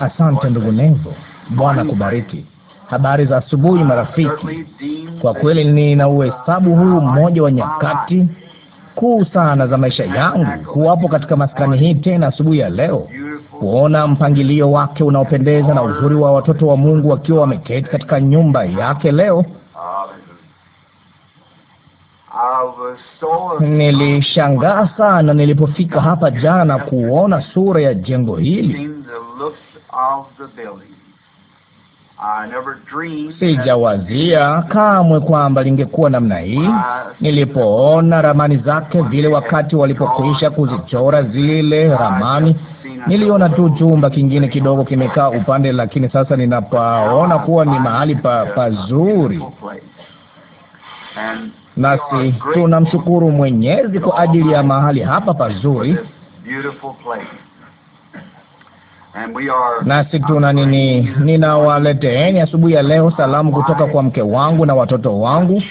Asante ndugu Nevo, Bwana kubariki. Habari za asubuhi marafiki. Kwa kweli nina uhesabu huu mmoja wa nyakati kuu sana za maisha yangu kuwapo katika maskani hii tena asubuhi ya leo, kuona mpangilio wake unaopendeza na uzuri wa watoto wa Mungu wakiwa wameketi katika nyumba yake leo. Nilishangaa sana nilipofika hapa jana kuona sura ya jengo hili Sijawazia kamwe kwamba lingekuwa namna hii. Nilipoona ramani zake vile, wakati walipokwisha kuzichora zile ramani, niliona tu chumba kingine kidogo kimekaa upande, lakini sasa ninapaona kuwa ni mahali pa pazuri nasi tunamshukuru Mwenyezi kwa ajili ya mahali hapa pazuri nasi tuna uh, nini, ninawaleteeni asubuhi ya leo salamu kutoka kwa mke wangu na watoto wangu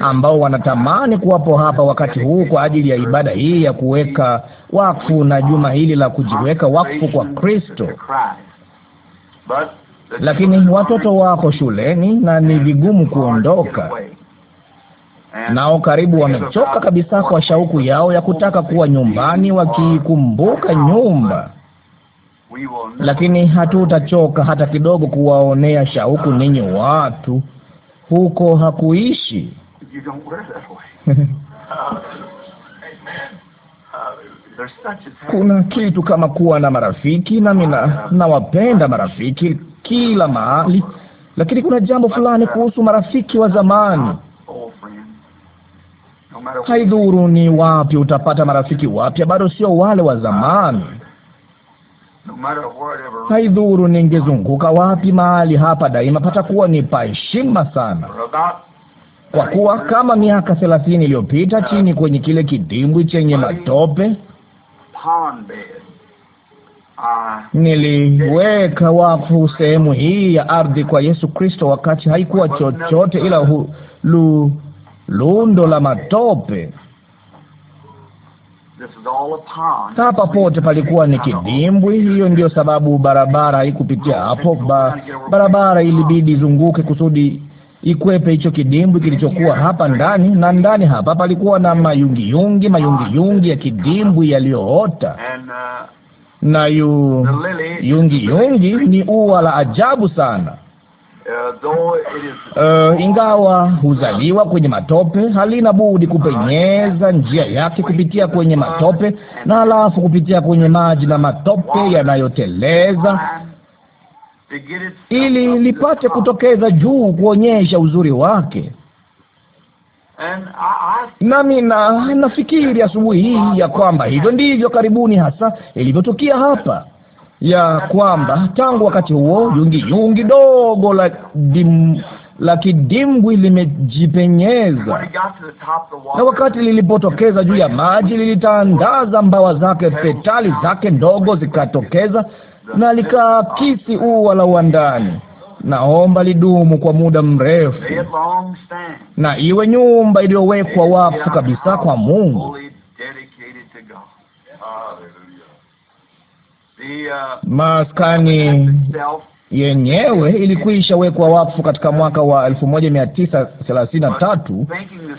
ambao wanatamani kuwapo hapa wakati huu kwa ajili ya ibada hii ya kuweka wakfu na juma hili la kujiweka wakfu kwa Kristo. Lakini watoto wako shuleni na ni vigumu kuondoka nao karibu wamechoka kabisa kwa shauku yao ya kutaka kuwa nyumbani, wakikumbuka nyumba. Lakini hatutachoka hata kidogo kuwaonea shauku ninyi watu. Huko hakuishi kuna kitu kama kuwa na marafiki, nami nawapenda marafiki kila mahali, lakini kuna jambo fulani kuhusu marafiki wa zamani haidhuru ni wapi utapata marafiki wapya, bado sio wale wa zamani. Haidhuru ningezunguka wapi, mahali hapa daima patakuwa ni paheshima sana, kwa kuwa kama miaka thelathini iliyopita, chini kwenye kile kidimbwi chenye matope niliweka wakfu sehemu hii ya ardhi kwa Yesu Kristo, wakati haikuwa chochote ila hulu lundo la matope. Hapa pote palikuwa ni kidimbwi. Hiyo ndiyo sababu barabara haikupitia hapo. Ba, barabara ilibidi izunguke kusudi ikwepe hicho kidimbwi kilichokuwa hapa ndani. Na ndani hapa palikuwa na mayungiyungi, mayungiyungi ya kidimbwi yaliyoota uh, na yu yungiyungi ni ua la ajabu sana. Uh, ingawa huzaliwa kwenye matope, halina budi kupenyeza njia yake kupitia kwenye matope, na alafu kupitia kwenye maji na matope yanayoteleza ili lipate kutokeza juu kuonyesha uzuri wake. Nami na nafikiri asubuhi hii ya kwamba hivyo ndivyo karibuni hasa ilivyotukia hapa ya kwamba tangu wakati huo yungiyungi dogo la dim la kidimbwi limejipenyeza, na wakati lilipotokeza juu ya maji lilitandaza mbawa zake, petali zake ndogo zikatokeza na likaakisi ua la uandani. Naomba lidumu kwa muda mrefu, na iwe nyumba iliyowekwa wakfu kabisa kwa Mungu. Maskani yenyewe ilikwisha wekwa wakfu katika mwaka wa elfu moja mia tisa thelathini na tatu,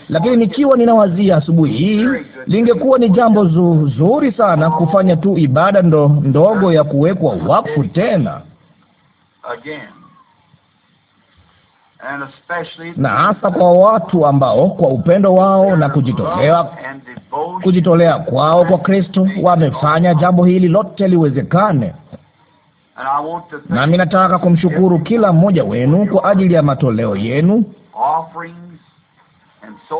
lakini nikiwa ninawazia asubuhi hii, lingekuwa ni jambo zuri sana kufanya tu ibada ndo ndogo ya kuwekwa wakfu tena na hasa kwa watu ambao kwa upendo wao na kujitolea kujitolea kwao kwa Kristo wamefanya jambo hili lote liwezekane. Nami nataka kumshukuru kila mmoja wenu kwa ajili ya matoleo yenu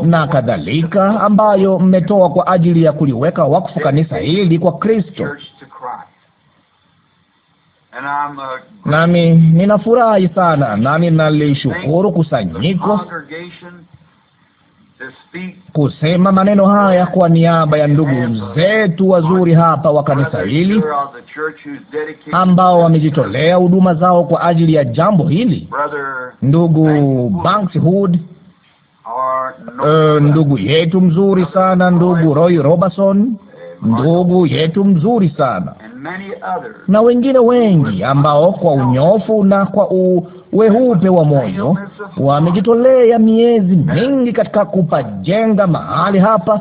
na kadhalika ambayo mmetoa kwa ajili ya kuliweka wakfu kanisa hili kwa Kristo. Uh, nami ninafurahi sana, nami nalishukuru kusanyiko kusema maneno haya kwa niaba ya ndugu zetu wazuri hapa wa kanisa hili ambao wamejitolea huduma zao kwa ajili ya jambo hili, ndugu Banks Hood, uh, ndugu yetu mzuri sana ndugu Roy Robertson ndugu yetu mzuri sana, na wengine wengi ambao kwa unyofu na kwa uweupe wa moyo wamejitolea miezi mingi katika kupajenga mahali hapa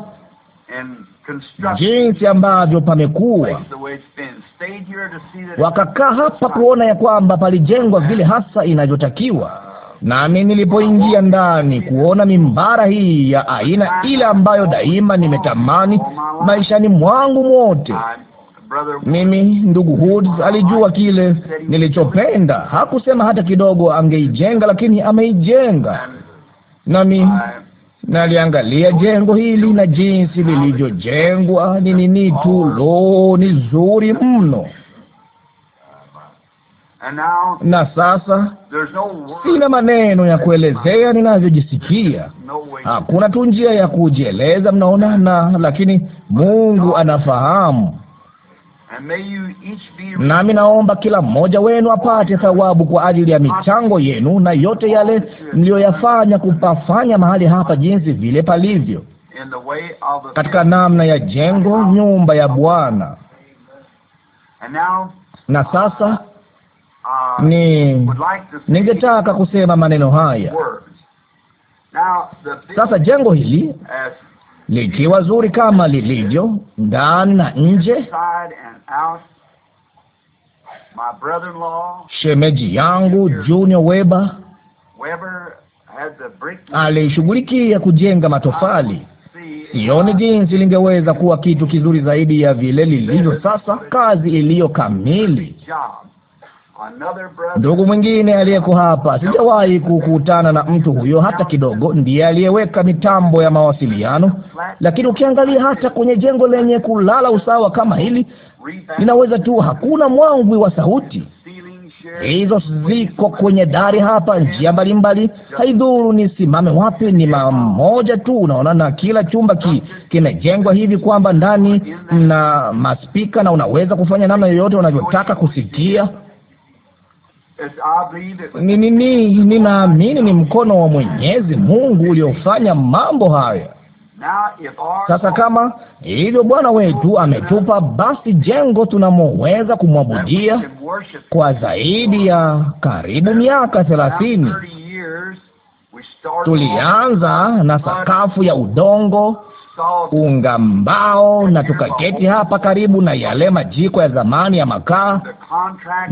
jinsi ambavyo pamekuwa, wakakaa hapa kuona ya kwamba palijengwa vile hasa inavyotakiwa. Nami nilipoingia ndani kuona mimbara hii ya aina ile ambayo daima nimetamani maishani mwangu mwote. Mimi ndugu Hoods alijua kile nilichopenda. Hakusema hata kidogo angeijenga, lakini ameijenga. Nami naliangalia jengo hili na jinsi lilivyojengwa, ni nini tu, lo, ni zuri mno na sasa sina maneno ya kuelezea ninavyojisikia. Hakuna tu njia ya kujieleza, mnaona, na lakini Mungu anafahamu. Nami naomba kila mmoja wenu apate thawabu kwa ajili ya michango yenu na yote yale mliyoyafanya kupafanya mahali hapa jinsi vile palivyo katika namna ya jengo nyumba ya Bwana. Na sasa ni ningetaka kusema maneno haya sasa. Jengo hili likiwa zuri kama lilivyo ndani na nje, shemeji yangu Junior Weber alishughulikia kujenga matofali. Sioni jinsi lingeweza kuwa kitu kizuri zaidi ya vile lilivyo sasa, kazi iliyo kamili. Ndugu mwingine aliyeko hapa, sijawahi kukutana na mtu huyo hata kidogo. Ndiye aliyeweka mitambo ya mawasiliano, lakini ukiangalia hata kwenye jengo lenye kulala usawa kama hili, ninaweza tu, hakuna mwangwi wa sauti hizo ziko kwenye dari hapa, njia mbalimbali. Haidhuru nisimame wapi, ni mamoja tu, unaona. Na kila chumba ki, kimejengwa hivi kwamba ndani na maspika na unaweza kufanya namna yoyote unavyotaka kusikia ni nini? Ninaamini ni mkono wa Mwenyezi Mungu uliofanya mambo hayo. Sasa kama hivyo Bwana wetu ametupa basi jengo tunamoweza kumwabudia kwa zaidi ya karibu miaka thelathini. Tulianza na sakafu ya udongo unga mbao, na tukaketi hapa karibu na yale majiko ya zamani ya makaa.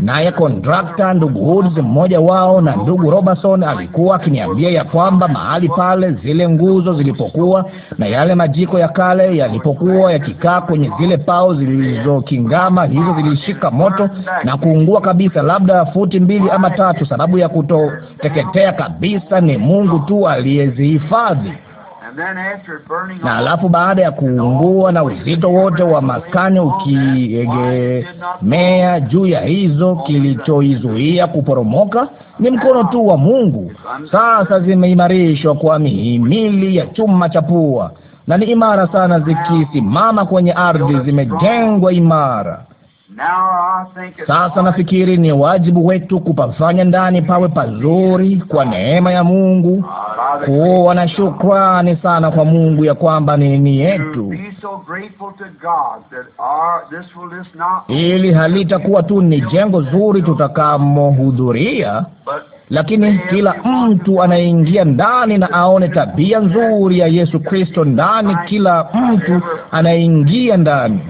Naye kontrakta ndugu Hoods, mmoja wao, na ndugu Robertson alikuwa akiniambia ya kwamba mahali pale zile nguzo zilipokuwa na yale majiko ya kale yalipokuwa yakikaa kwenye zile pao zilizokingama hizo, zilishika moto na kuungua kabisa, labda futi mbili ama tatu. Sababu ya kutoteketea kabisa ni Mungu tu aliyezihifadhi na alafu baada ya kuungua na uzito wote wa maskani ukiegemea juu ya hizo, kilichoizuia kuporomoka ni mkono tu wa Mungu. Sasa zimeimarishwa kwa mihimili ya chuma cha pua, na ni imara sana, zikisimama kwenye ardhi, zimejengwa imara. Sasa nafikiri ni wajibu wetu kupafanya ndani pawe pazuri kwa neema ya Mungu, kuwa na shukrani sana kwa Mungu ya kwamba ni ni yetu, ili halitakuwa tu ni jengo zuri tutakamohudhuria, lakini kila mtu anaingia ndani na aone tabia nzuri ya Yesu Kristo ndani, kila mtu anaingia ndani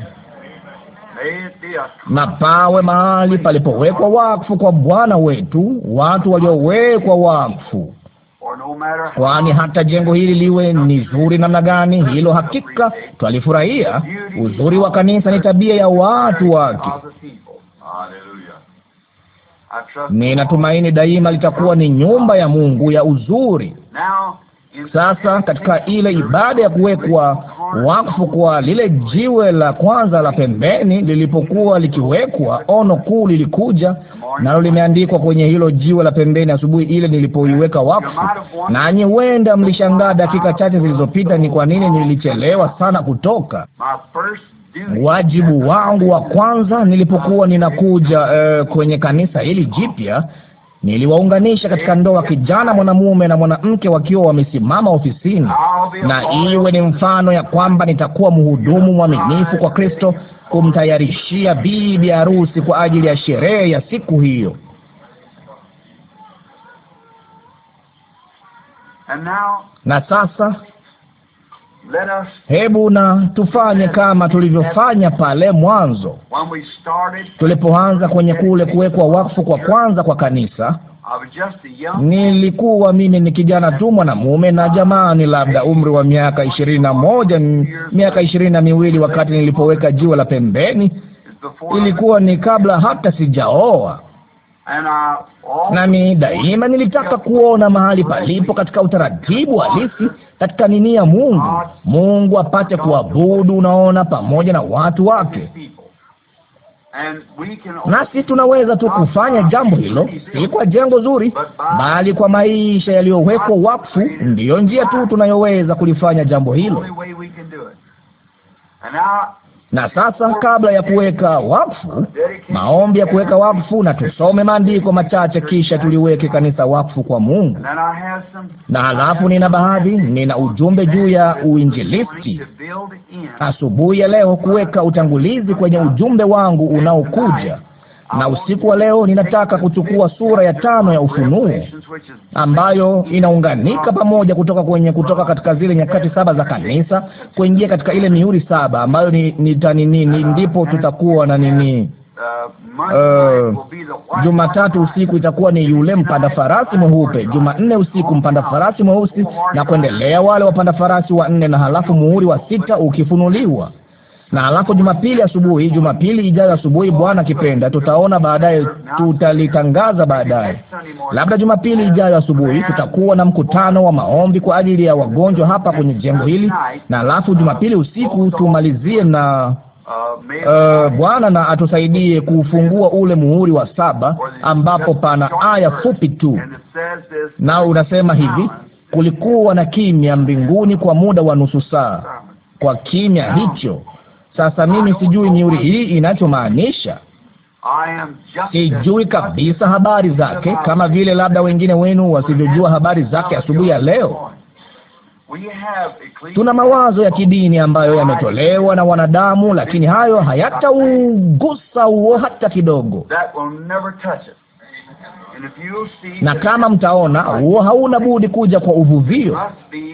na pawe mahali palipowekwa wakfu kwa Bwana wetu, watu waliowekwa wakfu kwani hata jengo hili liwe ni zuri namna gani, hilo hakika twalifurahia. Uzuri wa kanisa ni tabia ya watu wake. Ninatumaini daima litakuwa ni nyumba ya Mungu ya uzuri. Sasa katika ile ibada ya kuwekwa wakfu kwa lile jiwe la kwanza la pembeni lilipokuwa likiwekwa, ono kuu lilikuja nalo, limeandikwa kwenye hilo jiwe la pembeni asubuhi ile nilipoiweka wakfu. Nanyi huenda mlishangaa dakika chache zilizopita ni kwa nini nilichelewa sana kutoka wajibu wangu wa kwanza nilipokuwa ninakuja, uh, kwenye kanisa hili jipya Niliwaunganisha katika ndoa kijana mwanamume na mwanamke wakiwa wamesimama ofisini, na iwe ni mfano ya kwamba nitakuwa mhudumu mwaminifu kwa Kristo kumtayarishia bibi harusi kwa ajili ya sherehe ya siku hiyo. Na sasa Hebu na tufanye kama tulivyofanya pale mwanzo tulipoanza kwenye kule kuwekwa wakfu kwa kwanza kwa kanisa. Nilikuwa mimi ni kijana tu mwanamume na jamani, labda umri wa miaka ishirini na moja miaka ishirini na miwili wakati nilipoweka jiwe la pembeni. Ilikuwa ni kabla hata sijaoa nami daima nilitaka kuona mahali palipo katika utaratibu halisi katika nini ya Mungu, Mungu apate kuabudu, unaona, pamoja na watu wake. Nasi tunaweza tu kufanya jambo hilo, si kwa jengo zuri, bali kwa maisha yaliyowekwa wakfu. Ndiyo njia tu tunayoweza kulifanya jambo hilo. Na sasa kabla ya kuweka wakfu, maombi ya kuweka wakfu, na tusome maandiko machache, kisha tuliweke kanisa wakfu kwa Mungu. Na halafu nina baadhi, nina ujumbe juu ya uinjilisti asubuhi ya leo, kuweka utangulizi kwenye ujumbe wangu unaokuja na usiku wa leo ninataka kuchukua sura ya tano ya Ufunuo ambayo inaunganika pamoja kutoka kwenye kutoka katika zile nyakati saba za kanisa kuingia katika ile mihuri saba ambayo ni, ni, ni, ni ndipo tutakuwa na nini uh, uh, Jumatatu usiku itakuwa ni yule mpanda farasi mweupe, Jumanne usiku mpanda farasi mweusi na kuendelea, wale wapanda farasi wanne, na halafu muhuri wa sita ukifunuliwa na alafu Jumapili asubuhi, Jumapili ijayo asubuhi, Bwana akipenda, tutaona baadaye, tutalitangaza baadaye. Labda Jumapili ijayo asubuhi tutakuwa na mkutano wa maombi kwa ajili ya wagonjwa hapa kwenye jengo hili, na alafu Jumapili usiku tumalizie na Uh, Bwana na atusaidie kufungua ule muhuri wa saba ambapo pana aya fupi tu, na unasema hivi: kulikuwa na kimya mbinguni kwa muda wa nusu saa. Kwa kimya hicho sasa mimi sijui niuri hii inachomaanisha, sijui kabisa habari zake, kama vile labda wengine wenu wasivyojua habari zake. Asubuhi ya leo tuna mawazo ya kidini ambayo yametolewa na wanadamu, lakini hayo hayataugusa huo hata kidogo na kama mtaona huo, hauna budi kuja kwa uvuvio.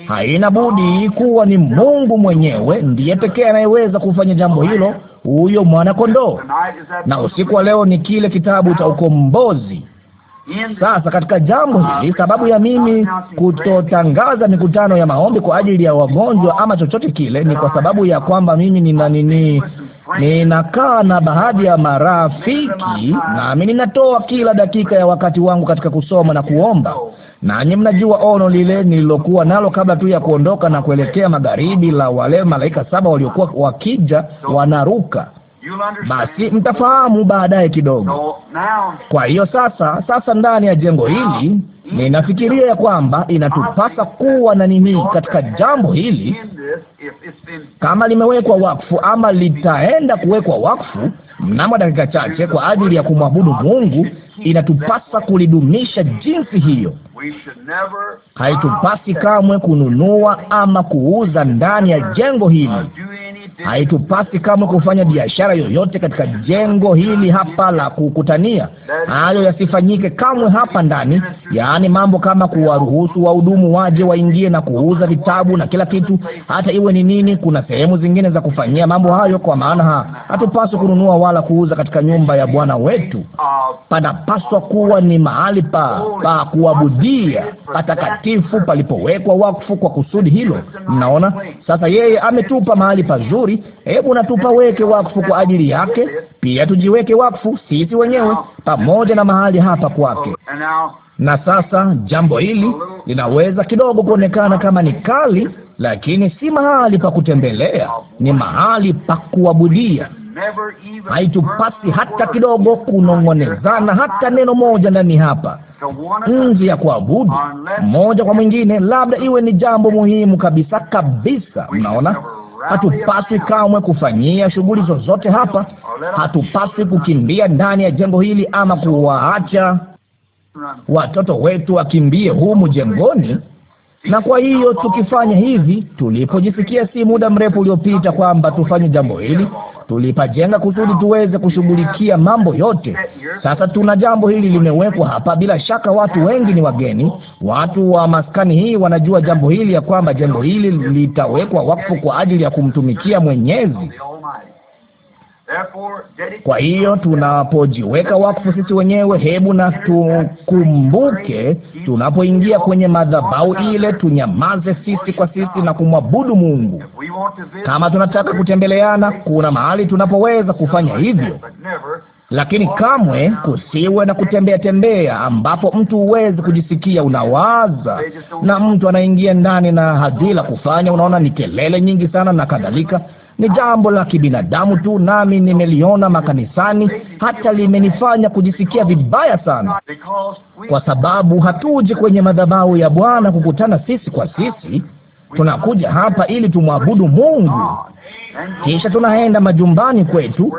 Haina budi kuwa ni Mungu mwenyewe ndiye pekee anayeweza kufanya jambo hilo, huyo mwana kondoo. Na usiku wa leo ni kile kitabu cha ukombozi. Sasa katika jambo ah, hili, sababu ya mimi kutotangaza mikutano ya maombi kwa ajili ya wagonjwa ama chochote kile ni kwa sababu ya kwamba mimi nina nini, Ninakaa na baadhi ya marafiki, nami ninatoa kila dakika ya wakati wangu katika kusoma na kuomba. Nanyi mnajua ono lile nililokuwa nalo kabla tu ya kuondoka na kuelekea magharibi, la wale malaika saba waliokuwa wakija wanaruka basi mtafahamu baadaye kidogo. Kwa hiyo sasa, sasa ndani ya jengo hili ninafikiria ya kwamba inatupasa kuwa na nini katika jambo hili, kama limewekwa wakfu ama litaenda kuwekwa wakfu mnamo dakika chache kwa ajili ya kumwabudu Mungu, inatupasa kulidumisha jinsi hiyo. Haitupasi kamwe kununua ama kuuza ndani ya jengo hili. Haitupasi kama kufanya biashara yoyote katika jengo hili hapa la kukutania. Hayo yasifanyike kamwe hapa ndani, yaani mambo kama kuwaruhusu wahudumu waje waingie na kuuza vitabu na kila kitu, hata iwe ni nini. Kuna sehemu zingine za kufanyia mambo hayo, kwa maana hatupaswi kununua wala kuuza katika nyumba ya Bwana wetu. Panapaswa kuwa ni mahali pa, pa kuabudia patakatifu palipowekwa wakfu kwa kusudi hilo. Mnaona sasa, yeye ametupa mahali pazuri shauri, hebu na tupaweke wakfu kwa ajili yake, pia tujiweke wakfu sisi wenyewe pamoja na mahali hapa kwake. Na sasa jambo hili linaweza kidogo kuonekana kama ni kali, lakini si mahali pa kutembelea, ni mahali pa kuabudia. Haitupasi hata kidogo kunong'onezana hata neno moja ndani hapa, nje ya kuabudu, mmoja kwa mwingine, labda iwe ni jambo muhimu kabisa kabisa. Mnaona, hatupaswi kamwe kufanyia shughuli zozote hapa. hatupaswi kukimbia ndani ya jengo hili ama kuwaacha watoto wetu wakimbie humu jengoni. Na kwa hiyo tukifanya hivi, tulipojisikia si muda mrefu uliopita kwamba tufanye jambo hili, Tulipajenga kusudi tuweze kushughulikia mambo yote. Sasa tuna jambo hili limewekwa hapa. Bila shaka watu wengi ni wageni, watu wa maskani hii wanajua jambo hili, ya kwamba jengo hili litawekwa wakfu kwa ajili ya kumtumikia Mwenyezi. Kwa hiyo tunapojiweka wakfu sisi wenyewe, hebu na tukumbuke, tunapoingia kwenye madhabahu ile, tunyamaze sisi kwa sisi na kumwabudu Mungu. Kama tunataka kutembeleana, kuna mahali tunapoweza kufanya hivyo, lakini kamwe kusiwe na kutembea tembea ambapo mtu huwezi kujisikia, unawaza na mtu anaingia ndani na hadhila kufanya, unaona ni kelele nyingi sana na kadhalika ni jambo la kibinadamu tu, nami nimeliona makanisani, hata limenifanya kujisikia vibaya sana, kwa sababu hatuji kwenye madhabahu ya Bwana kukutana sisi kwa sisi. Tunakuja hapa ili tumwabudu Mungu, kisha tunaenda majumbani kwetu.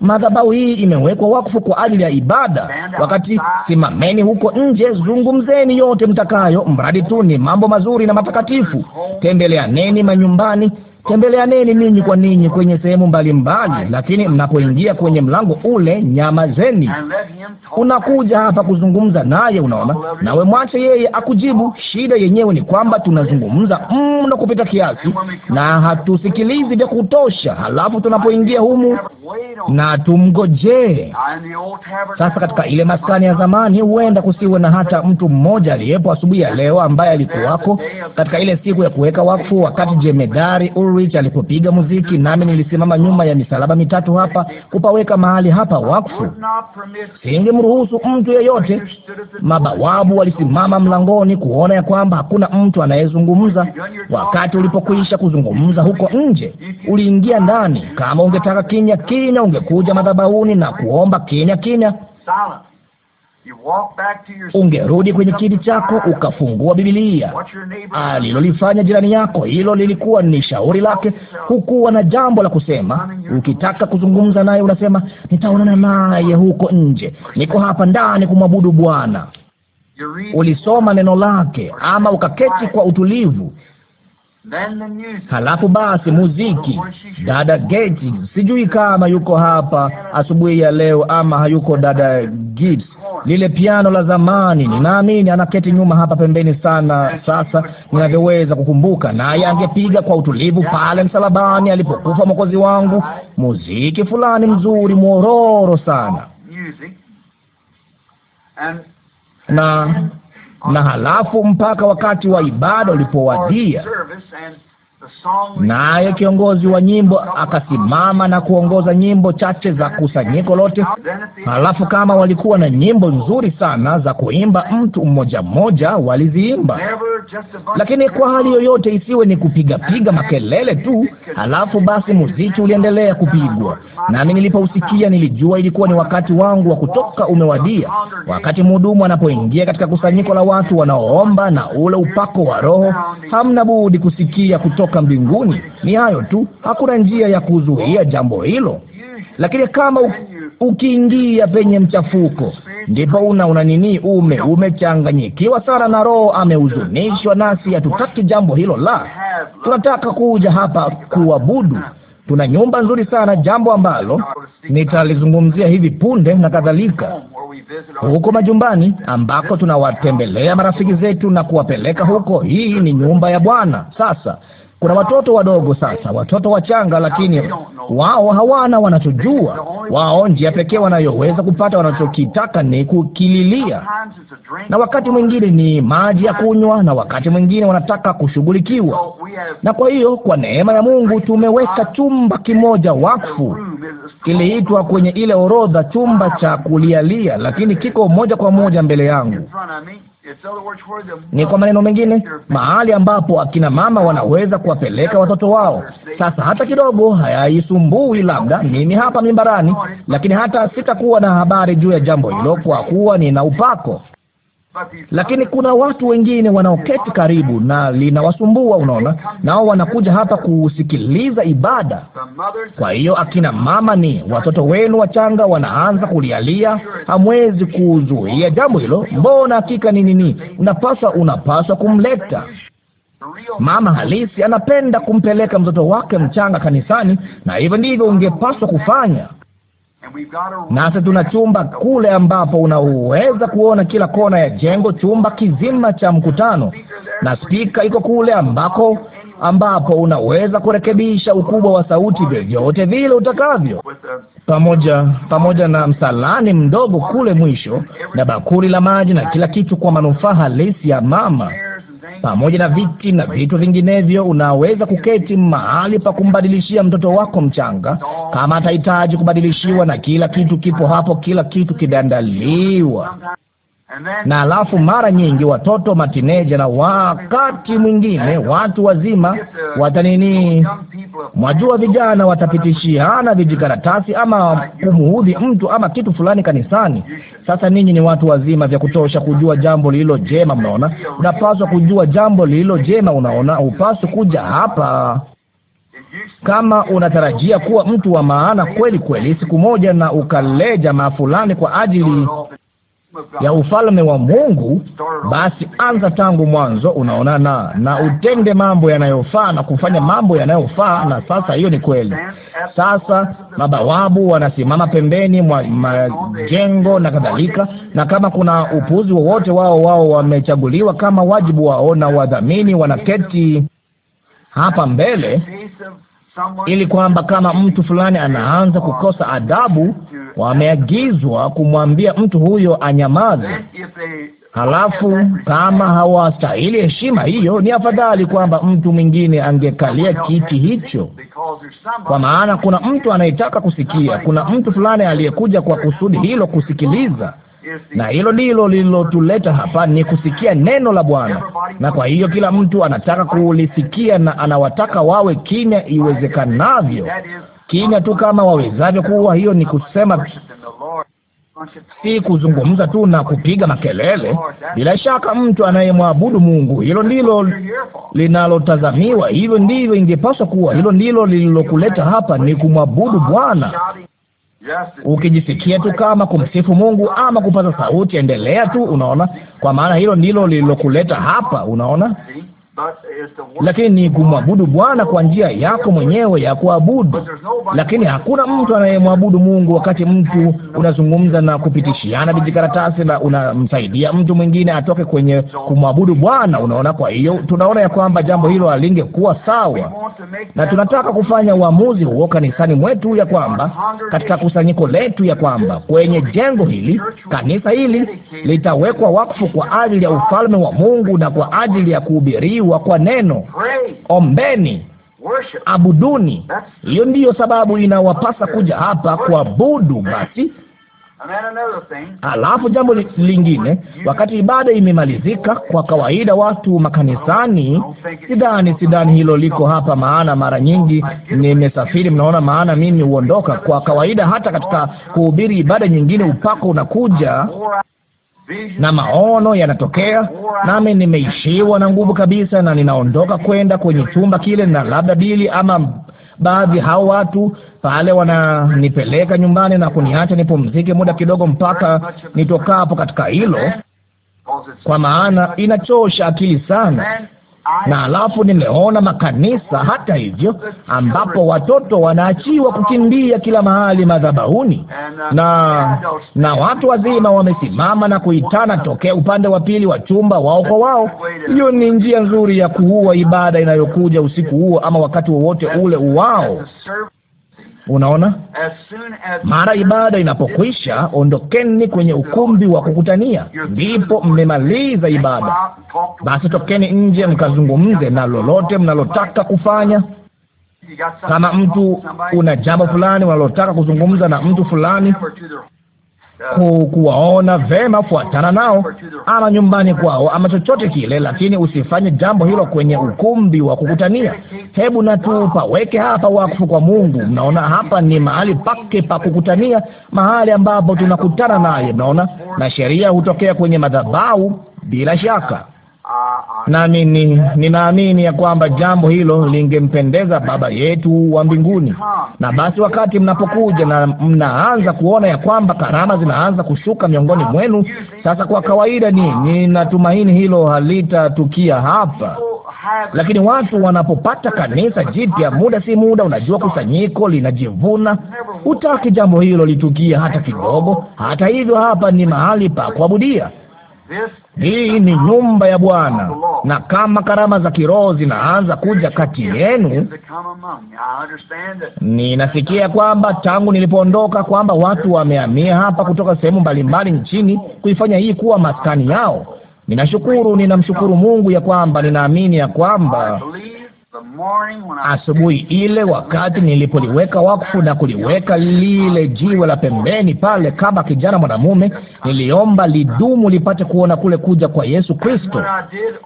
Madhabahu hii imewekwa wakfu kwa ajili ya ibada. Wakati simameni huko nje, zungumzeni yote mtakayo, mradi tu ni mambo mazuri na matakatifu. Tembeleaneni manyumbani, tembeleaneni ninyi kwa ninyi kwenye sehemu mbalimbali, lakini mnapoingia kwenye mlango ule nyamazeni. Unakuja hapa kuzungumza naye, unaona, nawe mwache yeye akujibu. Shida yenyewe ni kwamba tunazungumza mno kupita kiasi na hatusikilizi vya kutosha, halafu tunapoingia humu na tumgojee. Sasa katika ile maskani ya zamani, huenda kusiwe na hata mtu mmoja aliyepo asubuhi ya leo ambaye alikuwako katika ile siku ya kuweka wakfu, wakati jemedari ur Norwich alipopiga muziki, nami nilisimama nyuma ya misalaba mitatu hapa kupaweka mahali hapa wakfu. Singemruhusu mtu yeyote. Mabawabu walisimama mlangoni kuona ya kwamba hakuna mtu anayezungumza. Wakati ulipokwisha kuzungumza huko nje, uliingia ndani. Kama ungetaka kinya kinya, ungekuja madhabahuni na kuomba kinya kinya ungerudi kwenye kiti chako ukafungua Bibilia. Alilolifanya ah, jirani yako, hilo lilikuwa ni shauri lake. Hukuwa na jambo la kusema. Ukitaka kuzungumza naye unasema, nitaonana naye huko nje, niko hapa ndani kumwabudu Bwana. Ulisoma neno lake, ama ukaketi kwa utulivu Halafu basi muziki. Dada Gates, sijui kama yuko hapa asubuhi ya leo ama hayuko. Dada Gibbs, lile piano la zamani. Ninaamini anaketi nyuma hapa pembeni sana, sasa ninavyoweza kukumbuka, naye angepiga kwa utulivu pale msalabani alipokufa mwokozi wangu, muziki fulani mzuri mwororo sana na na halafu mpaka wakati wa ibada ulipowadia Naye kiongozi wa nyimbo akasimama na kuongoza nyimbo chache za kusanyiko lote. Halafu kama walikuwa na nyimbo nzuri sana za kuimba, mtu mmoja mmoja waliziimba, lakini kwa hali yoyote isiwe ni kupigapiga makelele tu. Halafu basi muziki uliendelea kupigwa, nami nilipousikia nilijua ilikuwa ni wakati wangu wa kutoka umewadia. Wakati mhudumu anapoingia katika kusanyiko la watu wanaoomba na ule upako wa Roho, hamna budi kusikia kutoka kutoka mbinguni. Ni hayo tu, hakuna njia ya kuzuia jambo hilo. Lakini kama ukiingia penye mchafuko, ndipo una una nini, ume umechanganyikiwa sana na roho amehuzunishwa. Nasi hatutaki jambo hilo, la, tunataka kuja hapa kuabudu. Tuna nyumba nzuri sana, jambo ambalo nitalizungumzia hivi punde na kadhalika, huko majumbani ambako tunawatembelea marafiki zetu na kuwapeleka huko. Hii ni nyumba ya Bwana. Sasa kuna watoto wadogo sasa, watoto wachanga, lakini wao hawana wanachojua. Wao njia pekee wanayoweza kupata wanachokitaka ni kukililia, na wakati mwingine ni maji ya kunywa, na wakati mwingine wanataka kushughulikiwa. Na kwa hiyo, kwa neema ya Mungu tumeweka chumba kimoja wakfu, kiliitwa kwenye ile orodha chumba cha kulialia, lakini kiko moja kwa moja mbele yangu ni kwa maneno mengine, mahali ambapo akina mama wanaweza kuwapeleka watoto wao. Sasa hata kidogo hayaisumbui, labda mimi hapa mimbarani, lakini hata sitakuwa na habari juu ya jambo hilo, kwa kuwa nina upako lakini kuna watu wengine wanaoketi karibu na linawasumbua, unaona, nao wanakuja hapa kusikiliza ibada. Kwa hiyo akina mama, ni watoto wenu wachanga wanaanza kulialia, hamwezi kuzuia jambo hilo. Mbona hakika ni nini, unapaswa unapaswa kumleta mama halisi anapenda kumpeleka mtoto wake mchanga kanisani, na hivyo ndivyo ungepaswa kufanya nasi tuna chumba kule ambapo unaweza kuona kila kona ya jengo, chumba kizima cha mkutano, na spika iko kule ambako ambapo unaweza kurekebisha ukubwa wa sauti vyovyote vile utakavyo, pamoja pamoja na msalani mdogo kule mwisho na bakuli la maji na kila kitu kwa manufaa halisi ya mama pamoja na viti na vitu vinginevyo. Unaweza kuketi mahali pa kumbadilishia mtoto wako mchanga, kama atahitaji kubadilishiwa, na kila kitu kipo hapo, kila kitu kimeandaliwa na alafu mara nyingi watoto matineja na wakati mwingine watu wazima watanini, mwajua, vijana watapitishiana vijikaratasi ama kumuudhi mtu ama kitu fulani kanisani. Sasa ninyi ni watu wazima vya kutosha kujua jambo lililo jema. Mnaona, unapaswa kujua jambo lililo jema. Unaona, upaswi kuja hapa kama unatarajia kuwa mtu wa maana kweli kweli siku moja na ukaleja maa fulani kwa ajili ya ufalme wa Mungu, basi anza tangu mwanzo, unaona, na na utende mambo yanayofaa na kufanya mambo yanayofaa. Na sasa hiyo ni kweli. Sasa mabawabu wanasimama pembeni mwa majengo na kadhalika, na kama kuna upuzi wowote wa wao, wao wamechaguliwa kama wajibu wao, na wadhamini wanaketi hapa mbele ili kwamba kama mtu fulani anaanza kukosa adabu, wameagizwa kumwambia mtu huyo anyamaze. Halafu kama hawastahili heshima hiyo, ni afadhali kwamba mtu mwingine angekalia kiti hicho, kwa maana kuna mtu anayetaka kusikia. Kuna mtu fulani aliyekuja kwa kusudi hilo kusikiliza na hilo ndilo lililotuleta hapa, ni kusikia neno la Bwana. Na kwa hiyo kila mtu anataka kulisikia na anawataka wawe kimya iwezekanavyo, kimya tu kama wawezavyo kuwa. Hiyo ni kusema si kuzungumza tu na kupiga makelele. Bila shaka mtu anayemwabudu Mungu, hilo ndilo linalotazamiwa, hivyo ndivyo ingepaswa kuwa. Hilo ndilo lililokuleta hapa, ni kumwabudu Bwana, ukijisikia tu kama kumsifu Mungu ama kupaza sauti, endelea tu, unaona, kwa maana hilo ndilo lililokuleta hapa, unaona lakini ni kumwabudu Bwana kwa njia yako mwenyewe ya kuabudu. Lakini hakuna mtu anayemwabudu Mungu wakati mtu unazungumza na kupitishiana vijikaratasi na unamsaidia mtu mwingine atoke kwenye kumwabudu Bwana. Unaona, kwa hiyo tunaona ya kwamba jambo hilo halingekuwa sawa, na tunataka kufanya uamuzi huo kanisani mwetu, ya kwamba katika kusanyiko letu, ya kwamba kwenye jengo hili, kanisa hili litawekwa wakfu kwa ajili ya ufalme wa Mungu na kwa ajili ya kuhubiriwa kusifiwa kwa neno, ombeni, abuduni. Hiyo ndiyo sababu inawapasa kuja hapa kuabudu. Basi alafu jambo lingine, wakati ibada imemalizika, kwa kawaida watu makanisani, sidhani sidhani hilo liko hapa, maana mara nyingi nimesafiri, mnaona, maana mimi huondoka. Kwa kawaida hata katika kuhubiri ibada nyingine, upako unakuja na maono yanatokea, nami nimeishiwa na nguvu kabisa, na ninaondoka kwenda kwenye chumba kile, na labda Bili ama baadhi hao watu pale wananipeleka nyumbani na kuniacha nipumzike muda kidogo, mpaka nitokapo katika hilo, kwa maana inachosha akili sana na alafu nimeona makanisa hata hivyo, ambapo watoto wanaachiwa kukimbia kila mahali madhabahuni, na na watu wazima wamesimama na kuitana tokea upande wa pili wa chumba wao kwa wao. Hiyo ni njia nzuri ya kuua ibada inayokuja usiku huo ama wakati wowote ule uwao. Unaona, mara ibada inapokwisha, ondokeni kwenye ukumbi wa kukutania, ndipo mmemaliza ibada. Basi tokeni nje, mkazungumze na lolote mnalotaka kufanya. Kama mtu una jambo fulani unalotaka kuzungumza na mtu fulani ku, kuwaona vema, fuatana nao, ama nyumbani kwao, ama chochote kile, lakini usifanye jambo hilo kwenye ukumbi wa kukutania. Hebu na paweke hapa wakfu kwa Mungu. Mnaona, hapa ni mahali pake pa kukutania, mahali ambapo tunakutana naye. Mnaona, na sheria hutokea kwenye madhabahu bila shaka nami ni ninaamini ya kwamba jambo hilo lingempendeza Baba yetu wa mbinguni. Na basi wakati mnapokuja na mnaanza kuona ya kwamba karama zinaanza kushuka miongoni mwenu, sasa kwa kawaida ni ninatumaini hilo halitatukia hapa lakini watu wanapopata kanisa jipya, muda si muda, unajua kusanyiko linajivuna. Hutaki jambo hilo litukie hata kidogo. Hata hivyo, hapa ni mahali pa kuabudia. Hii ni nyumba ya Bwana, na kama karama za kiroho zinaanza kuja kati yenu, ninasikia kwamba tangu nilipoondoka kwamba watu wamehamia hapa kutoka sehemu mbalimbali nchini kuifanya hii kuwa maskani yao. Ninashukuru, ninamshukuru Mungu ya kwamba ninaamini ya kwamba Asubuhi ile wakati nilipoliweka wakfu na kuliweka lile jiwe la pembeni pale, kama kijana mwanamume, niliomba lidumu lipate kuona kule kuja kwa Yesu Kristo.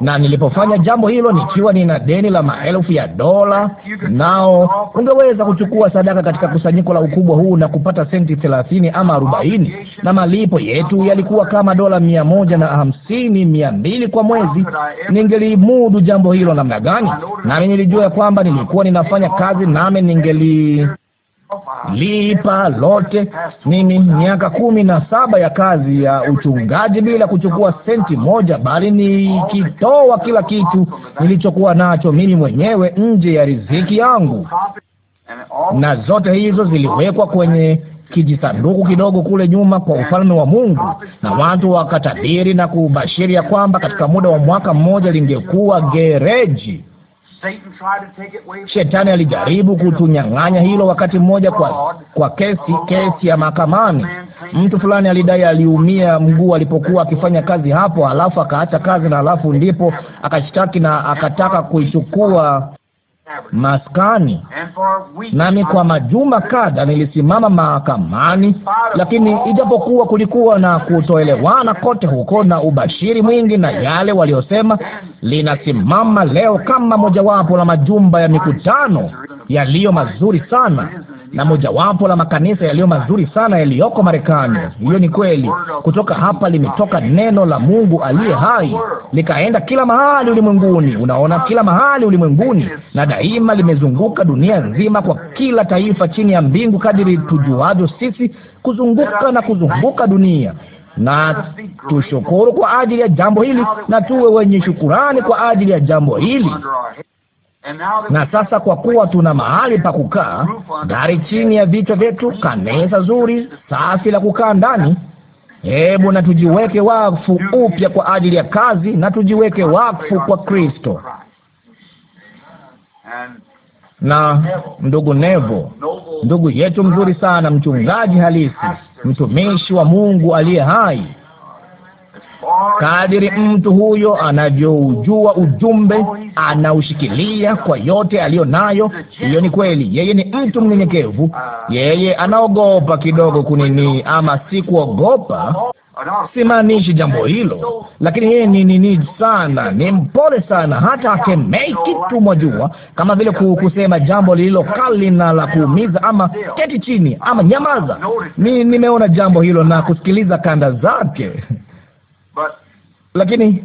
Na nilipofanya jambo hilo nikiwa nina deni la maelfu ya dola, nao ungeweza kuchukua sadaka katika kusanyiko la ukubwa huu na kupata senti thelathini ama arobaini, na malipo yetu yalikuwa kama dola mia moja na hamsini mia mbili kwa mwezi, ningelimudu jambo hilo namna gani? nami nilijua kwamba nilikuwa ninafanya kazi nami ningeli lipa lote. Mimi miaka kumi na saba ya kazi ya uchungaji bila kuchukua senti moja, bali nikitoa kila kitu nilichokuwa nacho mimi mwenyewe nje ya riziki yangu, na zote hizo ziliwekwa kwenye kijisanduku kidogo kule nyuma kwa ufalme wa Mungu, na watu wakatabiri na kubashiri ya kwamba katika muda wa mwaka mmoja lingekuwa gereji Shetani alijaribu kutunyang'anya hilo wakati mmoja kwa, kwa kesi kesi ya mahakamani. Mtu fulani alidai aliumia mguu alipokuwa akifanya kazi hapo, halafu akaacha kazi, na halafu ndipo akashtaki na akataka kuichukua maskani, nami kwa majuma kadha nilisimama mahakamani, lakini ijapokuwa kulikuwa na kutoelewana kote huko na ubashiri mwingi na yale waliosema, linasimama leo kama mojawapo la majumba ya mikutano yaliyo mazuri sana na mojawapo la makanisa yaliyo mazuri sana yaliyoko Marekani. Hiyo ni kweli. Kutoka hapa limetoka neno la Mungu aliye hai, likaenda kila mahali ulimwenguni. Unaona, kila mahali ulimwenguni, na daima limezunguka dunia nzima, kwa kila taifa chini ya mbingu, kadiri tujuavyo sisi, kuzunguka na kuzunguka dunia na tushukuru kwa ajili ya jambo hili na tuwe wenye shukurani kwa ajili ya jambo hili. Na sasa kwa kuwa tuna mahali pa kukaa, dari chini ya vichwa vyetu, kanisa zuri safi la kukaa ndani, hebu na tujiweke wakfu upya kwa ajili ya kazi, na tujiweke wakfu kwa Kristo. Na ndugu Nevo, ndugu yetu mzuri sana, mchungaji halisi, mtumishi wa Mungu aliye hai Kadiri mtu huyo anavyoujua ujumbe, anaushikilia kwa yote aliyo nayo. Hiyo ni kweli, yeye ni mtu mnyenyekevu. Yeye anaogopa kidogo kunini, ama si kuogopa Simaanishi jambo hilo, lakini yeye ni nini sana, ni mpole sana, hata akemei kitu. Mwajua, kama vile kusema jambo lililo kali na la kuumiza, ama keti chini, ama nyamaza. Mi nimeona jambo hilo na kusikiliza kanda zake lakini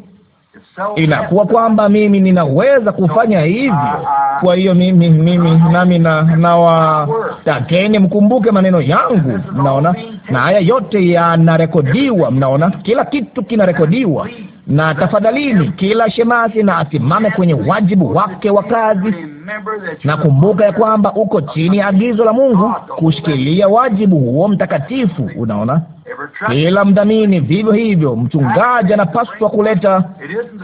inakuwa kwamba mimi ninaweza kufanya hivyo. Ah, ah. Kwa hiyo mimi mimi nami na nawatakeni mkumbuke maneno yangu, mnaona, na haya yote yanarekodiwa, mnaona, kila kitu kinarekodiwa. Na tafadhalini, kila shemasi na asimame kwenye wajibu wake wa kazi na kumbuka ya kwamba uko chini ya agizo la Mungu kushikilia wajibu huo mtakatifu. Unaona, kila mdhamini vivyo hivyo, mchungaji anapaswa kuleta.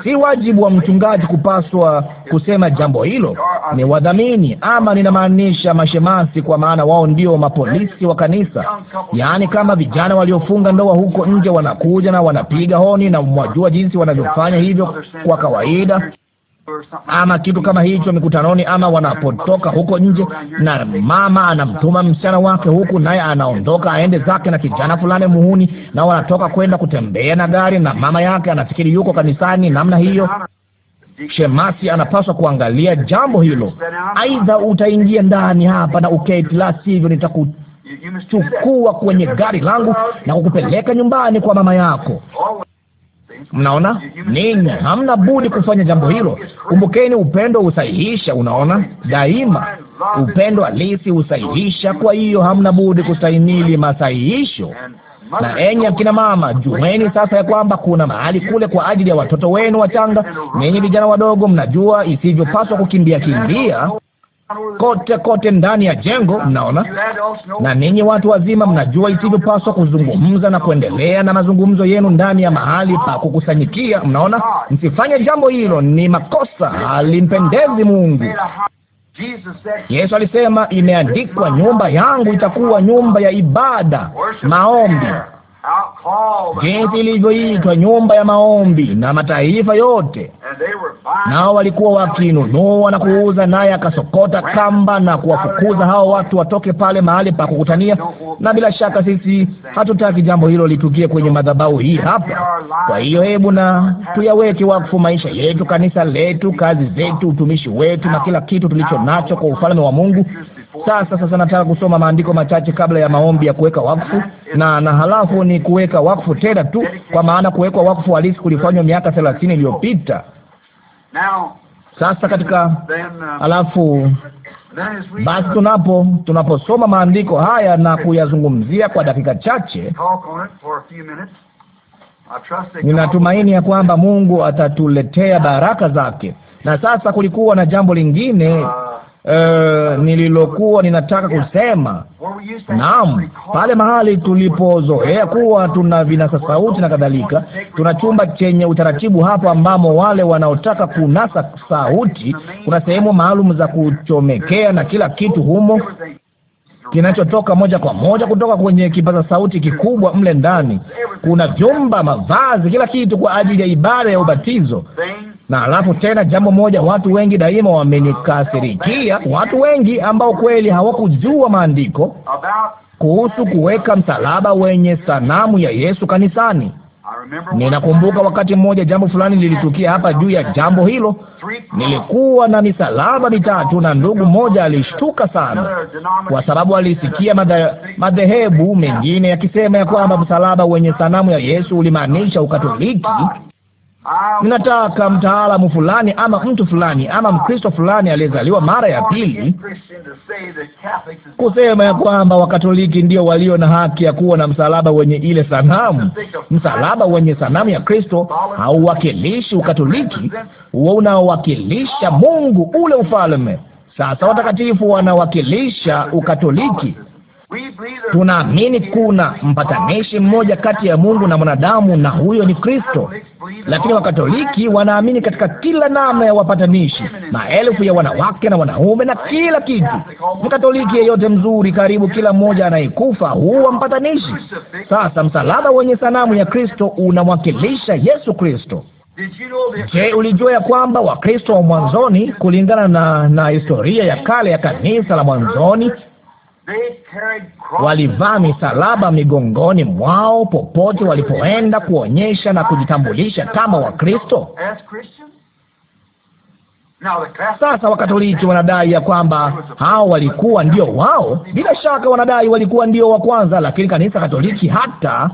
Si wajibu wa mchungaji kupaswa kusema jambo hilo, ni wadhamini, ama ninamaanisha mashemasi, kwa maana wao ndio mapolisi wa kanisa. Yaani kama vijana waliofunga ndoa huko nje wanakuja na wanapiga honi, na mwajua jinsi wanavyofanya hivyo kwa kawaida ama kitu kama hicho mikutanoni, ama wanapotoka huko nje, na mama anamtuma msichana wake huku, naye anaondoka aende zake na kijana fulani muhuni, na wanatoka kwenda kutembea na gari, na mama yake anafikiri yuko kanisani. Namna hiyo Shemasi anapaswa kuangalia jambo hilo. Aidha utaingia ndani hapa na uketi, la sivyo nitakuchukua kwenye gari langu na kukupeleka nyumbani kwa mama yako. Mnaona, ninyi hamna budi kufanya jambo hilo. Kumbukeni, upendo husahihisha. Unaona, daima upendo halisi husahihisha. Kwa hiyo hamna budi kustahimili masahihisho. Na enyi akina mama, jueni sasa ya kwamba kuna mahali kule kwa ajili ya watoto wenu wachanga. Ninyi vijana wadogo, mnajua isivyopaswa kukimbia kimbia kote kote ndani ya jengo, mnaona. Na ninyi watu wazima mnajua isivyopaswa kuzungumza na kuendelea na mazungumzo yenu ndani ya mahali pa kukusanyikia, mnaona. Msifanye jambo hilo, ni makosa, halimpendezi Mungu. Yesu alisema, imeandikwa, nyumba yangu itakuwa nyumba ya ibada, maombi jinsi ilivyoitwa nyumba ya maombi na mataifa yote, nao walikuwa wakinunua na kuuza, naye akasokota kamba na kuwafukuza hao watu watoke pale mahali pa kukutania. Na bila shaka sisi hatutaki jambo hilo litukie kwenye madhabahu hii hapa. Kwa hiyo hebu na tuyaweke wakfu maisha yetu, kanisa letu, kazi zetu, utumishi wetu na kila kitu tulicho nacho kwa ufalme wa Mungu. Sasa sasa nataka kusoma maandiko machache kabla ya maombi ya kuweka wakfu na na halafu ni kuweka wakfu tena tu, kwa maana kuwekwa wakfu halisi kulifanywa miaka thelathini iliyopita. Sasa katika halafu basi tunapo tunaposoma maandiko haya na kuyazungumzia kwa dakika chache, ninatumaini ya kwamba Mungu atatuletea baraka zake. Na sasa kulikuwa na jambo lingine Eh, nililokuwa ninataka kusema. Naam, pale mahali tulipozoea kuwa tuna vinasa sauti na kadhalika, tuna chumba chenye utaratibu hapo, ambamo wale wanaotaka kunasa sauti, kuna sehemu maalum za kuchomekea na kila kitu humo kinachotoka moja kwa moja kutoka kwenye kipaza sauti kikubwa mle ndani. Kuna vyumba, mavazi, kila kitu kwa ajili ya ibada ya ubatizo. Na alafu tena jambo moja, watu wengi daima wamenikasirikia, watu wengi ambao kweli hawakujua maandiko kuhusu kuweka msalaba wenye sanamu ya Yesu kanisani. Ninakumbuka wakati mmoja jambo fulani lilitukia hapa juu ya jambo hilo. Nilikuwa na misalaba mitatu na ndugu mmoja alishtuka sana, kwa sababu alisikia madhehebu mengine yakisema ya kwamba msalaba wenye sanamu ya Yesu ulimaanisha Ukatoliki Ninataka mtaalamu fulani ama mtu fulani ama Mkristo fulani aliyezaliwa mara ya pili kusema ya kwamba Wakatoliki ndio walio na haki ya kuwa na msalaba wenye ile sanamu. Msalaba wenye sanamu ya Kristo hauwakilishi Ukatoliki, huo unaowakilisha Mungu, ule ufalme. Sasa watakatifu wanawakilisha Ukatoliki. Tunaamini kuna mpatanishi mmoja kati ya Mungu na mwanadamu, na huyo ni Kristo. Lakini Wakatoliki wanaamini katika kila namna ya wapatanishi, maelfu ya wanawake na wanaume na kila kitu. Mkatoliki yeyote mzuri, karibu kila mmoja anayekufa huwa mpatanishi. Sasa msalaba wenye sanamu ya Kristo unamwakilisha Yesu Kristo. Je, ulijua ya kwamba Wakristo wa mwanzoni kulingana na, na historia ya kale ya kanisa la mwanzoni walivaa misalaba migongoni mwao popote walipoenda kuonyesha na kujitambulisha kama Wakristo. Sasa Wakatoliki wanadai ya kwamba hao walikuwa ndio wao. Bila shaka wanadai walikuwa ndio wa kwanza, lakini kanisa Katoliki hata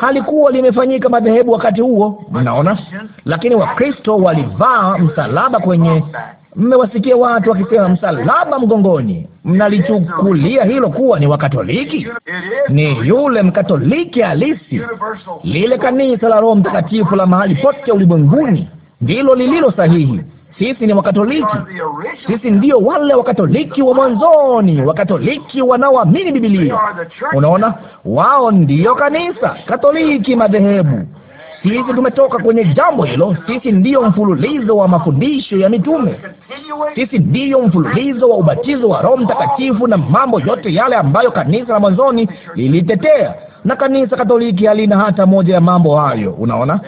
halikuwa limefanyika madhehebu wakati huo, mnaona. Lakini Wakristo walivaa msalaba kwenye Mmewasikia watu wakisema msalaba mgongoni. Mnalichukulia hilo kuwa ni Wakatoliki? Ni yule Mkatoliki halisi, lile kanisa la Roho Mtakatifu la mahali pote ulimwenguni, ndilo lililo sahihi. Sisi ni Wakatoliki, sisi ndio wale Wakatoliki wa mwanzoni, Wakatoliki wanaoamini Bibilia. Unaona, wao ndiyo kanisa Katoliki madhehebu sisi tumetoka kwenye jambo hilo. Sisi ndiyo mfululizo wa mafundisho ya mitume. Sisi ndiyo mfululizo wa ubatizo wa Roho Mtakatifu na mambo yote yale ambayo kanisa la mwanzoni lilitetea, na kanisa Katoliki halina hata moja ya mambo hayo. Unaona?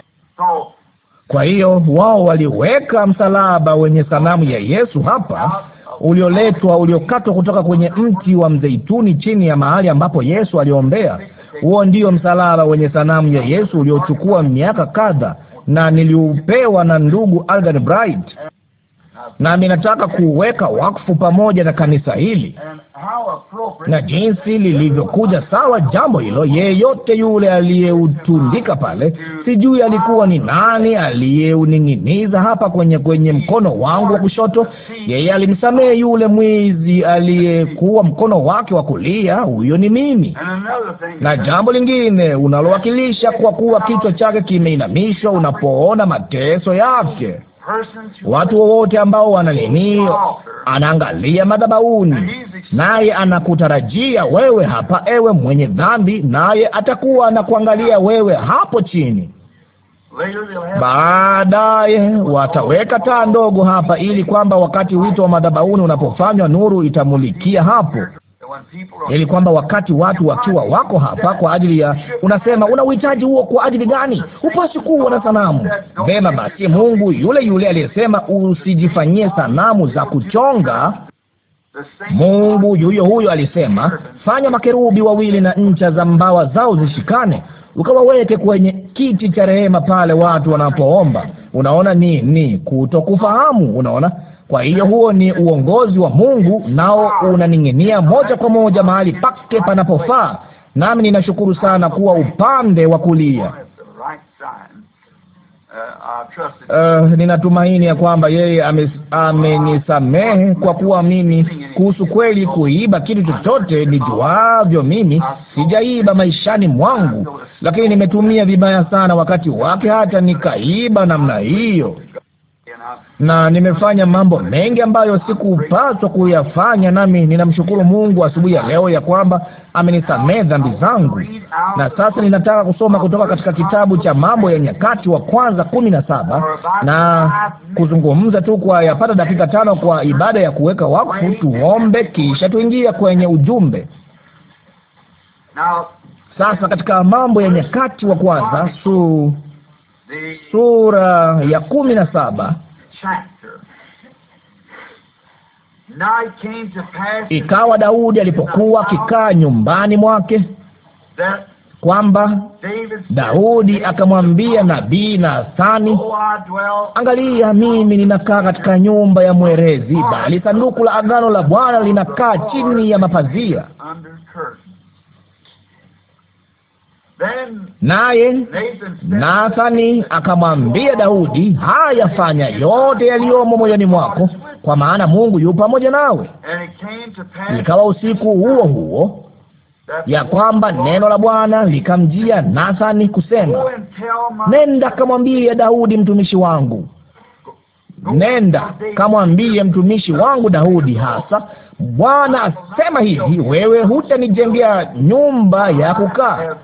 Kwa hiyo wao waliweka msalaba wenye sanamu ya Yesu hapa ulioletwa uliokatwa kutoka kwenye mti wa mzeituni chini ya mahali ambapo Yesu aliombea. Huo ndio msalaba wenye sanamu ya Yesu uliochukua miaka kadha, na niliupewa na ndugu Algan Bright nami nataka kuweka wakfu pamoja na kanisa hili na jinsi lilivyokuja sawa jambo hilo. Yeyote yule aliyeutundika pale, sijui alikuwa ni nani aliyeuning'iniza hapa kwenye kwenye mkono wangu wa kushoto, yeye alimsamehe yule mwizi aliyekuwa mkono wake wa kulia. Huyo ni mimi. Na jambo lingine unalowakilisha, kwa kuwa kichwa chake kimeinamishwa unapoona mateso yake watu wowote ambao wana nini, anaangalia madhabahuni, naye anakutarajia wewe hapa, ewe mwenye dhambi, naye atakuwa anakuangalia wewe hapo chini. Baadaye wataweka taa ndogo hapa, ili kwamba wakati wito wa madhabahuni unapofanywa, nuru itamulikia hapo ili kwamba wakati watu wakiwa wako hapa kwa ajili ya, unasema una uhitaji huo kwa ajili gani? upasi kuwa na sanamu. Vema basi, Mungu yule yule aliyesema usijifanyie sanamu za kuchonga Mungu yuyo huyo alisema, fanya makerubi wawili na ncha za mbawa zao zishikane, ukawaweke kwenye kiti cha rehema pale watu wanapoomba. Unaona, ni ni kutokufahamu. Unaona, kwa hiyo huo ni uongozi wa Mungu, nao unaning'inia moja kwa moja mahali pake panapofaa, nami ninashukuru sana kuwa upande wa kulia. Uh, ninatumaini ya kwamba yeye amenisamehe ame kwa kuwa mimi kuhusu kweli kuiba kitu chochote nijuavyo, mimi sijaiba maishani mwangu, lakini nimetumia vibaya sana wakati wake, hata nikaiba namna hiyo na nimefanya mambo mengi ambayo sikupaswa kuyafanya, nami ninamshukuru Mungu asubuhi ya leo ya kwamba amenisamehe dhambi zangu. Na sasa ninataka kusoma kutoka katika kitabu cha Mambo ya Nyakati wa Kwanza kumi na saba na kuzungumza tu kwa yapata dakika tano kwa ibada ya kuweka wakfu. Tuombe kisha tuingia kwenye ujumbe. Sasa katika Mambo ya Nyakati wa Kwanza su sura ya kumi na saba Ikawa Daudi alipokuwa akikaa nyumbani mwake, kwamba Daudi akamwambia nabii Nathani, angalia, mimi ninakaa katika nyumba ya mwerezi, bali sanduku la agano la Bwana linakaa chini ya mapazia. Naye Nathani akamwambia Daudi, haya, fanya yote yaliyomo moyoni mwako, kwa maana Mungu yu pamoja nawe. Ikawa usiku huo huo ya kwamba neno la Bwana likamjia Nathani kusema, nenda kamwambie Daudi mtumishi wangu, nenda kamwambie mtumishi wangu Daudi hasa Bwana asema hivi, wewe hutanijengea nyumba ya kukaa,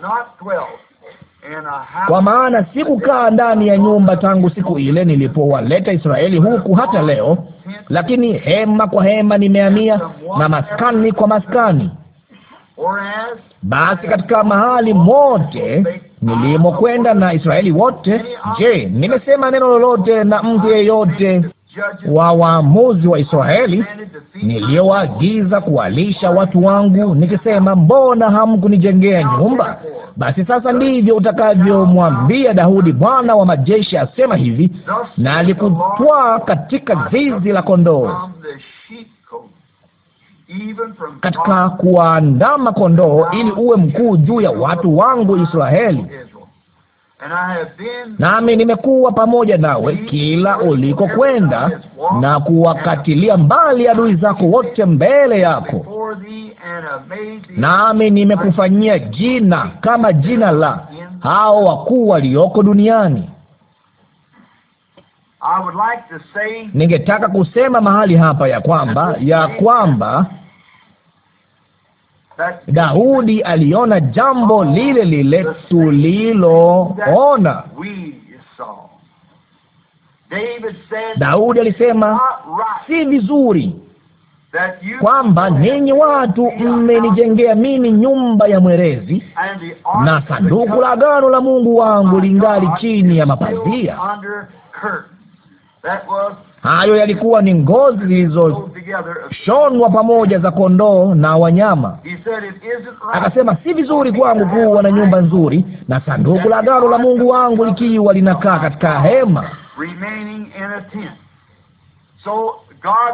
kwa maana sikukaa ndani ya nyumba tangu siku ile nilipowaleta Israeli huku hata leo, lakini hema kwa hema nimehamia, na maskani kwa maskani. Basi katika mahali mote nilimokwenda na Israeli wote, je, nimesema neno lolote na mtu yeyote wa waamuzi wa Israeli niliyowaagiza kuwalisha watu wangu, nikisema, mbona hamkunijengea nyumba? Basi sasa ndivyo utakavyomwambia Daudi, Bwana wa majeshi asema hivi, na alikutwaa katika zizi la kondoo katika kuwaandama kondoo, ili uwe mkuu juu ya watu wangu Israeli nami nimekuwa pamoja nawe kila ulikokwenda, na kuwakatilia mbali adui zako wote mbele yako, nami nimekufanyia jina kama jina la hao wakuu walioko duniani. Ningetaka kusema mahali hapa ya kwamba ya kwamba Daudi aliona jambo lile lile tuliloona. Daudi alisema, si vizuri kwamba ninyi watu mmenijengea mimi nyumba ya mwerezi na sanduku la agano la Mungu wangu lingali chini ya mapazia. Hayo yalikuwa ni ngozi zilizoshonwa pamoja za kondoo na wanyama. Akasema, si vizuri kwangu kuwa na nyumba nzuri na sanduku la agano la Mungu wangu likiwa linakaa katika hema.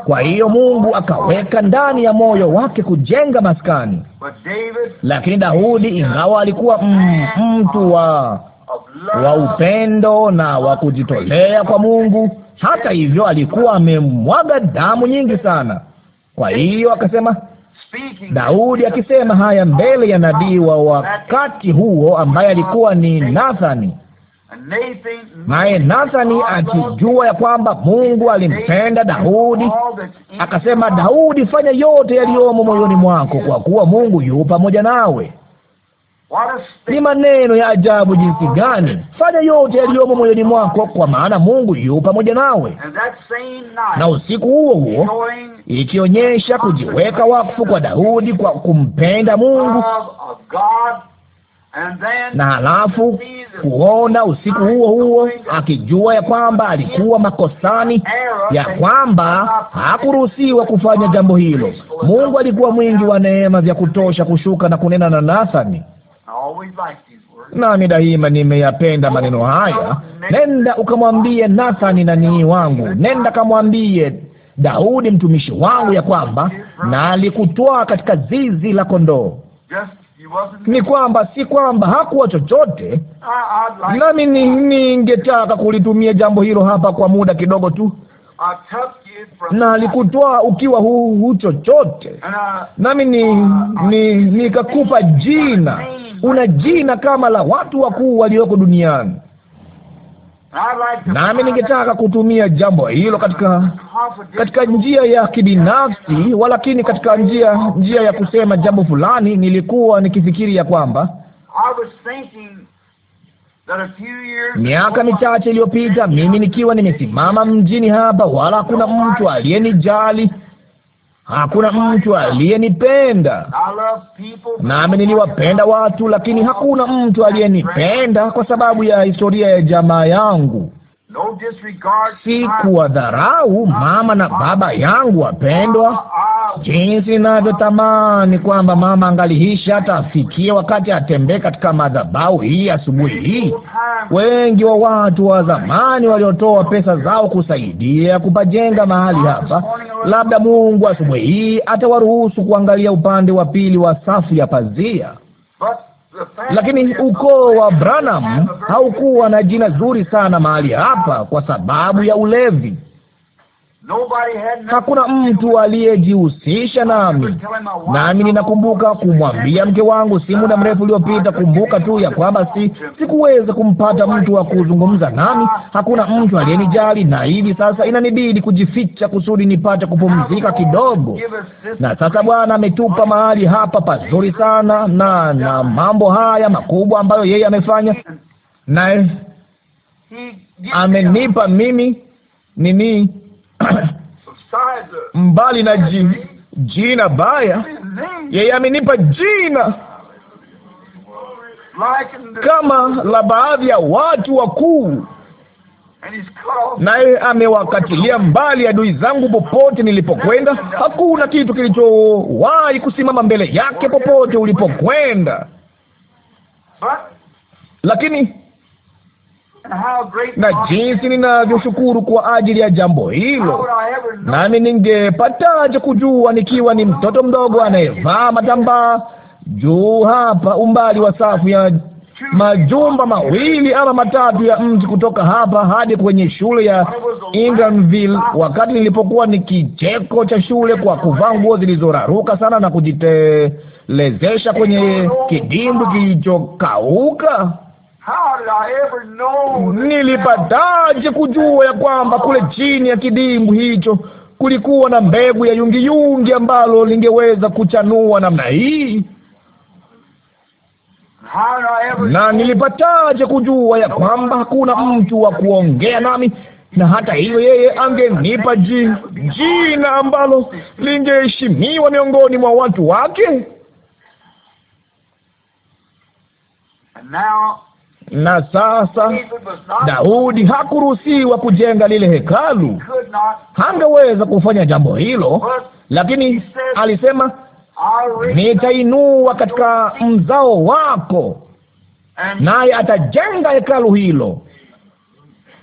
Kwa hiyo Mungu akaweka ndani ya moyo wake kujenga maskani. Lakini Daudi, ingawa alikuwa mm, mtu wa wa upendo na wa kujitolea kwa Mungu. Hata hivyo, alikuwa amemwaga damu nyingi sana. Kwa hiyo akasema, Daudi akisema haya mbele ya nabii wa wakati huo ambaye alikuwa ni Nathani, naye Nathani akijua ya kwamba Mungu alimpenda Daudi akasema, Daudi, fanya yote yaliyomo moyoni mwako, kwa kuwa Mungu yu pamoja nawe. Ni maneno ya ajabu jinsi gani! Fanya yote yaliyomo moyoni mwako, kwa maana Mungu yu pamoja nawe. Na usiku huo huo, ikionyesha kujiweka wakfu kwa Daudi kwa kumpenda Mungu na halafu kuona usiku huo huo akijua ya kwamba alikuwa makosani, ya kwamba hakuruhusiwa kufanya jambo hilo. Mungu alikuwa mwingi wa neema vya kutosha kushuka na kunena na Nathani nami daima nimeyapenda oh, maneno oh, haya. Oh, nenda ukamwambie Nathani nanii wangu, nenda kamwambie Daudi mtumishi wangu ya kwamba na katika zizi la kondoo. Ni kwamba si kwamba hakuwa chochote. Nami ningetaka kulitumia jambo hilo hapa kwa muda kidogo tu na alikutwaa ukiwa huu hu chochote, uh, nami uh, uh, nikakupa ni, ni jina una jina kama la watu wakuu walioko duniani. Nami ningetaka kutumia jambo hilo katika katika njia ya kibinafsi, walakini katika njia njia ya kusema jambo fulani. Nilikuwa nikifikiri ya kwamba miaka michache iliyopita, mimi nikiwa nimesimama mjini hapa, wala hakuna mtu aliyenijali hakuna mtu aliyenipenda nami niliwapenda watu, lakini hakuna mtu aliyenipenda kwa sababu ya historia ya jamaa yangu si kuwadharau mama na baba yangu wapendwa, jinsi ninavyotamani kwamba mama angalihisha hata afikie wakati atembee katika madhabahu hii asubuhi hii. Wengi wa watu wa zamani waliotoa pesa zao kusaidia kupajenga mahali hapa, labda Mungu asubuhi hii atawaruhusu kuangalia upande wa pili wa safu ya pazia. Lakini ukoo wa Branham haukuwa na jina zuri sana mahali hapa kwa sababu ya ulevi hakuna mtu aliyejihusisha nami, nami ninakumbuka kumwambia mke wangu si muda mrefu uliopita, kumbuka tu ya kwamba si sikuweza kumpata mtu wa kuzungumza ah, nami, hakuna ah, mtu aliyenijali, na ah. hivi sasa inanibidi kujificha kusudi nipate kupumzika kidogo. Na sasa Bwana ametupa mahali hapa pazuri sana, na na mambo haya makubwa ambayo yeye amefanya, naye amenipa mimi nini mbali na jina, jina baya. Yeye amenipa jina kama la baadhi ya watu wakuu, naye amewakatilia mbali adui zangu popote nilipokwenda. Hakuna kitu kilichowahi kusimama mbele yake popote ulipokwenda, lakini na jinsi ninavyoshukuru kwa ajili ya jambo hilo. Nami ningepataje kujua nikiwa ni mtoto mdogo anayevaa matambaa juu hapa, umbali wa safu ya majumba mawili ama matatu ya mji kutoka hapa hadi kwenye shule ya Ingranville, wakati nilipokuwa ni kicheko cha shule kwa kuvaa nguo zilizoraruka sana na kujitelezesha kwenye kidimbwi kilichokauka. Nilipataje kujua ya kwamba kule chini ya kidimbu hicho kulikuwa na mbegu ya yungiyungi ambalo lingeweza kuchanua namna hii? Na nilipataje kujua ya kwamba hakuna mtu wa kuongea nami na hata hivyo yeye angenipa jina, jina ambalo lingeheshimiwa miongoni mwa watu wake? Na sasa Daudi hakuruhusiwa kujenga lile hekalu, hangeweza kufanya jambo hilo, lakini alisema nitainua katika mzao wako, naye atajenga hekalu hilo,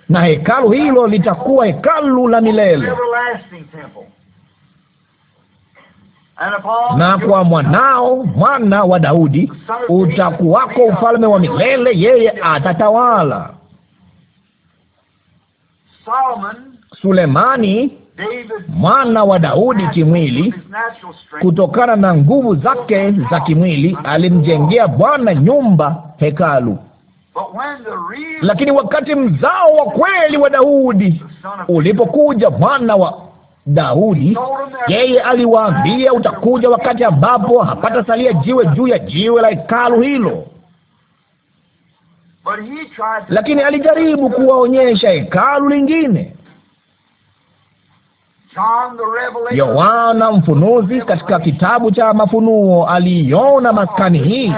na hekalu hilo litakuwa hekalu la milele na kwa mwanao mwana wa Daudi utakuwako ufalme wa milele, yeye atatawala. Sulemani mwana wa Daudi kimwili, kutokana na nguvu zake za kimwili, alimjengea Bwana nyumba, hekalu. Lakini wakati mzao wa kweli wa Daudi ulipokuja, mwana wa Daudi, yeye aliwaambia utakuja wakati ambapo hapata salia jiwe juu ya jiwe la hekalu hilo. Lakini alijaribu kuwaonyesha hekalu lingine. Yohana mfunuzi katika kitabu cha Mafunuo aliona maskani hii,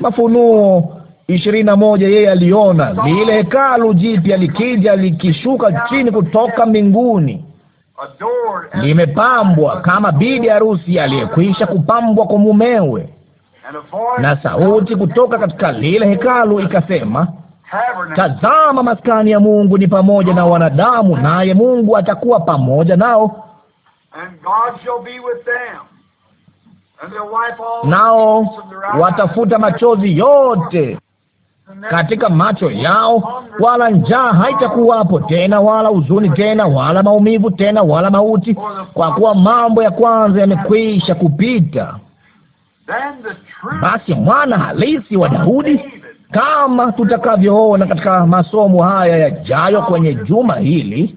Mafunuo ishirini na moja. Yeye aliona lile hekalu jipya likija likishuka chini kutoka mbinguni limepambwa kama bibi harusi aliyekwisha kupambwa kwa mumewe. Na sauti kutoka katika lile hekalu ikasema, tazama, maskani ya Mungu ni pamoja na wanadamu, naye Mungu atakuwa pamoja nao, nao watafuta machozi yote katika macho yao, wala njaa haitakuwapo tena, wala huzuni tena, wala maumivu tena, wala mauti, kwa kuwa mambo ya kwanza yamekwisha kupita. Basi mwana halisi wa Daudi, kama tutakavyoona katika masomo haya yajayo kwenye juma hili,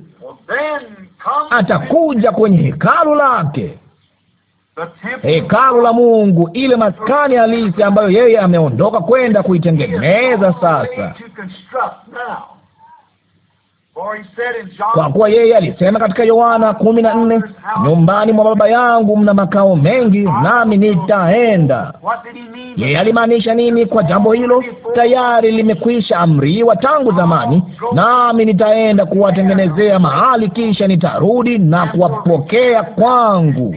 atakuja kwenye hekalu lake hekalu la Mungu, ile maskani halisi ambayo yeye ameondoka kwenda kuitengeneza sasa. Kwa kuwa yeye alisema katika Yohana kumi na nne, nyumbani mwa Baba yangu mna makao mengi, nami nitaenda. Yeye alimaanisha nini kwa jambo hilo? Tayari limekwisha amriwa tangu zamani, nami nitaenda kuwatengenezea mahali, kisha nitarudi na kuwapokea kwangu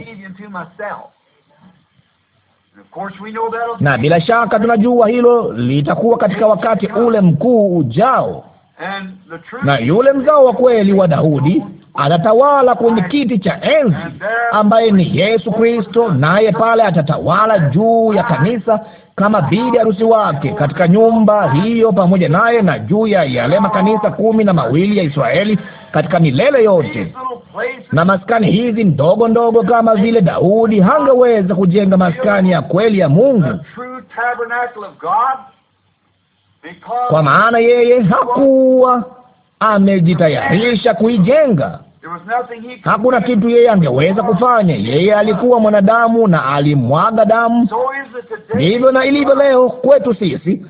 na bila shaka tunajua hilo litakuwa katika wakati ule mkuu ujao, na yule mzao wa kweli wa Daudi atatawala kwenye kiti cha enzi ambaye ni Yesu Kristo, naye pale atatawala juu ya kanisa kama bibi harusi wake katika nyumba hiyo pamoja naye na juu ya yale makanisa kumi na mawili ya Israeli katika milele yote na maskani hizi ndogo ndogo, kama vile Daudi hangeweza kujenga maskani ya kweli ya Mungu, kwa maana yeye hakuwa amejitayarisha kuijenga. Hakuna kitu yeye angeweza kufanya. Yeye alikuwa mwanadamu na alimwaga damu. Ndivyo na ilivyo leo kwetu sisi,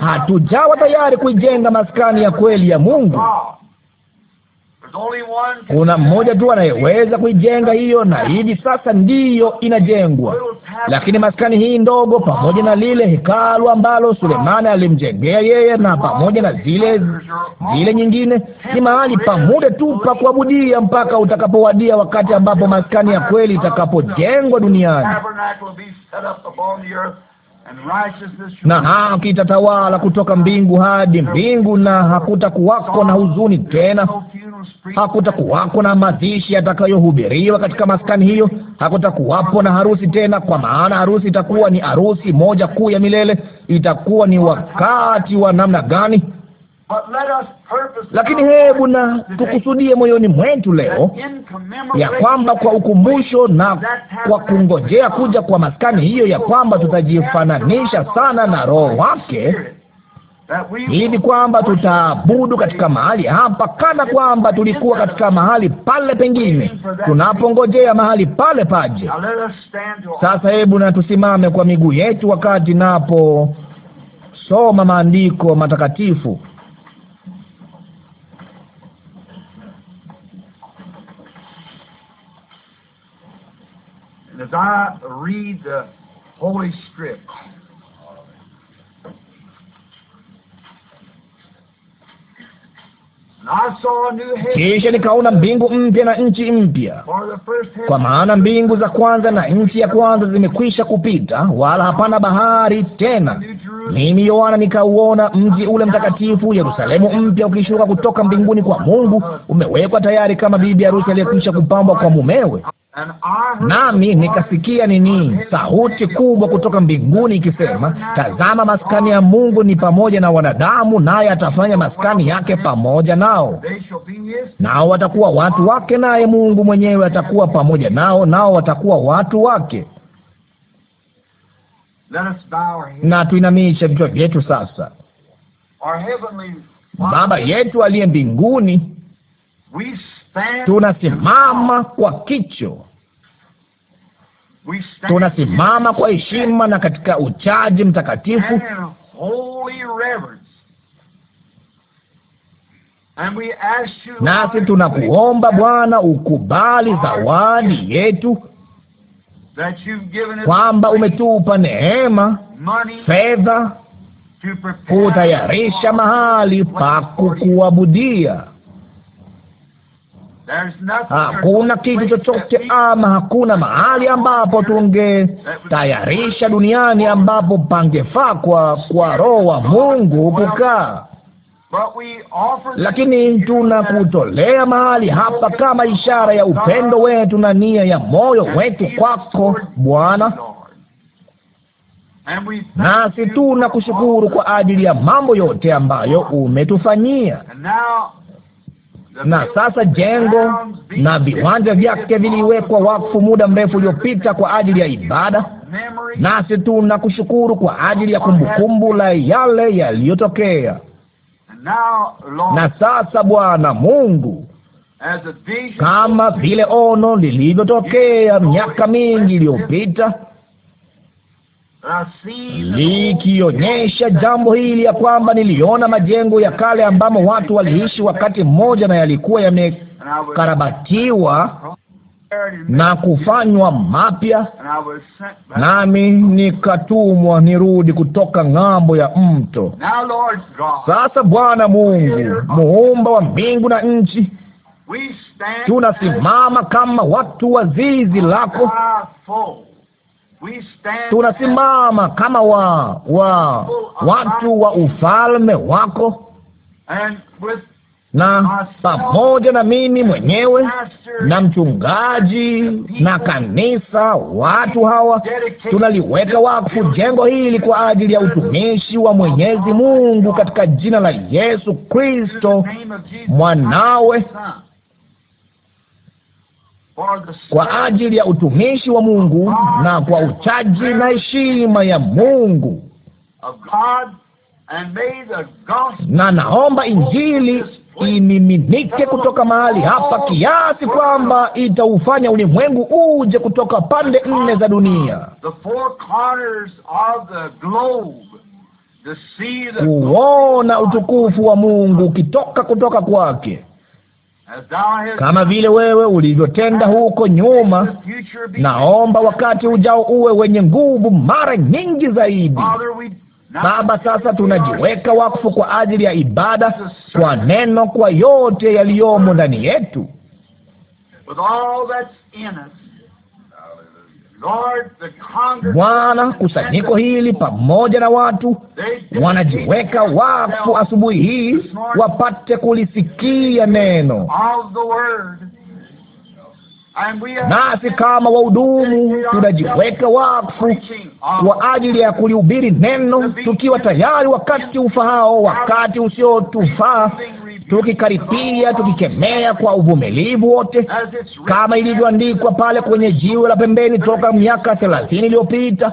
hatujawa tayari kuijenga maskani ya kweli ya Mungu. Kuna mmoja tu anayeweza kuijenga hiyo, na hivi sasa ndiyo inajengwa. Lakini maskani hii ndogo, pamoja na lile hekalu ambalo Sulemani alimjengea yeye, na pamoja na zile zile nyingine, ni mahali muda tu pa kuabudia, mpaka utakapowadia wakati ambapo maskani ya kweli itakapojengwa duniani na haki itatawala kutoka mbingu hadi mbingu, na hakutakuwako na huzuni tena, hakutakuwako na mazishi yatakayohubiriwa katika maskani hiyo, hakutakuwapo na harusi tena, kwa maana harusi itakuwa ni harusi moja kuu ya milele. Itakuwa ni wakati wa namna gani? Lakini hebu na tukusudie moyoni mwetu leo ya kwamba kwa ukumbusho na kwa kungojea kuja kwa maskani hiyo, ya kwamba tutajifananisha sana na Roho wake ili kwamba tutaabudu katika mahali hapa kana kwamba tulikuwa katika mahali pale, pengine tunapongojea mahali pale paje. Sasa hebu na tusimame kwa miguu yetu wakati soma maandiko matakatifu. And as I read the Holy Script, Kisha nikaona mbingu mpya na nchi mpya, kwa maana mbingu za kwanza na nchi ya kwanza zimekwisha kupita, wala hapana bahari tena. Mimi Yohana nikauona mji ule mtakatifu Yerusalemu mpya ukishuka kutoka mbinguni kwa Mungu, umewekwa tayari kama bibi harusi aliyekwisha kupambwa kwa mumewe. Nami nikasikia nini, sauti kubwa kutoka mbinguni ikisema, tazama, maskani ya Mungu ni pamoja na wanadamu, naye atafanya maskani yake pamoja nao, nao watakuwa watu wake, naye Mungu mwenyewe atakuwa pamoja nao, nao watakuwa watu wake. Na tuinamishe vichwa vyetu sasa. Baba yetu aliye mbinguni, tunasimama kwa kicho tunasimama kwa heshima na katika uchaji mtakatifu nasi tunakuomba Bwana, ukubali zawadi yetu kwamba umetupa neema, fedha, kutayarisha mahali pa kukuabudia. Ah, hakuna kitu chochote ama ah, hakuna mahali ambapo tungetayarisha duniani ambapo pangefaa kwa, kwa Roho wa Mungu kukaa lakini tunakutolea mahali hapa kama ishara ya upendo wetu na nia ya moyo wetu kwako Bwana, nasi tunakushukuru kwa ajili ya mambo yote ambayo umetufanyia na sasa jengo na viwanja vyake viliwekwa wakfu muda mrefu uliopita kwa ajili ya ibada, nasi kushukuru kwa ajili ya kumbukumbu la yale yaliyotokea. Na sasa Bwana Mungu, kama vile ono lilivyotokea miaka mingi iliyopita likionyesha jambo hili ya kwamba niliona majengo ya kale ambamo watu waliishi wakati mmoja, na yalikuwa yamekarabatiwa na kufanywa mapya, nami nikatumwa nirudi kutoka ng'ambo ya mto. Sasa Bwana Mungu muumba wa mbingu na nchi, tunasimama kama watu wa zizi lako tunasimama kama wa, wa watu wa ufalme wako na pamoja na mimi mwenyewe na mchungaji na kanisa, watu hawa tunaliweka wakfu jengo hili kwa ajili ya utumishi wa Mwenyezi Mungu katika jina la Yesu Kristo mwanawe kwa ajili ya utumishi wa Mungu na kwa uchaji na heshima ya Mungu, na naomba Injili imiminike kutoka mahali hapa kiasi kwamba itaufanya ulimwengu uje kutoka pande nne za dunia kuona utukufu wa Mungu ukitoka kutoka kwake kama vile wewe ulivyotenda huko nyuma. Naomba wakati ujao uwe wenye nguvu mara nyingi zaidi. Baba, sasa tunajiweka wakfu kwa ajili ya ibada, kwa neno, kwa yote yaliyomo ndani yetu Bwana, kusanyiko hili pamoja na watu wanajiweka wakfu asubuhi hii wapate kulisikia neno, nasi kama wahudumu tunajiweka wakfu kwa ajili ya kulihubiri neno, tukiwa tayari wakati ufahao, wakati usiotufaa tukikaripia, tukikemea kwa uvumilivu wote, kama ilivyoandikwa pale kwenye jiwe la pembeni, toka miaka thelathini iliyopita.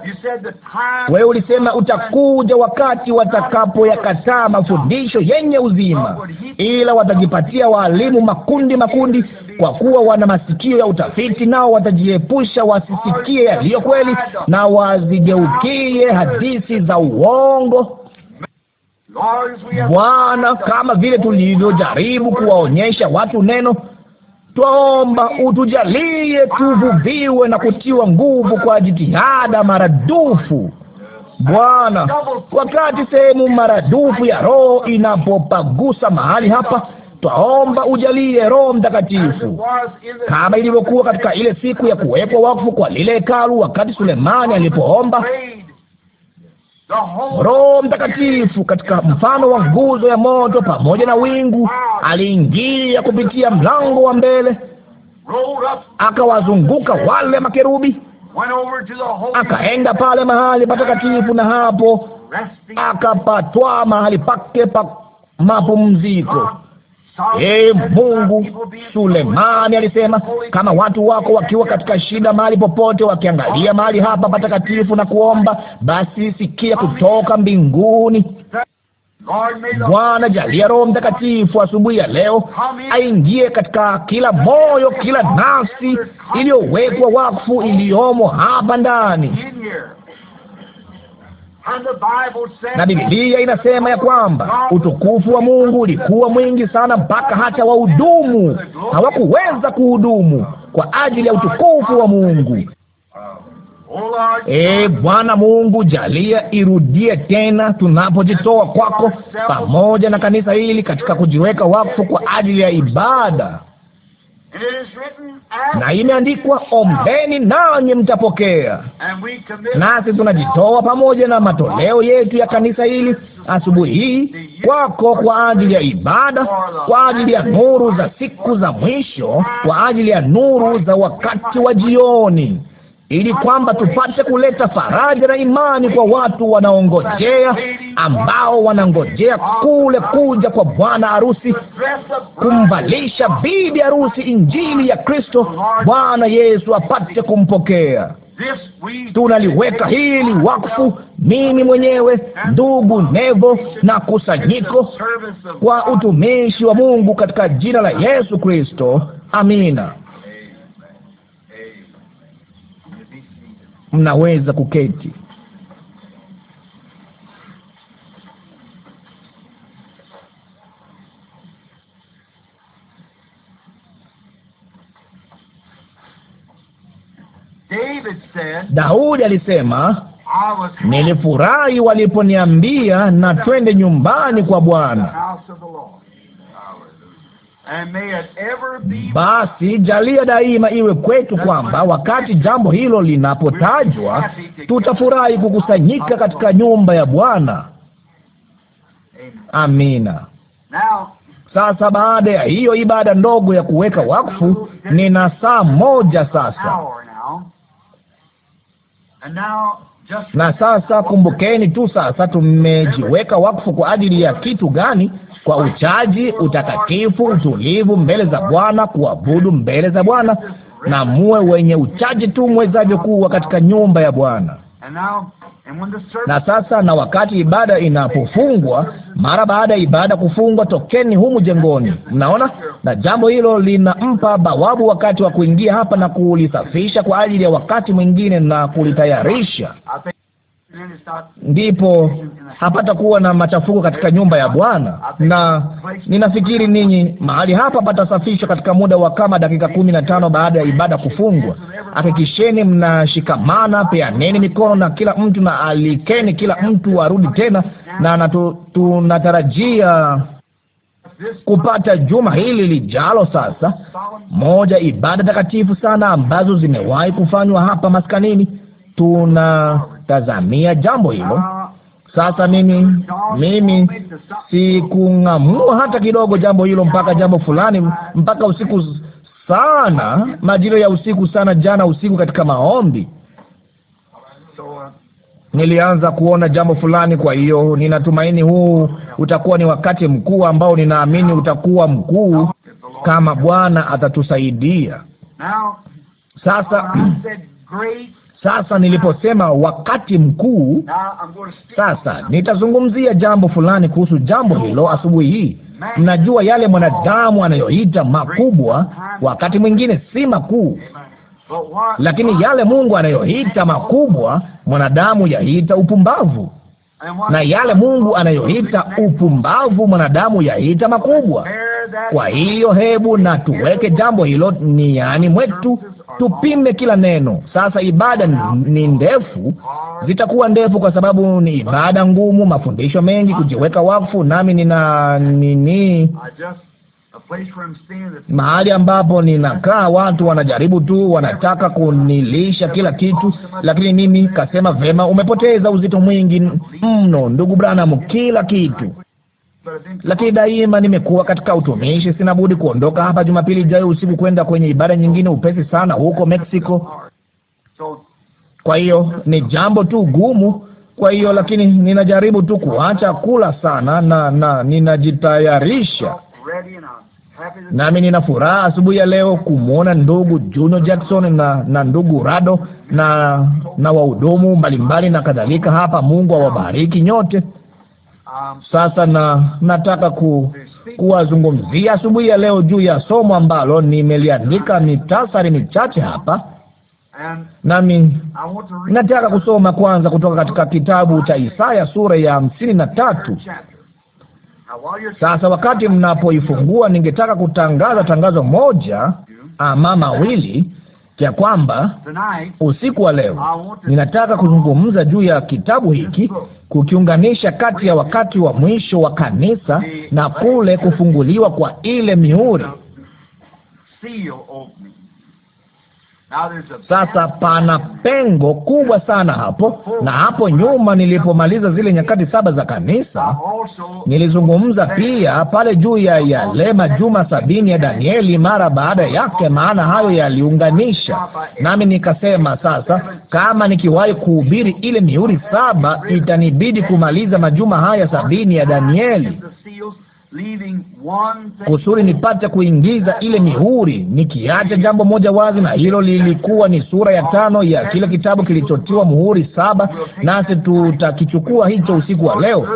Wewe ulisema utakuja wakati watakapoyakataa mafundisho yenye uzima, ila watajipatia waalimu makundi makundi, kwa kuwa wana masikio ya utafiti, nao watajiepusha wasisikie yaliyo kweli na wazigeukie hadithi za uongo. Bwana, kama vile tulivyojaribu kuwaonyesha watu neno, twaomba utujalie tuvuviwe na kutiwa nguvu kwa jitihada maradufu Bwana, wakati sehemu maradufu ya Roho inapopagusa mahali hapa, twaomba ujalie Roho Mtakatifu, kama ilivyokuwa katika ile siku ya kuwekwa wakfu kwa lile hekalu, wakati Sulemani alipoomba Roho Mtakatifu katika mfano wa nguzo ya moto pamoja na wingu aliingia kupitia mlango wa mbele, akawazunguka wale makerubi, akaenda pale mahali patakatifu, na hapo akapatwa mahali pake pa mapumziko. Ee Mungu, Sulemani alisema, kama watu wako wakiwa katika shida mahali popote, wakiangalia mahali hapa patakatifu na kuomba, basi sikia kutoka mbinguni. Bwana, jalia Roho Mtakatifu asubuhi ya leo aingie katika kila moyo, kila nafsi iliyowekwa wakfu iliyomo hapa ndani na Biblia inasema ya kwamba utukufu wa Mungu ulikuwa mwingi sana mpaka hata wahudumu hawakuweza kuhudumu kwa ajili ya utukufu wa Mungu. E Bwana Mungu, jalia irudie tena tunapojitoa kwako, pamoja na kanisa hili katika kujiweka wakfu kwa ajili ya ibada na imeandikwa, ombeni nanyi mtapokea. Nasi tunajitoa pamoja na matoleo yetu ya kanisa hili asubuhi hii kwako, kwa ajili ya ibada, kwa ajili ya nuru za siku za mwisho, kwa ajili ya nuru za wakati wa jioni ili kwamba tupate kuleta faraja na imani kwa watu wanaongojea, ambao wanangojea kule kuja kwa bwana harusi, kumvalisha bibi harusi injili ya Kristo, Bwana Yesu apate kumpokea. Tunaliweka hili wakfu, mimi mwenyewe, ndugu Nevo na kusanyiko, kwa utumishi wa Mungu katika jina la Yesu Kristo, amina. mnaweza kuketi. Daudi alisema, nilifurahi waliponiambia na twende nyumbani kwa Bwana. Basi jalia daima iwe kwetu kwamba wakati jambo hilo linapotajwa, tutafurahi kukusanyika katika nyumba ya Bwana. Amina. Sasa baada ya hiyo ibada ndogo ya kuweka wakfu, nina saa moja sasa. Na sasa kumbukeni tu, sasa tumejiweka wakfu kwa ajili ya kitu gani? kwa uchaji, utakatifu, utulivu mbele za Bwana, kuabudu mbele za Bwana, na muwe wenye uchaji tu mwezavyo kuwa katika nyumba ya Bwana. Na sasa, na wakati ibada inapofungwa, mara baada ya ibada kufungwa, tokeni humu jengoni. Mnaona, na jambo hilo linampa bawabu wakati wa kuingia hapa na kulisafisha kwa ajili ya wakati mwingine na kulitayarisha ndipo hapatakuwa na machafuko katika nyumba ya Bwana. Na ninafikiri ninyi mahali hapa patasafishwa katika muda wa kama dakika kumi na tano baada ya ibada kufungwa. Hakikisheni mnashikamana, peaneni mikono na kila mtu, na alikeni kila mtu arudi tena, na tunatarajia kupata juma hili lijalo. Sasa moja ibada takatifu sana ambazo zimewahi kufanywa hapa maskanini tuna tazamia jambo hilo. Sasa mimi mimi sikung'amua hata kidogo jambo hilo mpaka jambo fulani, mpaka usiku sana, majira ya usiku sana, jana usiku katika maombi nilianza kuona jambo fulani. Kwa hiyo ninatumaini huu utakuwa ni wakati mkuu ambao ninaamini utakuwa mkuu kama Bwana atatusaidia. Sasa sasa niliposema wakati mkuu, sasa nitazungumzia jambo fulani kuhusu jambo hilo asubuhi hii. Mnajua yale mwanadamu anayoita makubwa, wakati mwingine si makuu, lakini yale Mungu anayoita makubwa, mwanadamu yaita upumbavu, na yale Mungu anayoita upumbavu, mwanadamu yaita makubwa. Kwa hiyo hebu na tuweke jambo hilo ni yani mwetu tupime kila neno. Sasa ibada ni ndefu, zitakuwa ndefu kwa sababu ni ibada ngumu, mafundisho mengi, kujiweka wakfu, nami nina nini mahali ambapo ninakaa watu wanajaribu tu, wanataka kunilisha kila kitu, lakini mimi kasema vema, umepoteza uzito mwingi mno, ndugu Branham, kila kitu lakini daima nimekuwa katika utumishi, sina budi kuondoka hapa Jumapili ijayo usiku kwenda kwenye ibada nyingine upesi sana huko Mexico. Kwa hiyo ni jambo tu gumu. Kwa hiyo lakini ninajaribu tu kuacha kula sana na, na ninajitayarisha nami nina furaha asubuhi ya leo kumwona ndugu Juno Jackson na, na ndugu Rado na na wahudumu mbalimbali na kadhalika hapa. Mungu awabariki nyote. Sasa na nataka ku kuwazungumzia asubuhi ya leo juu ya somo ambalo nimeliandika mitasari michache hapa, nami nataka kusoma kwanza kutoka katika kitabu cha Isaya sura ya hamsini na tatu. Sasa wakati mnapoifungua, ningetaka kutangaza tangazo moja ama mawili ya kwamba usiku wa leo ninataka kuzungumza juu ya kitabu hiki, kukiunganisha kati ya wakati wa mwisho wa kanisa na kule kufunguliwa kwa ile mihuri sasa pana pengo kubwa sana hapo, na hapo nyuma nilipomaliza zile nyakati saba za kanisa, nilizungumza pia pale juu ya yale majuma sabini ya Danieli mara baada yake, maana hayo yaliunganisha nami. Nikasema sasa, kama nikiwahi kuhubiri ile mihuri saba, itanibidi kumaliza majuma haya sabini ya Danieli kusudi nipate kuingiza ile mihuri, nikiacha jambo moja wazi, na hilo lilikuwa ni sura ya tano ya kile kitabu kilichotiwa muhuri saba. Nasi tutakichukua hicho usiku wa leo.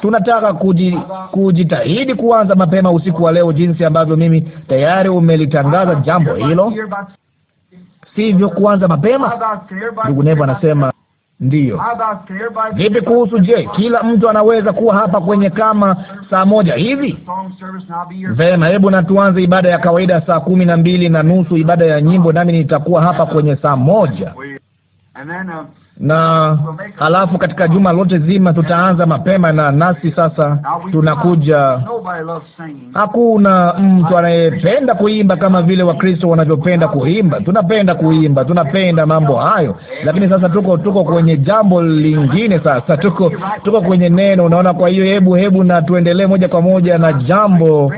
Tunataka kuji, kujitahidi kuanza mapema usiku wa leo, jinsi ambavyo mimi tayari umelitangaza jambo hilo, sivyo? Kuanza mapema, ndugu Nevo anasema Ndiyo. Vipi kuhusu je, kila mtu anaweza kuwa hapa kwenye kama saa moja hivi? Vema, hebu na tuanze ibada ya kawaida saa kumi na mbili na nusu ibada ya nyimbo, nami nitakuwa hapa kwenye saa moja na halafu katika juma lote zima tutaanza mapema, na nasi sasa tunakuja. Hakuna mtu anayependa kuimba kama vile Wakristo wanavyopenda kuimba. Tunapenda kuimba, tunapenda mambo hayo, lakini sasa tuko tuko kwenye jambo lingine. Sasa tuko tuko kwenye neno, unaona. Kwa hiyo hebu hebu na tuendelee moja kwa moja na jambo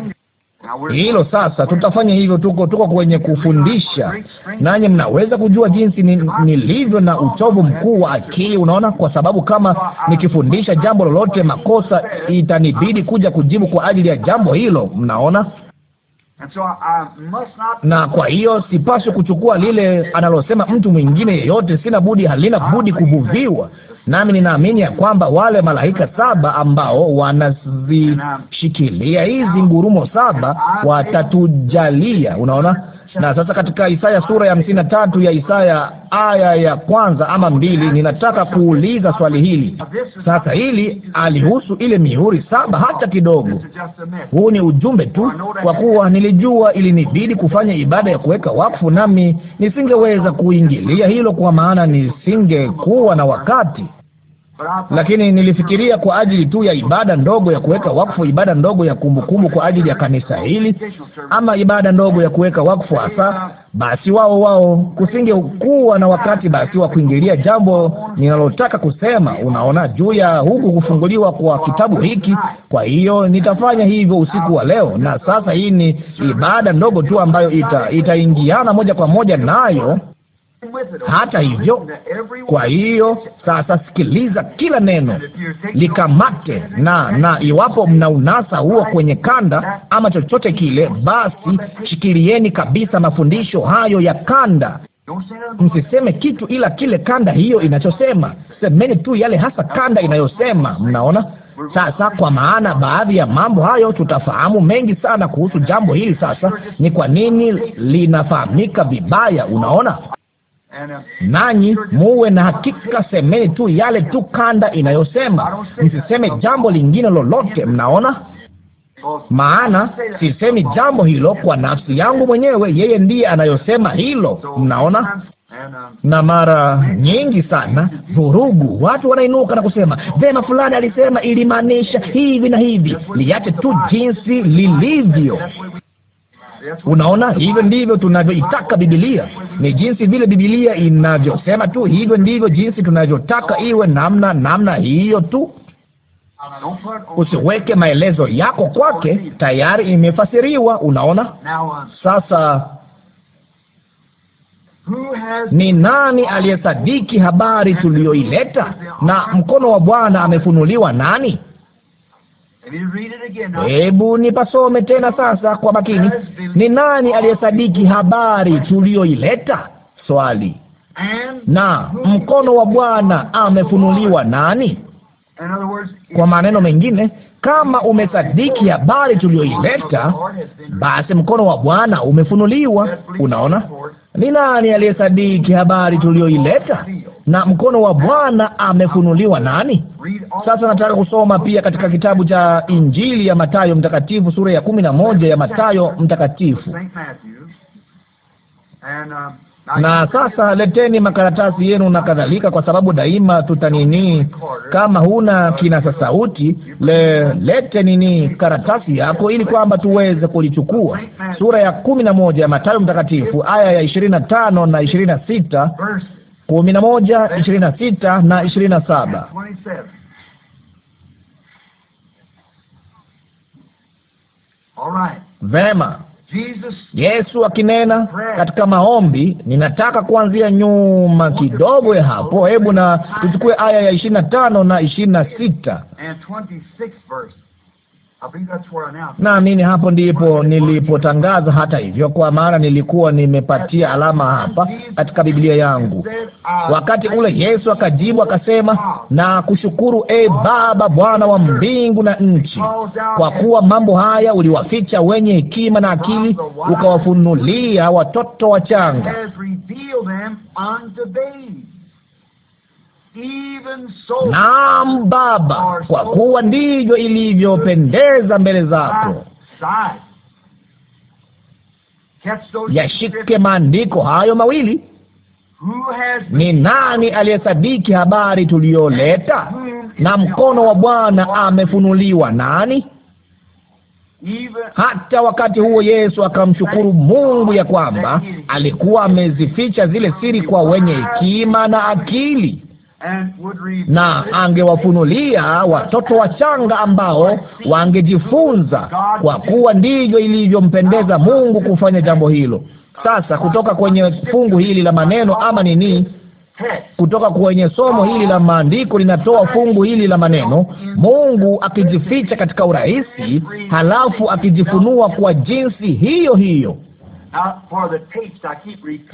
hilo sasa. Tutafanya hivyo, tuko tuko kwenye kufundisha, nanyi mnaweza kujua jinsi nilivyo ni na uchovu mkuu wa akili. Unaona, kwa sababu kama nikifundisha jambo lolote makosa, itanibidi kuja kujibu kwa ajili ya jambo hilo. Mnaona na kwa hiyo sipaswi kuchukua lile analosema mtu mwingine yeyote. Sina budi, halina budi kuvuviwa nami. Ninaamini ya kwamba wale malaika saba ambao wanazishikilia hizi ngurumo saba watatujalia. Unaona, na sasa katika Isaya sura ya hamsini na tatu ya Isaya aya ya kwanza ama mbili, ninataka kuuliza swali hili sasa. Hili alihusu ile mihuri saba hata kidogo. Huu ni ujumbe tu, kwa kuwa nilijua ilinibidi kufanya ibada ya kuweka wakfu, nami nisingeweza kuingilia hilo, kwa maana nisingekuwa na wakati lakini nilifikiria kwa ajili tu ya ibada ndogo ya kuweka wakfu, ibada ndogo ya kumbukumbu kwa ajili ya kanisa hili, ama ibada ndogo ya kuweka wakfu hasa, basi wao wao kusingekuwa na wakati basi wa kuingilia jambo ninalotaka kusema, unaona, juu ya huku kufunguliwa kwa kitabu hiki. Kwa hiyo nitafanya hivyo usiku wa leo, na sasa hii ni ibada ndogo tu ambayo ita itaingiana moja kwa moja nayo hata hivyo, kwa hiyo sasa, sikiliza kila neno, likamate na na, iwapo mna unasa huo kwenye kanda ama chochote kile, basi shikilieni kabisa mafundisho hayo ya kanda. Msiseme kitu ila kile kanda hiyo inachosema. Semeni tu yale hasa kanda inayosema. Mnaona sasa? Kwa maana baadhi ya mambo hayo tutafahamu mengi sana kuhusu jambo hili. Sasa ni kwa nini linafahamika vibaya? Unaona nanyi muwe na hakika, semeni tu yale tu kanda inayosema, msiseme jambo lingine lolote. Mnaona? Maana sisemi jambo hilo kwa nafsi yangu mwenyewe, yeye ndiye anayosema hilo. Mnaona? na mara nyingi sana vurugu, watu wanainuka na kusema vema, fulani alisema ilimaanisha hivi na hivi. Liache tu jinsi lilivyo. Unaona, hivyo ndivyo tunavyoitaka Bibilia ni jinsi vile Bibilia inavyosema tu, hivyo ndivyo jinsi tunavyotaka iwe, namna namna hiyo tu. Usiweke maelezo yako kwake, tayari imefasiriwa. Unaona sasa ni nani aliyesadiki habari tuliyoileta? Na mkono wa Bwana amefunuliwa nani? Hebu nipasome tena sasa kwa makini. Ni nani aliyesadiki habari tuliyoileta? Swali. Na mkono wa Bwana amefunuliwa nani? Kwa maneno mengine, kama umesadiki habari tuliyoileta, basi mkono wa Bwana umefunuliwa. Unaona, ni nani aliyesadiki habari tuliyoileta? na mkono wa Bwana amefunuliwa nani? Sasa nataka kusoma pia katika kitabu cha Injili ya Matayo Mtakatifu sura ya kumi na moja ya Matayo Mtakatifu. Um, na sasa leteni makaratasi yenu na kadhalika, kwa sababu daima tutanini, kama huna kinasa sauti le, lete nini karatasi yako, ili kwamba tuweze kulichukua. Sura ya kumi na moja ya Mathayo Mtakatifu, aya ya ishirini na tano na ishirini na sita kumi na moja ishirini na sita na ishirini na saba Vema. Yesu akinena katika maombi, ninataka kuanzia nyuma kidogo ya hapo. Hebu na tuchukue aya ya ishirini na tano na ishirini na sita Naamini hapo ndipo nilipotangaza hata hivyo, kwa maana nilikuwa nimepatia alama hapa katika Biblia yangu. Wakati ule Yesu akajibu akasema, na kushukuru e Baba, Bwana wa mbingu na nchi, kwa kuwa mambo haya uliwaficha wenye hekima na akili, ukawafunulia watoto wachanga. Naam Baba, kwa kuwa ndivyo ilivyopendeza mbele zako. Yashike maandiko hayo mawili. Ni nani aliyesadiki habari tuliyoleta? Na mkono wa Bwana amefunuliwa nani? Hata wakati huo Yesu akamshukuru Mungu ya kwamba alikuwa amezificha zile siri kwa wenye hekima na akili na angewafunulia watoto wachanga ambao wangejifunza, kwa kuwa ndivyo ilivyompendeza Mungu kufanya jambo hilo. Sasa kutoka kwenye fungu hili la maneno ama nini, kutoka kwenye somo hili la maandiko linatoa fungu hili la maneno, Mungu akijificha katika urahisi, halafu akijifunua kwa jinsi hiyo hiyo.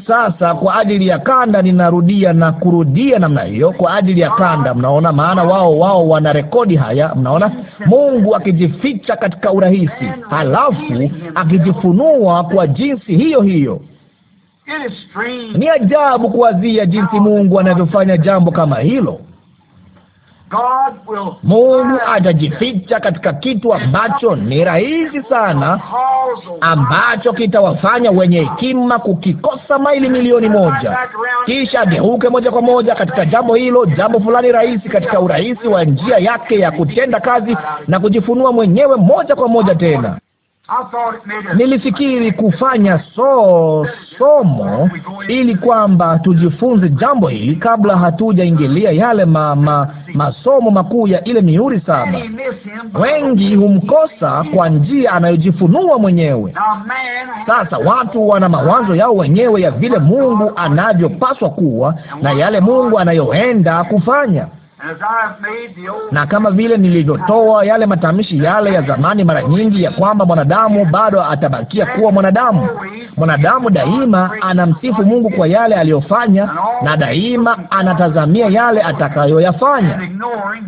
Sasa kwa ajili ya kanda ninarudia na kurudia namna hiyo, kwa ajili ya kanda. Mnaona, maana wao wao wana rekodi haya. Mnaona Mungu akijificha katika urahisi, halafu akijifunua kwa jinsi hiyo hiyo. Ni ajabu kuwazia jinsi Mungu anavyofanya jambo kama hilo. Mungu atajificha katika kitu ambacho ni rahisi sana, ambacho kitawafanya wenye hekima kukikosa maili milioni moja, kisha ageuke moja kwa moja katika jambo hilo, jambo fulani rahisi, katika urahisi wa njia yake ya kutenda kazi na kujifunua mwenyewe moja kwa moja tena. Nilifikiri kufanya so somo ili kwamba tujifunze jambo hili kabla hatujaingilia yale ma, ma, masomo makuu ya ile mihuri saba. Wengi humkosa kwa njia anayojifunua mwenyewe. Sasa watu wana mawazo yao wenyewe ya vile Mungu anavyopaswa kuwa na yale Mungu anayoenda kufanya na kama vile nilivyotoa yale matamshi yale ya zamani mara nyingi, ya kwamba mwanadamu bado atabakia kuwa mwanadamu. Mwanadamu daima anamsifu Mungu kwa yale aliyofanya, na daima anatazamia yale atakayoyafanya,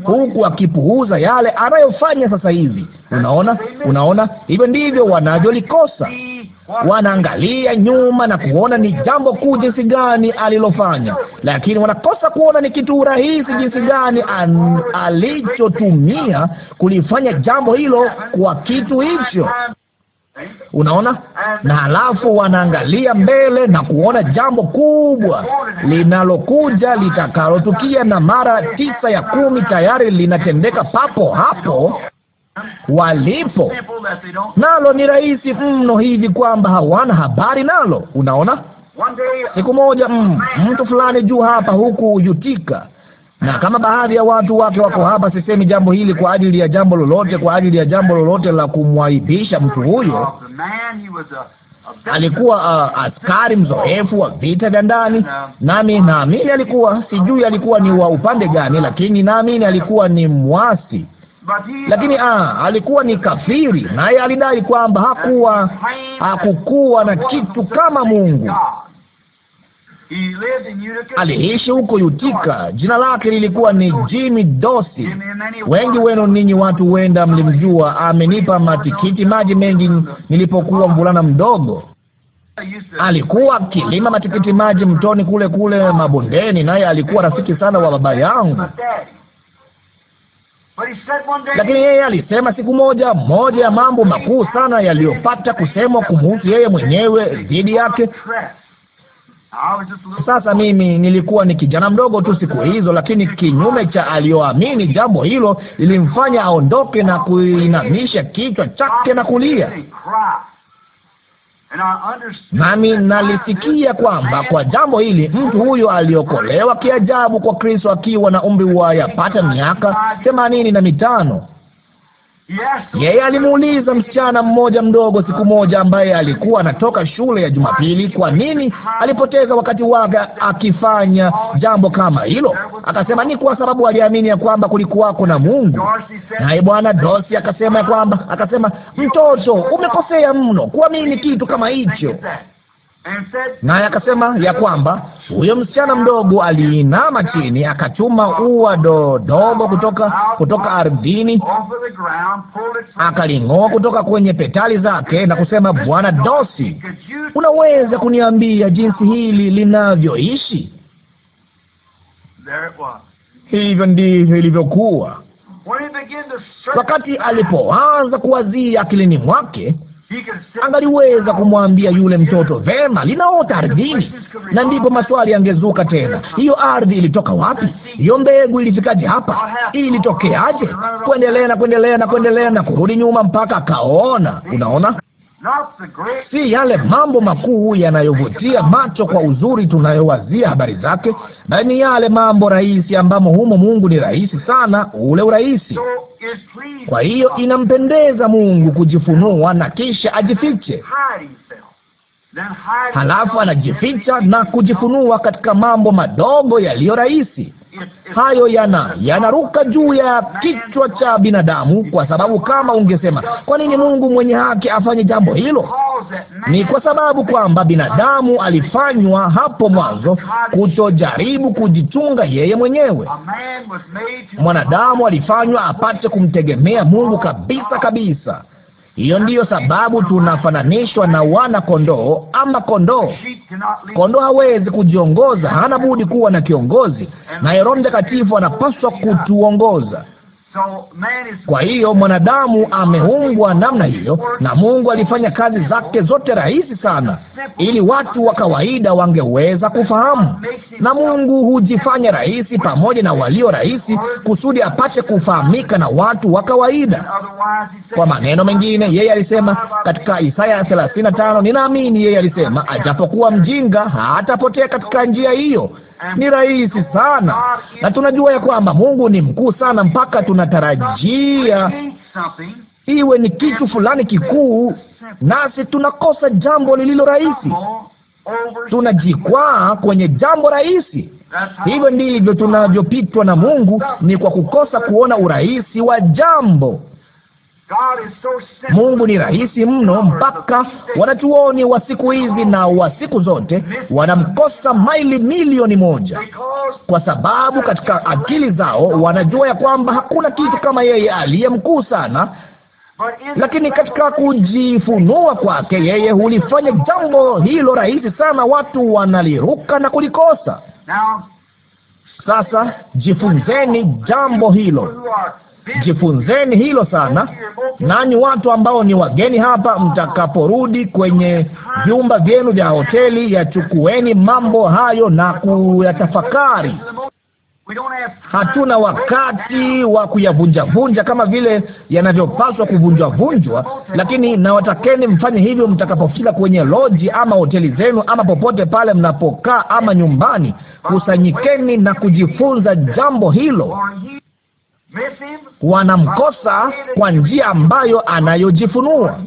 huku akipuuza yale anayofanya sasa hivi. Unaona, unaona, hivyo ndivyo wanavyolikosa Wanaangalia nyuma na kuona ni jambo kuu jinsi gani alilofanya, lakini wanakosa kuona ni kitu rahisi jinsi gani alichotumia kulifanya jambo hilo kwa kitu hicho. Unaona, na halafu wanaangalia mbele na kuona jambo kubwa linalokuja litakalotukia, na mara tisa ya kumi tayari linatendeka papo hapo walipo nalo ni rahisi mno hivi kwamba hawana habari nalo. Unaona, siku moja mm, mtu fulani juu hapa huku Yutika, na kama baadhi ya watu wake wako hapa, sisemi jambo hili kwa ajili ya jambo lolote, kwa ajili ya jambo lolote la kumwaibisha mtu huyo. Alikuwa uh, askari mzoefu wa vita vya ndani, nami naamini alikuwa, sijui alikuwa ni wa upande gani, lakini naamini alikuwa ni mwasi lakini ah, alikuwa ni kafiri, naye alidai kwamba hakuwa hakukuwa na kitu kama Mungu. Aliishi huko yutika Jina lake lilikuwa ni Jimmy Dosi. Wengi wenu ninyi watu huenda mlimjua. Amenipa matikiti maji mengi nilipokuwa mvulana mdogo. Alikuwa akilima matikiti maji mtoni kule kule mabondeni, naye alikuwa rafiki sana wa baba yangu. Lakini yeye alisema siku moja, moja ya mambo makuu sana yaliyopata kusemwa kumhusu yeye mwenyewe dhidi yake. Sasa mimi nilikuwa ni kijana mdogo tu siku hizo, lakini kinyume cha aliyoamini, jambo hilo lilimfanya aondoke na kuinamisha kichwa chake na kulia nami nalisikia kwamba kwa jambo hili mtu huyo aliokolewa kiajabu kwa Kristo akiwa na umri wa yapata miaka themanini na mitano. Yeye alimuuliza msichana mmoja mdogo siku moja, ambaye alikuwa anatoka shule ya Jumapili, kwa nini alipoteza wakati wake akifanya jambo kama hilo. Akasema ni kwa sababu aliamini ya kwamba kulikuwako na Mungu. Naye bwana Dosi akasema ya kwamba, akasema mtoto, umeposea mno kuamini kitu kama hicho naye akasema ya kwamba huyo msichana mdogo aliinama chini akachuma ua dodogo kutoka kutoka ardhini, akaling'oa kutoka kwenye petali zake na kusema, Bwana Dosi, unaweza kuniambia jinsi hili linavyoishi? Hivyo ndivyo ilivyokuwa wakati alipoanza kuwazia akilini mwake angaliweza kumwambia yule mtoto vema, linaota ardhini, na ndipo maswali yangezuka tena. Hiyo ardhi ilitoka wapi? Hiyo mbegu ilifikaje hapa? ilitokeaje? Kuendelea na kuendelea na kuendelea na kurudi nyuma mpaka akaona. Unaona? si yale mambo makuu yanayovutia macho kwa uzuri tunayowazia habari zake, bali ni yale mambo rahisi, ambamo humo Mungu ni rahisi sana, ule urahisi. Kwa hiyo inampendeza Mungu kujifunua na kisha ajifiche, halafu anajificha na kujifunua katika mambo madogo yaliyo rahisi hayo yana yanaruka juu ya kichwa cha binadamu, kwa sababu kama ungesema kwa nini Mungu mwenye haki afanye jambo hilo, ni kwa sababu kwamba binadamu alifanywa hapo mwanzo kutojaribu kujichunga yeye mwenyewe. Mwanadamu alifanywa apate kumtegemea Mungu kabisa kabisa. Hiyo ndiyo sababu tunafananishwa na wana kondoo ama kondoo. Kondoo hawezi kujiongoza, hana budi kuwa na kiongozi, naye Roho Mtakatifu anapaswa kutuongoza. Kwa hiyo mwanadamu ameumbwa namna hiyo, na Mungu alifanya kazi zake zote rahisi sana, ili watu wa kawaida wangeweza kufahamu. Na Mungu hujifanya rahisi pamoja na walio rahisi, kusudi apate kufahamika na watu wa kawaida. Kwa maneno mengine, yeye alisema katika Isaya 35, ninaamini yeye alisema, ajapokuwa mjinga hatapotea katika njia hiyo, ni rahisi sana, na tunajua ya kwamba Mungu ni mkuu sana, mpaka tunatarajia iwe ni kitu fulani kikuu, nasi tunakosa jambo lililo rahisi, tunajikwaa kwenye jambo rahisi. Hivyo ndivyo tunavyopitwa na Mungu, ni kwa kukosa kuona urahisi wa jambo. Mungu ni rahisi mno, mpaka wanatuoni wa siku hizi na wa siku zote wanamkosa maili milioni moja, kwa sababu katika akili zao wanajua ya kwamba hakuna kitu kama yeye aliye mkuu sana, lakini katika kujifunua kwake yeye hulifanya jambo hilo rahisi sana, watu wanaliruka na kulikosa. Sasa jifunzeni jambo hilo. Jifunzeni hilo sana, nanyi watu ambao ni wageni hapa, mtakaporudi kwenye vyumba vyenu vya hoteli, yachukueni mambo hayo na kuyatafakari. Hatuna wakati wa kuyavunjavunja kama vile yanavyopaswa kuvunjwavunjwa, lakini nawatakeni mfanye hivyo mtakapofika kwenye loji ama hoteli zenu ama popote pale mnapokaa ama nyumbani. Kusanyikeni na kujifunza jambo hilo wanamkosa kwa njia ambayo anayojifunua,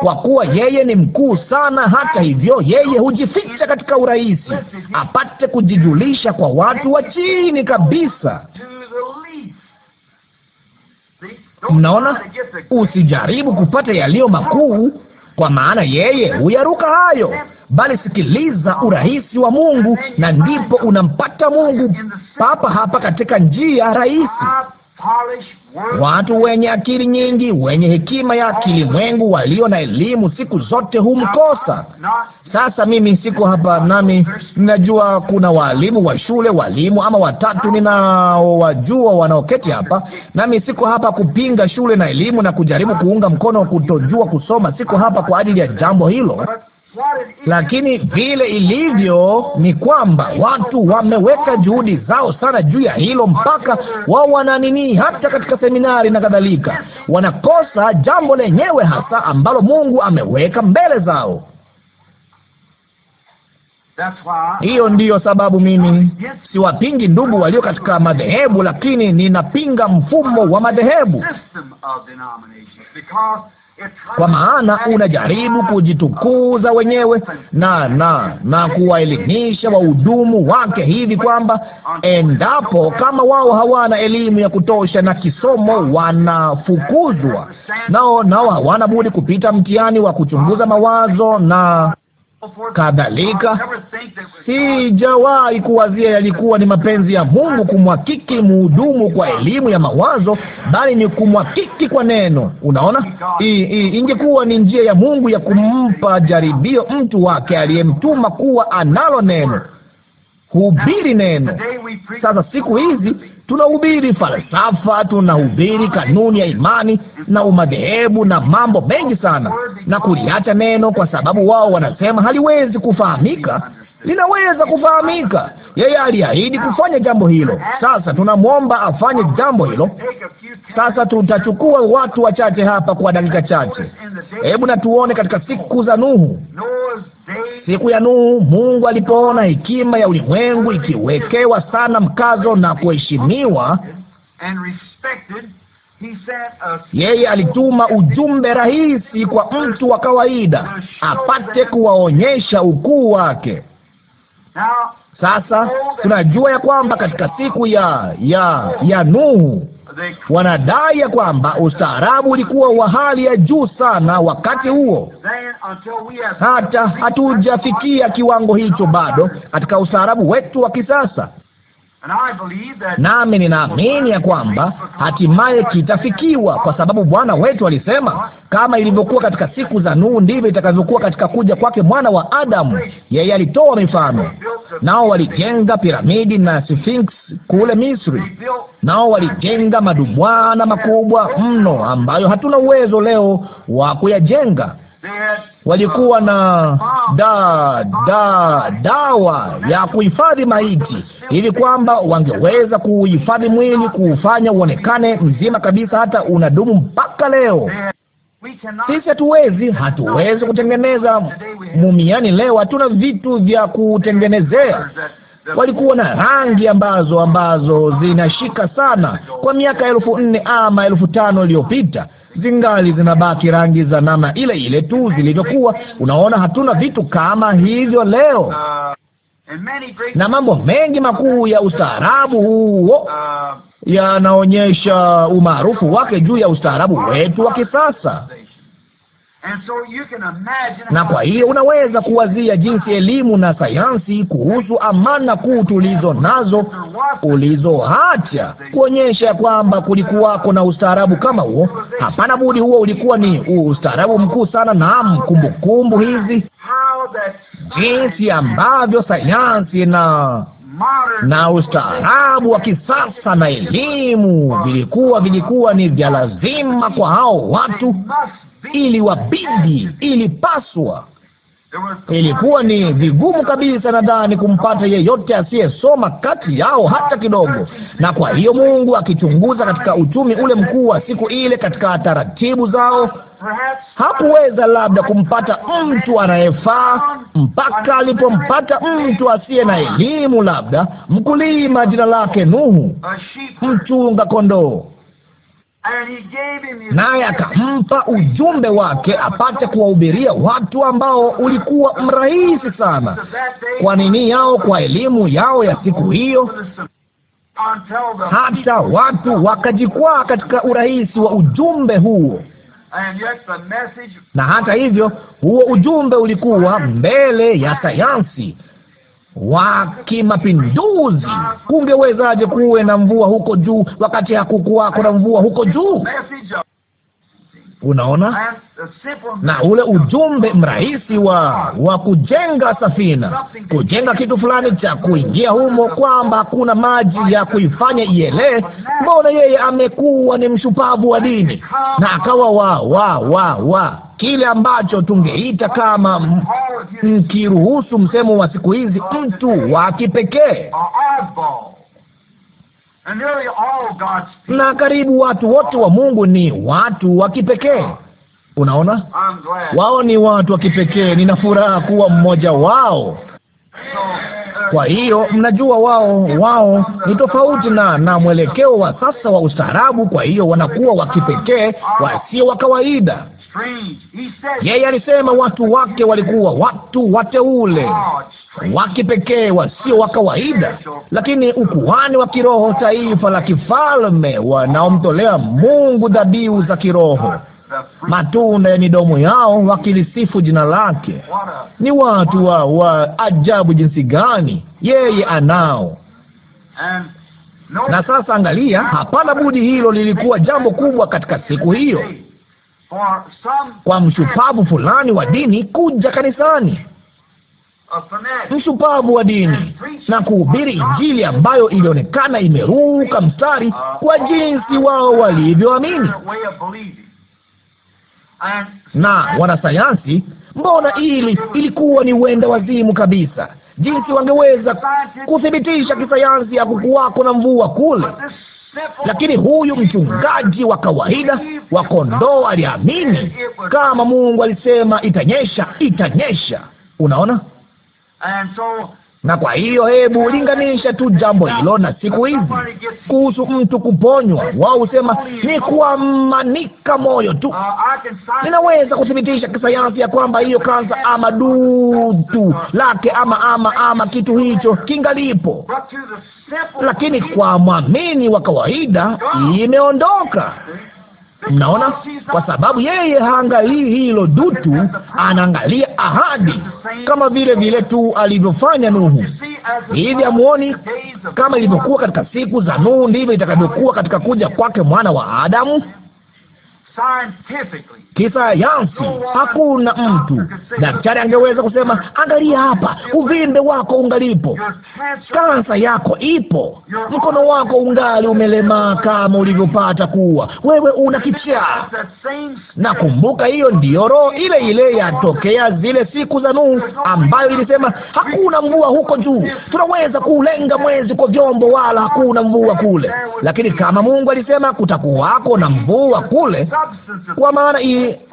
kwa kuwa yeye ni mkuu sana. Hata hivyo, yeye hujificha katika urahisi apate kujijulisha kwa watu wa chini kabisa. Mnaona, usijaribu kupata yaliyo makuu kwa maana yeye huyaruka hayo. Bali sikiliza urahisi wa Mungu, na ndipo unampata Mungu papa hapa katika njia rahisi watu wenye akili nyingi, wenye hekima ya kilimwengu, walio na elimu siku zote humkosa. Sasa mimi siko hapa, nami ninajua kuna waalimu wa shule, walimu ama watatu ninaowajua wanaoketi hapa, nami siko hapa kupinga shule na elimu na kujaribu kuunga mkono kutojua kusoma. Siko hapa kwa ajili ya jambo hilo. Lakini vile ilivyo ni kwamba watu wameweka juhudi zao sana juu ya hilo, mpaka wao wana nini, hata katika seminari na kadhalika, wanakosa jambo lenyewe hasa ambalo Mungu ameweka mbele zao. Hiyo ndiyo sababu mimi siwapingi ndugu walio katika madhehebu, lakini ninapinga mfumo wa madhehebu kwa maana unajaribu kujitukuza wenyewe na na na kuwaelimisha wahudumu wake hivi kwamba endapo kama wao hawana elimu ya kutosha na kisomo, wanafukuzwa nao, nao hawana budi kupita mtihani wa kuchunguza mawazo na kadhalika. Sijawahi kuwazia yalikuwa ni mapenzi ya Mungu kumwakiki mhudumu kwa elimu ya mawazo, bali ni kumwakiki kwa neno. Unaona, ingekuwa ni njia ya Mungu ya kumpa jaribio mtu wake aliyemtuma kuwa analo neno. Hubiri neno. Sasa siku hizi tunahubiri falsafa, tunahubiri kanuni ya imani na umadhehebu na mambo mengi sana, na kuliacha neno, kwa sababu wao wanasema haliwezi kufahamika linaweza kufahamika. Yeye aliahidi kufanya jambo hilo, sasa tunamwomba afanye jambo hilo. Sasa tutachukua watu wachache hapa kwa dakika chache. Hebu na tuone katika siku za Nuhu. Siku ya Nuhu, Mungu alipoona hekima ya ulimwengu ikiwekewa sana mkazo na kuheshimiwa yeye alituma ujumbe rahisi kwa mtu wa kawaida apate kuwaonyesha ukuu wake. Sasa tunajua ya kwamba katika siku ya ya ya Nuhu wanadai ya kwamba ustaarabu ulikuwa wa hali ya juu sana wakati huo. Hata hatujafikia kiwango hicho bado katika ustaarabu wetu wa kisasa nami ninaamini ya kwamba hatimaye kitafikiwa, kwa sababu Bwana wetu alisema, kama ilivyokuwa katika siku za Nuhu, ndivyo itakavyokuwa katika kuja kwake mwana wa Adamu. Yeye alitoa mifano, nao walijenga piramidi na Sphinx kule Misri, nao walijenga madubwana makubwa mno ambayo hatuna uwezo leo wa kuyajenga walikuwa na da, da, dawa ya kuhifadhi maiti ili kwamba wangeweza kuhifadhi mwili, kuufanya uonekane mzima kabisa, hata unadumu mpaka leo. Sisi hatuwezi hatuwezi kutengeneza mumiani leo, hatuna vitu vya kutengenezea. Walikuwa na rangi ambazo ambazo zinashika sana kwa miaka elfu nne ama elfu tano iliyopita zingali zinabaki rangi za namna ile ile tu zilivyokuwa. Unaona, hatuna vitu kama hivyo leo na mambo mengi makuu ya ustaarabu huo yanaonyesha umaarufu wake juu ya ustaarabu wetu wa kisasa. Na kwa hiyo unaweza kuwazia jinsi elimu na sayansi kuhusu amana kuu tulizo nazo ulizoacha kuonyesha kwamba kulikuwako na ustaarabu kama huo. Hapana budi, huo ulikuwa ni ustaarabu mkuu sana. Naam, kumbukumbu hizi, jinsi ambavyo sayansi na na ustaarabu wa kisasa na elimu vilikuwa vilikuwa ni vya lazima kwa hao watu, iliwabidi, ilipaswa Ilikuwa ni vigumu kabisa nadhani kumpata yeyote asiyesoma kati yao hata kidogo. Na kwa hiyo Mungu akichunguza katika uchumi ule mkuu wa siku ile, katika taratibu zao, hakuweza labda kumpata mtu anayefaa mpaka alipompata mtu asiye na elimu, labda mkulima, jina lake Nuhu, mchunga kondoo naye akampa ujumbe wake apate kuwahubiria watu ambao ulikuwa mrahisi sana kwa nini yao, kwa elimu yao ya siku hiyo, hata watu wakajikwaa katika urahisi wa ujumbe huo. Na hata hivyo, huo ujumbe ulikuwa mbele ya sayansi wa kimapinduzi. Kungewezaje kuwe na mvua huko juu wakati hakukuwako na mvua huko juu? Unaona, na ule ujumbe mrahisi wa wa kujenga safina, kujenga kitu fulani cha kuingia humo, kwamba kuna maji ya kuifanya ielee. Mbona yeye amekuwa ni mshupavu wa dini na akawa wa wa wa wa kile ambacho tungeita kama mkiruhusu msemo wa siku hizi, mtu wa kipekee na karibu watu wote wa Mungu ni watu wa kipekee. Unaona, wao ni watu wa kipekee. Nina furaha kuwa mmoja wao. Kwa hiyo mnajua, wao wao ni tofauti na na mwelekeo wa sasa wa ustaarabu. Kwa hiyo wanakuwa wa kipekee, wasio wa kawaida. Yeye alisema watu wake walikuwa watu wateule, wa kipekee, wasio wa kawaida, lakini ukuhani wa kiroho, taifa la kifalme, wanaomtolea Mungu dhabihu za kiroho matunda ya midomo yao wakilisifu jina lake. Ni watu wa, wa ajabu jinsi gani yeye anao! Na sasa angalia, hapana budi, hilo lilikuwa jambo kubwa katika siku hiyo kwa mshupavu fulani wa dini kuja kanisani mshupavu wa dini na kuhubiri Injili ambayo ilionekana imeruka mstari kwa uh, jinsi wao walivyoamini. Na wanasayansi, mbona ili ilikuwa ni uenda wazimu kabisa, jinsi wangeweza kuthibitisha kisayansi hakukuwako na mvua kule lakini huyu mchungaji wa kawaida wa kondoo aliamini, kama Mungu alisema itanyesha, itanyesha. Unaona? na kwa hiyo hebu linganisha tu jambo hilo na siku hizi kuhusu mtu kuponywa. Wao husema ni kuamanika moyo tu. Uh, Ninaweza kuthibitisha kisayansi ya kwamba hiyo kansa ama dutu lake ama ama ama kitu hicho kingalipo, lakini kwa mwamini wa kawaida imeondoka. Mnaona, kwa sababu yeye haangalii hilo dutu, anaangalia ahadi, kama vile vile tu alivyofanya Nuhu. Hivi amuoni kama ilivyokuwa katika siku za Nuhu, ndivyo itakavyokuwa katika kuja kwake mwana wa Adamu? kisayansi. Hakuna mtu daktari angeweza kusema, angalia hapa, uvimbe wako ungalipo, kansa yako ipo, mkono wako ungali umelemaa kama ulivyopata kuwa, wewe una kichaa. Na kumbuka, hiyo ndiyo roho ile ile yatokea zile siku za Nuhu, ambayo ilisema hakuna mvua huko juu, tunaweza kuulenga mwezi kwa vyombo, wala hakuna mvua kule. Lakini kama Mungu alisema kutakuwako na mvua kule kwa maana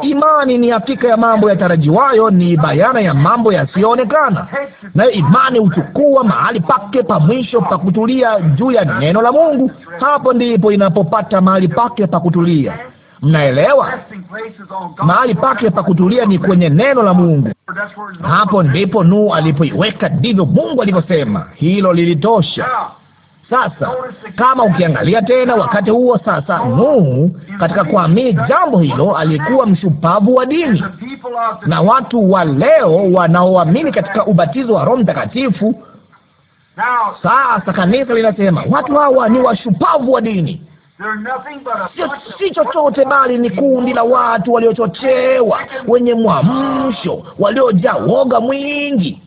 imani ni hakika ya mambo yatarajiwayo, ni bayana ya mambo yasiyoonekana. Nayo imani huchukua mahali pake pa mwisho pa kutulia juu ya neno la Mungu. Hapo ndipo inapopata mahali pake pa kutulia. Mnaelewa, mahali pake pa kutulia ni kwenye neno la Mungu. Hapo ndipo Nuhu alipoiweka, ndivyo Mungu alivyosema. Hilo lilitosha. Sasa kama ukiangalia tena, wakati huo sasa, Nuhu katika kuamini jambo hilo alikuwa mshupavu wa dini, na watu wa leo wanaoamini katika ubatizo wa Roho Mtakatifu sasa kanisa linasema watu hawa ni washupavu wa dini. Si chochote bali ni kundi la watu waliochochewa, wenye mwamsho, waliojaa woga mwingi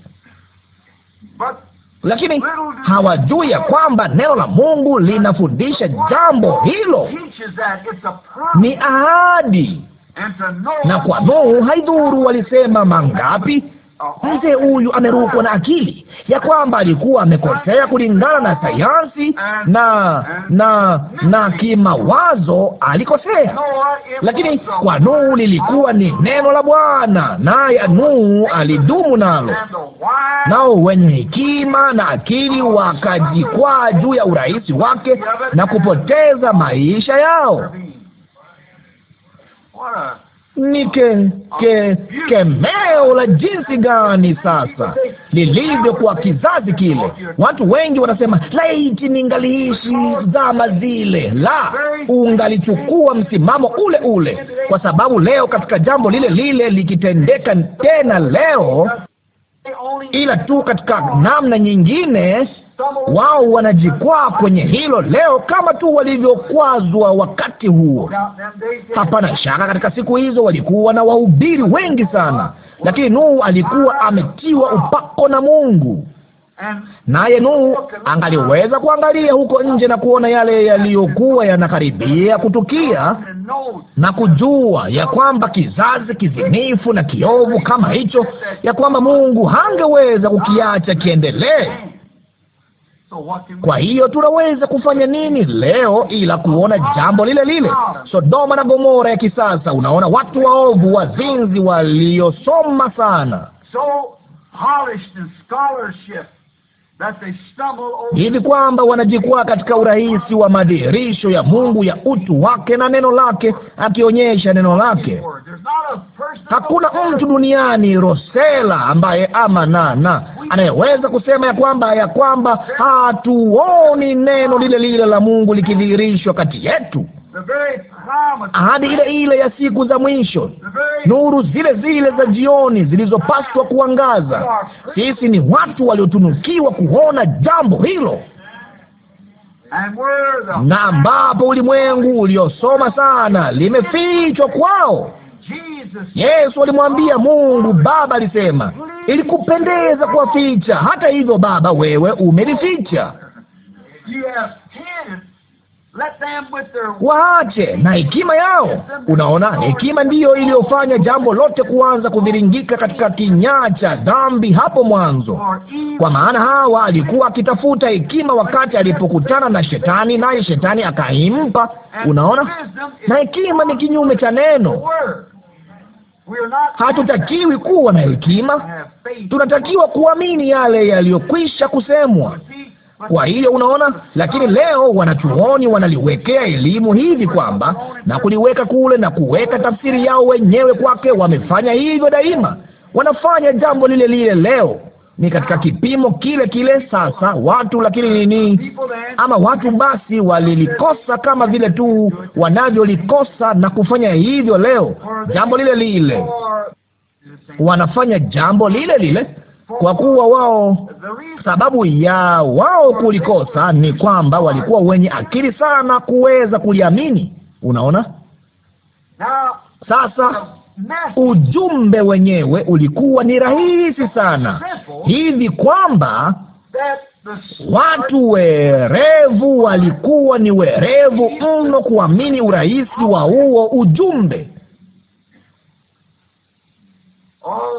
lakini hawajui ya kwamba neno la Mungu linafundisha jambo hilo. Ni ahadi, na kwa Nuhu haidhuru walisema mangapi Mzee huyu amerukwa na akili ya kwamba alikuwa amekosea kulingana na sayansi na na na kimawazo alikosea, lakini kwa Nuhu lilikuwa ni neno la Bwana, naye Nuhu alidumu nalo. Nao wenye hekima na akili wakajikwaa juu ya urahisi wake na kupoteza maisha yao ni ke, ke, kemeo la jinsi gani sasa lilivyokuwa kizazi kile. Watu wengi wanasema laiti ningaliishi zama zile, la ungalichukua msimamo ule ule, kwa sababu leo katika jambo lile lile likitendeka tena leo, ila tu katika namna nyingine wao wanajikwaa kwenye hilo leo kama tu walivyokwazwa wakati huo. Hapana shaka katika siku hizo walikuwa na wahubiri wengi sana, lakini Nuhu alikuwa ametiwa upako na Mungu, naye Nuhu angaliweza kuangalia huko nje na kuona yale yaliyokuwa yanakaribia kutukia na kujua ya kwamba kizazi kizinifu na kiovu kama hicho, ya kwamba Mungu hangeweza kukiacha kiendelee. Kwa hiyo tunaweza kufanya nini leo ila kuona jambo lile lile, Sodoma na Gomora ya kisasa? Unaona, watu waovu, wazinzi, waliosoma sana hivi kwamba wanajikwaa katika urahisi wa madhihirisho ya Mungu ya utu wake na neno lake, akionyesha neno lake. Hakuna mtu duniani Rosela ambaye ama na na anayeweza kusema ya kwamba ya kwamba hatuoni neno lile lile la Mungu likidhihirishwa kati yetu ahadi ile ile ya siku za mwisho, nuru zile zile za jioni zilizopaswa kuangaza. Sisi ni watu waliotunukiwa kuona jambo hilo na ambapo ulimwengu uliosoma sana limefichwa kwao. Yesu alimwambia Mungu Baba, alisema ilikupendeza kuwaficha, hata hivyo Baba, wewe umelificha waache na hekima yao. Unaona, hekima ndiyo iliyofanya jambo lote kuanza kuviringika katika kinyaa cha dhambi hapo mwanzo, kwa maana Hawa alikuwa akitafuta hekima wakati alipokutana na Shetani, naye Shetani akaimpa. Unaona, na hekima ni kinyume cha neno. Hatutakiwi kuwa na hekima, tunatakiwa kuamini yale yaliyokwisha kusemwa. Kwa hiyo unaona, lakini leo wanachuoni wanaliwekea elimu hivi kwamba na kuliweka kule na kuweka tafsiri yao wenyewe kwake. Wamefanya hivyo daima, wanafanya jambo lile lile leo ni katika kipimo kile kile. Sasa watu lakini nini, ama watu basi walilikosa kama vile tu wanavyolikosa na kufanya hivyo leo, jambo lile lile, wanafanya jambo lile lile kwa kuwa wao, sababu ya wao kulikosa ni kwamba walikuwa wenye akili sana kuweza kuliamini. Unaona sasa, ujumbe wenyewe ulikuwa ni rahisi sana hivi kwamba watu werevu walikuwa ni werevu mno kuamini urahisi wa huo ujumbe.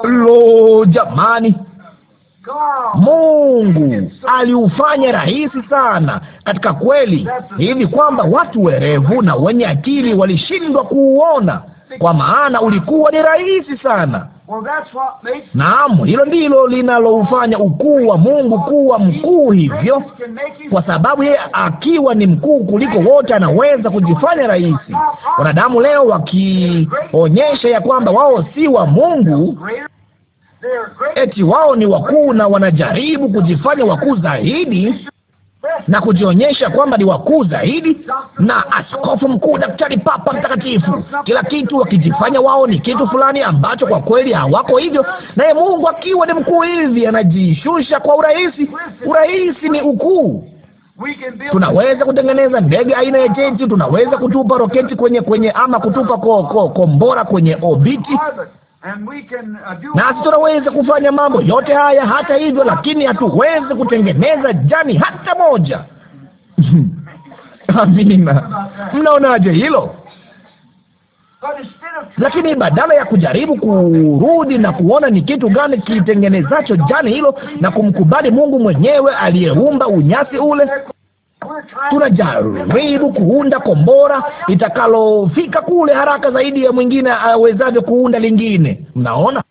Lo, jamani! Mungu aliufanya rahisi sana katika kweli, hivi kwamba watu werevu na wenye akili walishindwa kuuona, kwa maana ulikuwa ni rahisi sana. Naam, hilo ndilo linaloufanya ukuu wa Mungu kuwa mkuu hivyo, kwa sababu yeye akiwa ni mkuu kuliko wote anaweza kujifanya rahisi. Wanadamu leo wakionyesha ya kwamba wao si wa Mungu, eti wao ni wakuu na wanajaribu kujifanya wakuu zaidi na kujionyesha kwamba ni wakuu zaidi, na askofu mkuu, daktari, papa mtakatifu, kila kitu, wakijifanya wao ni kitu fulani ambacho kwa kweli hawako hivyo. Naye Mungu akiwa ni mkuu hivi, anajishusha kwa urahisi. Urahisi ni ukuu. Tunaweza kutengeneza ndege aina ya jeti, tunaweza kutupa roketi kwenye kwenye ama kutupa ko, ko, kombora kwenye obiti Uh, nasi tunaweza kufanya mambo yote haya hata hivyo, lakini hatuwezi kutengeneza jani hata moja. Amina, mnaonaje hilo? Lakini badala ya kujaribu kurudi na kuona ni kitu gani kitengenezacho jani hilo, na kumkubali Mungu mwenyewe aliyeumba unyasi ule tunajaribu kuunda kombora itakalofika kule haraka zaidi ya mwingine awezavyo kuunda lingine. Mnaona,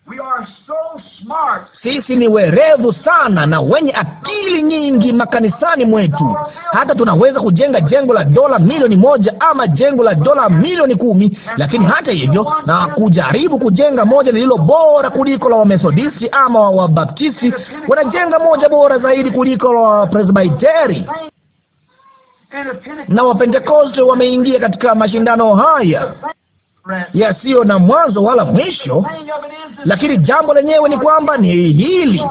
sisi ni werevu sana na wenye akili nyingi makanisani mwetu, hata tunaweza kujenga jengo la dola milioni moja ama jengo la dola milioni kumi, lakini hata hivyo, na kujaribu kujenga moja lililo bora kuliko la Wamethodisti ama Wabaptisti, wanajenga moja bora zaidi kuliko la Wapresbiteri na Wapentekoste wameingia katika mashindano haya yasiyo na mwanzo wala mwisho. Lakini jambo lenyewe ni kwamba ni hili,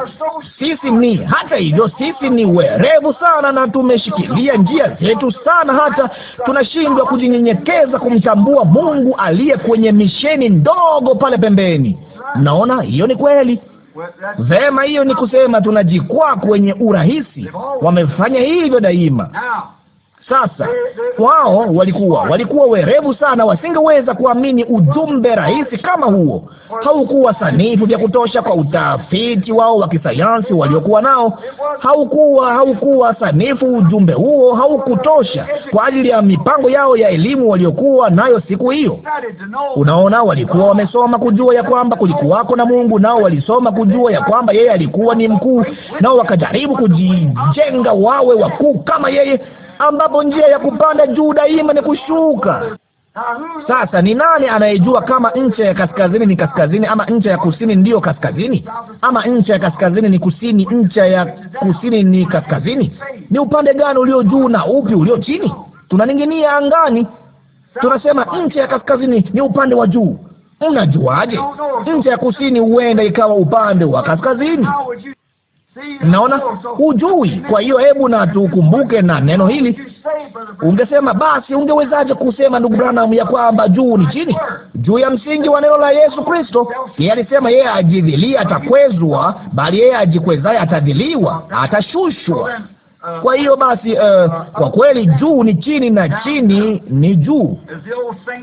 sisi ni hata hivyo, sisi ni werevu sana, na tumeshikilia njia zetu sana, hata tunashindwa kujinyenyekeza kumtambua Mungu aliye kwenye misheni ndogo pale pembeni. Naona hiyo ni kweli. Vema, hiyo ni kusema tunajikwaa kwenye urahisi. Wamefanya hivyo daima. Sasa wao walikuwa walikuwa werevu sana, wasingeweza kuamini ujumbe rahisi kama huo. Haukuwa sanifu vya kutosha kwa utafiti wao wa kisayansi waliokuwa nao. Haukuwa haukuwa sanifu, ujumbe huo haukutosha kwa ajili ya mipango yao ya elimu waliokuwa nayo siku hiyo. Unaona, walikuwa wamesoma kujua ya kwamba kulikuwako na Mungu, nao walisoma kujua ya kwamba yeye alikuwa ni mkuu, nao wakajaribu kujijenga wawe wakuu kama yeye ambapo njia ya kupanda juu daima ni kushuka. Sasa ni nani anayejua kama ncha ya kaskazini ni kaskazini ama ncha ya kusini ndiyo kaskazini ama ncha ya kaskazini ni kusini, ncha ya kusini ni kaskazini? Ni upande gani ulio juu na upi ulio chini? Tunaning'inia angani, tunasema ncha ya kaskazini ni upande wa juu. Unajuaje? Ncha ya kusini huenda ikawa upande wa kaskazini. Naona hujui. Kwa hiyo hebu na tukumbuke na neno hili. Ungesema basi, ungewezaje kusema ndugu Branham ya kwamba juu ni chini? Juu ya msingi wa neno la Yesu Kristo, yeye alisema, yeye ajidhilia atakwezwa, bali yeye ajikwezaye atadhiliwa, atashushwa. Ah. Kwa hiyo basi, uh, kwa kweli juu ni chini na chini ni juu,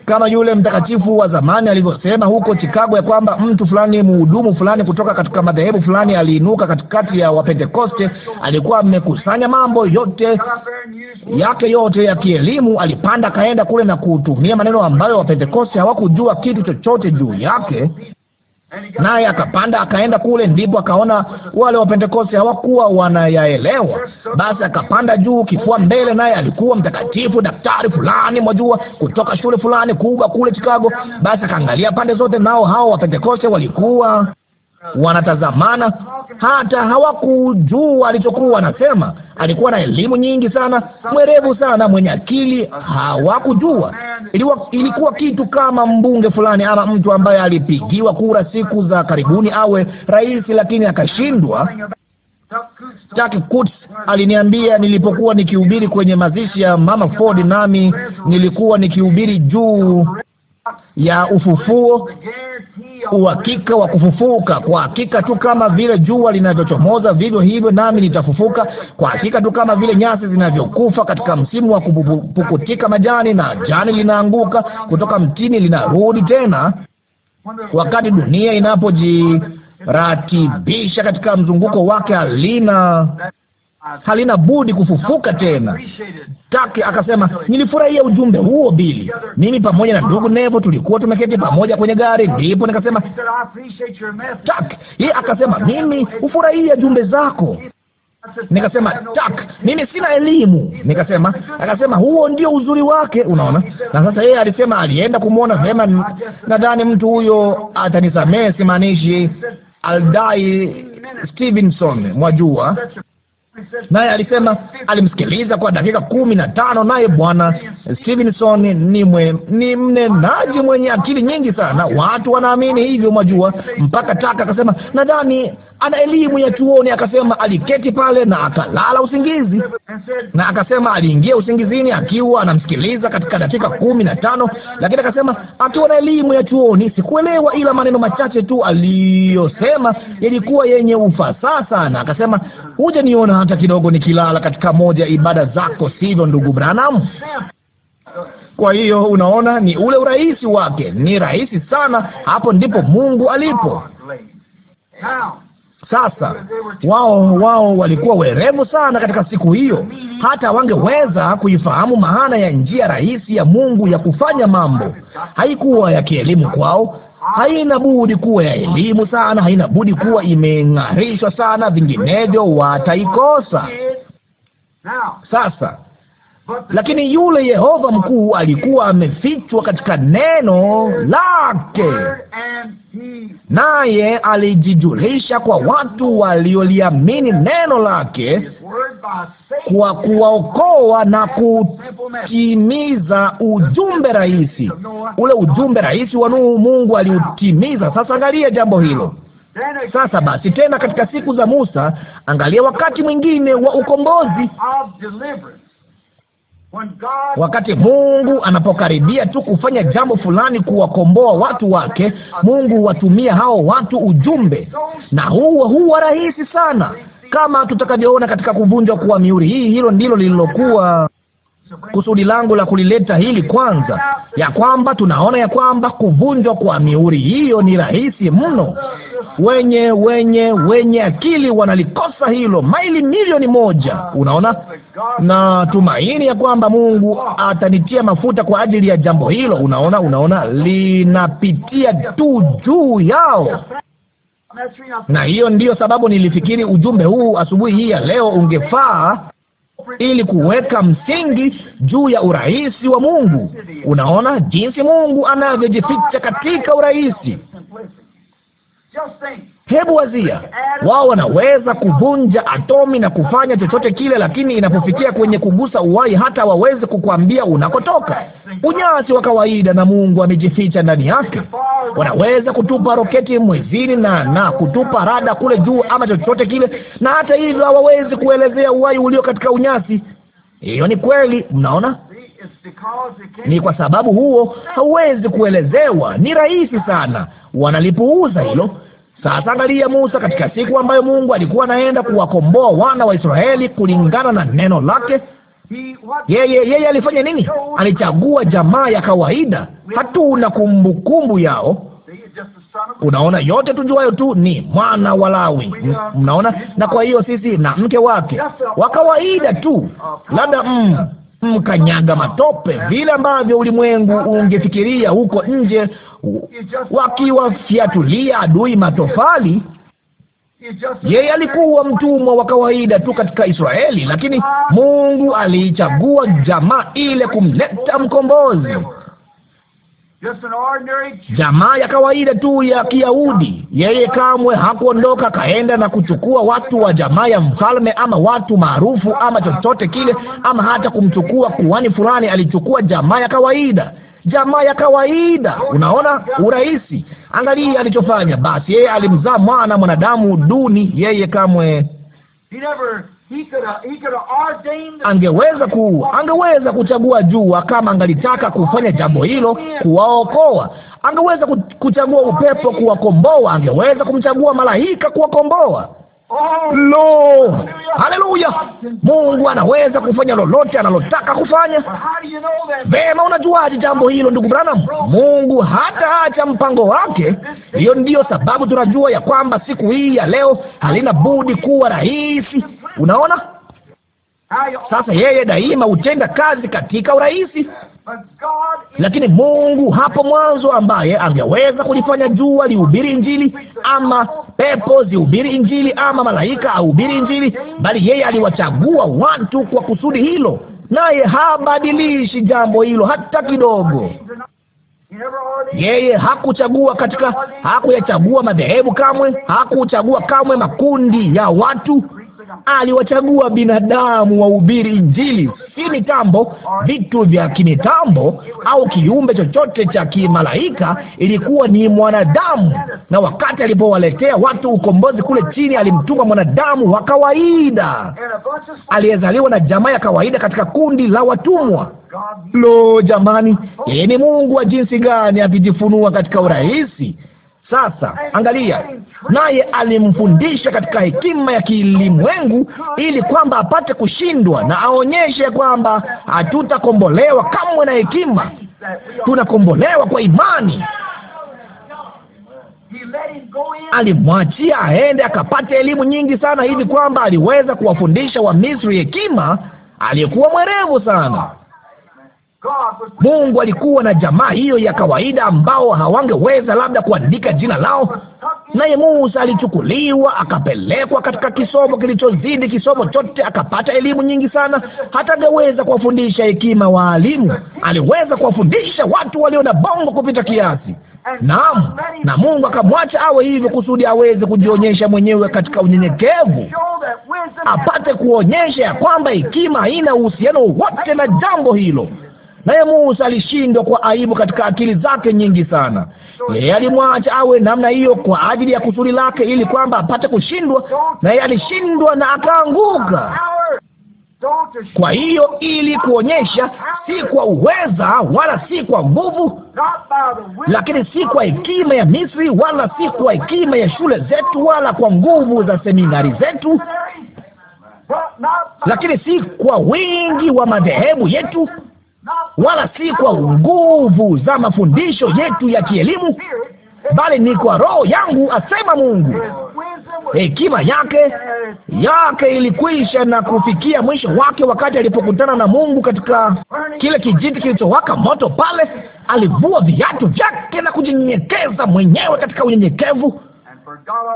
kama yule mtakatifu wa zamani alivyosema huko Chicago, ya kwamba mtu fulani, mhudumu fulani kutoka katika madhehebu fulani aliinuka katikati ya Wapentekoste. Alikuwa amekusanya mambo yote yake yote ya kielimu, alipanda akaenda kule na kutumia maneno ambayo Wapentekoste hawakujua kitu chochote juu yake naye akapanda akaenda kule, ndipo akaona wale Wapentekoste hawakuwa wanayaelewa. Basi akapanda juu kifua mbele, naye alikuwa mtakatifu, daktari fulani, mwajua, kutoka shule fulani kubwa kule Chicago. Basi akaangalia pande zote, nao hao Wapentekoste walikuwa wanatazamana, hata hawakujua alichokuwa anasema. Alikuwa na elimu nyingi sana, mwerevu sana, mwenye akili, hawakujua. Ilikuwa, ilikuwa kitu kama mbunge fulani ama mtu ambaye alipigiwa kura siku za karibuni awe rais, lakini akashindwa. Taki Kutz aliniambia nilipokuwa nikihubiri kwenye mazishi ya Mama Ford, nami nilikuwa nikihubiri juu ya ufufuo uhakika wa kufufuka. Kwa hakika tu kama vile jua linavyochomoza, vivyo hivyo nami nitafufuka. Kwa hakika tu kama vile nyasi zinavyokufa katika msimu wa kupukutika majani, na jani linaanguka kutoka mtini, linarudi tena wakati dunia inapojiratibisha katika mzunguko wake, halina halina budi kufufuka tena. Taki akasema, nilifurahia ujumbe huo Bili. Mimi pamoja na ndugu Nevo tulikuwa tumeketi pamoja kwenye gari, ndipo nikasema Tak. Yeye akasema, mimi hufurahia jumbe zako. Nikasema tak, mimi sina elimu. Nikasema, akasema huo ndio uzuri wake, unaona. Na sasa yeye alisema alienda kumwona vema. Nadhani mtu huyo atanisamehe, simaanishi Aldai Stevenson, mwajua Naye alisema alimsikiliza kwa dakika kumi na tano, naye Bwana Stevenson ni, mwe, ni mnenaji mwenye akili nyingi sana. Watu wanaamini hivyo, mwajua. Mpaka taka akasema, nadhani ana elimu ya chuoni. Akasema aliketi pale na akalala usingizi, na akasema aliingia usingizini akiwa anamsikiliza katika dakika kumi na tano, lakini akasema akiwa na elimu ya chuoni, sikuelewa, ila maneno machache tu aliyosema yalikuwa yenye ufasaha sana. Akasema huja niona hata kidogo nikilala katika moja ibada zako, sivyo ndugu Branham? Kwa hiyo unaona, ni ule urahisi wake, ni rahisi sana. Hapo ndipo Mungu alipo. Sasa wao wao walikuwa werevu sana katika siku hiyo, hata wangeweza kuifahamu maana ya njia rahisi ya Mungu ya kufanya mambo. Haikuwa ya kielimu kwao, haina budi kuwa ya elimu sana, haina budi kuwa imeng'arishwa sana, vinginevyo wataikosa. Sasa lakini yule Yehova mkuu alikuwa amefichwa katika neno lake, naye alijijulisha kwa watu walioliamini neno lake kwa kuwaokoa na kutimiza ujumbe rahisi. Ule ujumbe rahisi wa Nuhu Mungu aliutimiza. Sasa angalia jambo hilo. Sasa basi, tena katika siku za Musa, angalia wakati mwingine wa ukombozi Wakati Mungu anapokaribia tu kufanya jambo fulani, kuwakomboa watu wake, Mungu huwatumia hao watu ujumbe, na huo huwa rahisi sana, kama tutakavyoona katika kuvunjwa kwa mihuri hii. Hilo ndilo lililokuwa kusudi langu la kulileta hili kwanza, ya kwamba tunaona ya kwamba kuvunjwa kwa mihuri hiyo ni rahisi mno. Wenye wenye wenye akili wanalikosa hilo maili milioni moja. Unaona, na tumaini ya kwamba Mungu atanitia mafuta kwa ajili ya jambo hilo. Unaona, unaona, linapitia tu juu yao na hiyo ndiyo sababu nilifikiri ujumbe huu asubuhi hii ya leo ungefaa ili kuweka msingi juu ya urahisi wa Mungu. Unaona jinsi Mungu anavyojificha katika urahisi. Hebu wazia, wao wanaweza kuvunja atomi na kufanya chochote kile, lakini inapofikia kwenye kugusa uwai hata wawezi kukuambia unakotoka. Unyasi wa kawaida, na Mungu amejificha ndani yake. Wanaweza kutupa roketi mwezini na na kutupa rada kule juu, ama chochote kile, na hata hivyo hawawezi kuelezea uwai ulio katika unyasi. Hiyo ni kweli, mnaona? Ni kwa sababu huo hauwezi kuelezewa, ni rahisi sana, wanalipuuza hilo. Sasa angalia Musa katika siku ambayo Mungu alikuwa anaenda kuwakomboa wana wa Israeli kulingana na neno lake. Yeye yeye alifanya nini? Alichagua jamaa ya kawaida, hatuna kumbukumbu yao. Unaona, yote tujuayo tu ni mwana wa Lawi. Mnaona, na kwa hiyo sisi na mke wake wa kawaida tu, labda mm, mkanyaga matope, vile ambavyo ulimwengu ungefikiria huko nje wakiwafyatulia adui matofali. Yeye alikuwa mtumwa wa kawaida tu katika Israeli, lakini Mungu aliichagua jamaa ile kumleta mkombozi. Jamaa ya kawaida tu ya Kiyahudi. Yeye kamwe hakuondoka kaenda na kuchukua watu wa jamaa ya mfalme ama watu maarufu ama chochote kile, ama hata kumchukua kuhani fulani. Alichukua jamaa ya kawaida jamaa ya kawaida. Unaona urahisi. Angalia alichofanya basi. Yeye alimzaa mwana mwanadamu duni. Yeye kamwe angeweza ku angeweza kuchagua jua kama angalitaka kufanya jambo hilo, kuwaokoa. Angeweza kuchagua upepo kuwakomboa. Angeweza kumchagua malaika kuwakomboa. Lo, haleluya! Mungu anaweza kufanya lolote analotaka kufanya. Vema, unajuaje jambo hilo, ndugu Branham? Mungu hata acha mpango wake. Hiyo ndiyo sababu tunajua ya kwamba siku hii ya leo halina budi kuwa rahisi. Unaona? Sasa yeye daima hutenda kazi katika urahisi, lakini Mungu hapo mwanzo, ambaye angeweza kulifanya jua lihubiri Injili ama pepo zihubiri Injili ama malaika ahubiri Injili, bali yeye aliwachagua watu kwa kusudi hilo, naye habadilishi jambo hilo hata kidogo. Yeye hakuchagua katika, hakuyachagua madhehebu kamwe, hakuchagua kamwe makundi ya watu aliwachagua binadamu wahubiri Injili, si mitambo, vitu vya kimitambo au kiumbe chochote cha kimalaika. Ilikuwa ni mwanadamu, na wakati alipowaletea watu ukombozi kule chini, alimtuma mwanadamu wa kawaida aliyezaliwa na jamaa ya kawaida katika kundi la watumwa. Lo, jamani, yeye ni Mungu wa jinsi gani akijifunua katika urahisi! Sasa angalia, naye alimfundisha katika hekima ya kilimwengu, ili kwamba apate kushindwa na aonyeshe kwamba hatutakombolewa kamwe na hekima, tunakombolewa kwa imani. Alimwachia aende akapata elimu nyingi sana, hivi kwamba aliweza kuwafundisha Wamisri hekima, aliyekuwa mwerevu sana. Mungu alikuwa na jamaa hiyo ya kawaida ambao hawangeweza labda kuandika jina lao, naye Musa alichukuliwa akapelekwa katika kisomo kilichozidi kisomo chote, akapata elimu nyingi sana. Hata angeweza kuwafundisha hekima waalimu, aliweza kuwafundisha watu walio na bongo kupita kiasi. Naam, na Mungu akamwacha awe hivyo kusudi aweze kujionyesha mwenyewe katika unyenyekevu, apate kuonyesha ya kwamba hekima haina uhusiano wote na jambo hilo. Naye Musa alishindwa kwa aibu katika akili zake nyingi sana. Yeye alimwacha awe namna hiyo kwa ajili ya kusudi lake, ili kwamba apate kushindwa, naye alishindwa na akaanguka. Kwa hiyo ili kuonyesha, si kwa uweza wala si kwa nguvu, lakini si kwa hekima ya Misri wala si kwa hekima ya shule zetu wala kwa nguvu za seminari zetu, lakini si kwa wingi wa madhehebu yetu wala si kwa nguvu za mafundisho yetu ya kielimu, bali ni kwa Roho yangu, asema Mungu. Hekima yake yake ilikwisha na kufikia mwisho wake wakati alipokutana na Mungu katika kile kijiti kilichowaka moto pale. Alivua viatu vyake na kujinyenyekeza mwenyewe katika unyenyekevu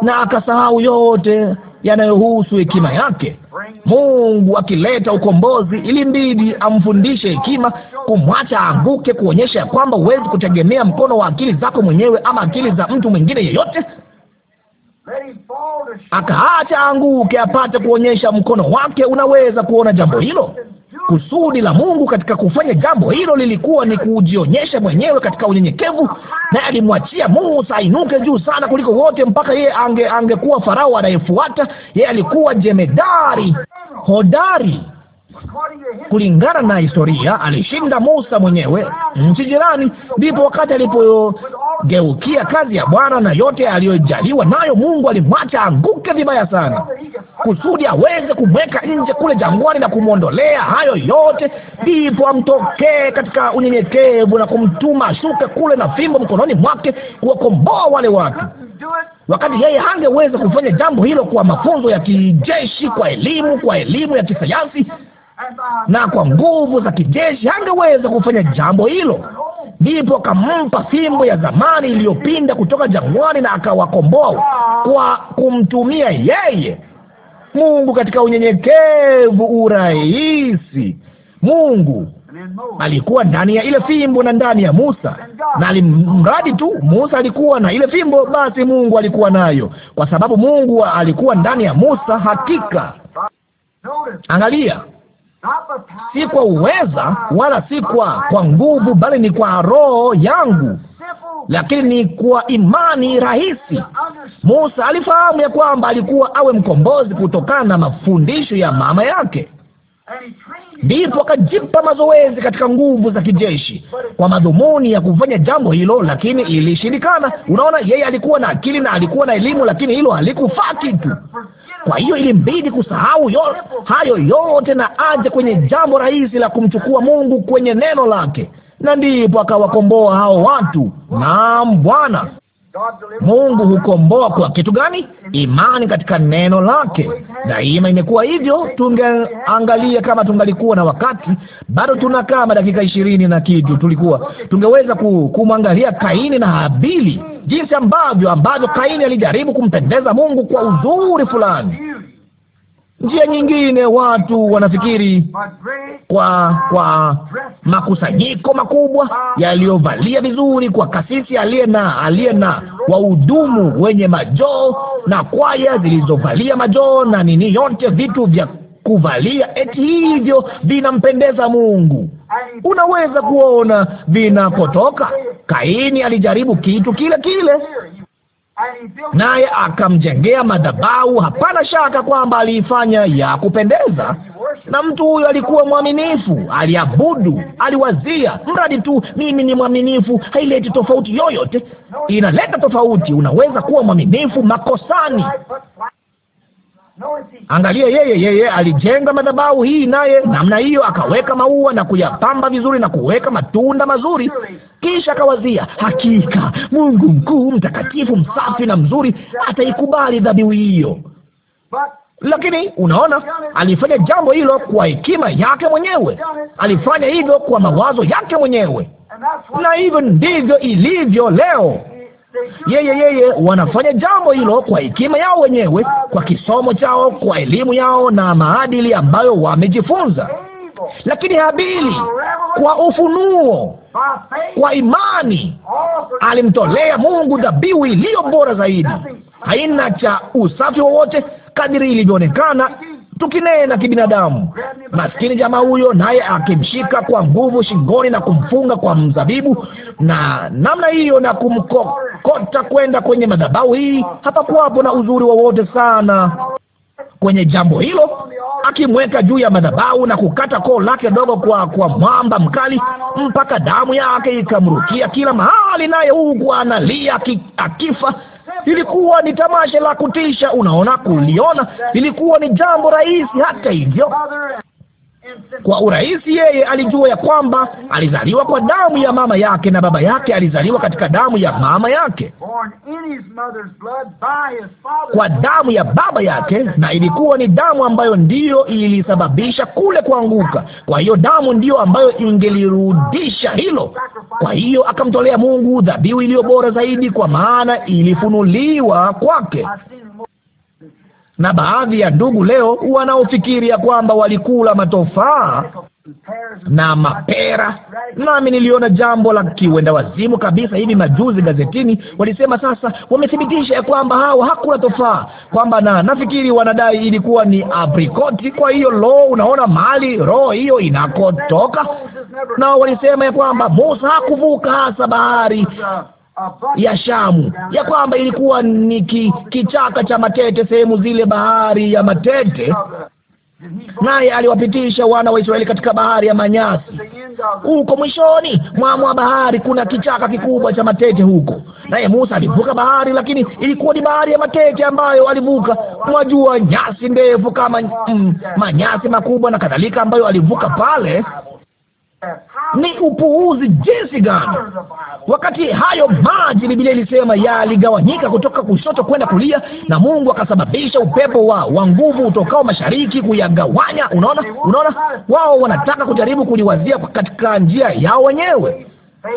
na akasahau yote yanayohusu hekima yake. Mungu akileta ukombozi, ilimbidi amfundishe hekima, kumwacha aanguke, kuonyesha ya kwamba huwezi kutegemea mkono wa akili zako mwenyewe ama akili za mtu mwingine yeyote akaacha anguke apate kuonyesha mkono wake. Unaweza kuona jambo hilo. Kusudi la Mungu katika kufanya jambo hilo lilikuwa ni kujionyesha mwenyewe katika unyenyekevu, naye alimwachia Musa ainuke juu sana kuliko wote, mpaka yeye ange angekuwa Farao anayefuata. Yeye alikuwa jemedari hodari kulingana na historia, alishinda Musa mwenyewe nchi jirani. Ndipo wakati alipogeukia kazi ya Bwana na yote aliyojaliwa nayo, Mungu alimwacha anguke vibaya sana, kusudi aweze kumweka nje kule jangwani na kumwondolea hayo yote, ndipo amtokee katika unyenyekevu na kumtuma ashuke kule na fimbo mkononi mwake kuwakomboa wale watu wakati yeye hangeweza kufanya jambo hilo kwa mafunzo ya kijeshi, kwa elimu, kwa elimu ya kisayansi, na kwa nguvu za kijeshi angeweza kufanya jambo hilo. Ndipo akampa fimbo ya zamani iliyopinda kutoka jangwani na akawakomboa kwa kumtumia yeye Mungu katika unyenyekevu urahisi. Mungu alikuwa ndani ya ile fimbo na ndani ya Musa, na alimradi tu Musa alikuwa na ile fimbo, basi Mungu alikuwa nayo, kwa sababu Mungu alikuwa ndani ya Musa. Hakika, angalia si kwa uweza wala si kwa kwa nguvu, bali ni kwa roho yangu, lakini ni kwa imani rahisi. Musa alifahamu ya kwamba alikuwa awe mkombozi kutokana na mafundisho ya mama yake, ndipo akajipa mazoezi katika nguvu za kijeshi kwa madhumuni ya kufanya jambo hilo, lakini ilishindikana. Unaona, yeye alikuwa na akili na alikuwa na elimu, lakini hilo halikufaa kitu. Kwa hiyo ilimbidi kusahau yote hayo yote na aje kwenye jambo rahisi la kumchukua Mungu kwenye neno lake, na ndipo akawakomboa hao watu. Naam Bwana. Mungu hukomboa kwa kitu gani? Imani katika neno lake. Daima imekuwa hivyo. Tungeangalia kama tungalikuwa na wakati, bado tuna kama dakika ishirini na kitu, tulikuwa tungeweza kumwangalia Kaini na Habili, jinsi ambavyo ambavyo Kaini alijaribu kumpendeza Mungu kwa uzuri fulani. Njia nyingine watu wanafikiri kwa kwa makusanyiko makubwa yaliyovalia vizuri, kwa kasisi aliye na aliye na wahudumu wenye majoo na kwaya zilizovalia majoo na nini, yote vitu vya kuvalia eti hivyo vinampendeza Mungu. Unaweza kuona vinapotoka. Kaini alijaribu kitu kile kile naye akamjengea madhabahu. Hapana shaka kwamba aliifanya ya kupendeza, na mtu huyo alikuwa mwaminifu, aliabudu, aliwazia, mradi tu mimi ni mwaminifu. Haileti tofauti yoyote, inaleta tofauti. Unaweza kuwa mwaminifu makosani Angalia, yeye yeye alijenga madhabahu hii naye namna hiyo, akaweka maua na kuyapamba vizuri na kuweka matunda mazuri, kisha akawazia, hakika Mungu mkuu, mtakatifu, msafi na mzuri ataikubali dhabihu hiyo. Lakini unaona, alifanya jambo hilo kwa hekima yake mwenyewe, alifanya hivyo kwa mawazo yake mwenyewe, na hivyo ndivyo ilivyo leo yeye yeye, wanafanya jambo hilo kwa hekima yao wenyewe, kwa kisomo chao, kwa elimu yao na maadili ambayo wamejifunza. Lakini Habili kwa ufunuo, kwa imani alimtolea Mungu dhabihu iliyo bora zaidi, haina cha usafi wowote kadiri ilivyoonekana tukinena kibinadamu. Maskini jamaa huyo, naye akimshika kwa nguvu shingoni na kumfunga kwa mzabibu na namna hiyo na kumkokota kwenda kwenye madhabahu. Hii hapakuwapo na uzuri wowote sana kwenye jambo hilo, akimweka juu ya madhabahu na kukata koo lake dogo kwa kwa mwamba mkali mpaka damu yake ikamrukia kila mahali, naye huku analia akifa ilikuwa ni tamasha la kutisha, unaona, kuliona ilikuwa ni jambo rahisi. Hata hivyo, kwa urahisi yeye alijua ya kwamba alizaliwa kwa damu ya mama yake na baba yake alizaliwa katika damu ya mama yake, kwa damu ya baba yake, na ilikuwa ni damu ambayo ndiyo ilisababisha kule kuanguka. Kwa hiyo damu ndiyo ambayo ingelirudisha hilo. Kwa hiyo akamtolea Mungu dhabihu iliyo bora zaidi, kwa maana ilifunuliwa kwake na baadhi ya ndugu leo ya kwamba walikula matofaa na mapera. Nami niliona jambo la kiwenda wazimu kabisa hivi majuzi gazetini, walisema sasa wamethibitisha ya kwamba hao hakula tofaa, kwamba na nafikiri wanadai ilikuwa ni aprikoti. Kwa hiyo lo, unaona mali roho hiyo inakotoka. Nao walisema ya kwamba Musa hakuvuka hasa bahari ya Shamu, ya kwamba ilikuwa ni ki, kichaka cha matete, sehemu zile bahari ya matete naye aliwapitisha wana wa Israeli katika bahari ya manyasi. Huko mwishoni mwa mwa bahari kuna kichaka kikubwa cha matete huko, naye Musa alivuka bahari, lakini ilikuwa ni bahari ya matete ambayo alivuka. Mwajua, nyasi ndefu kama mm, manyasi makubwa na kadhalika, ambayo alivuka pale ni upuuzi jinsi gani! Wakati hayo maji, Biblia ilisema yaligawanyika kutoka kushoto kwenda kulia, na Mungu akasababisha upepo wa wa nguvu utokao mashariki kuyagawanya. Unaona, unaona, wao wanataka kujaribu kuliwazia katika njia yao wenyewe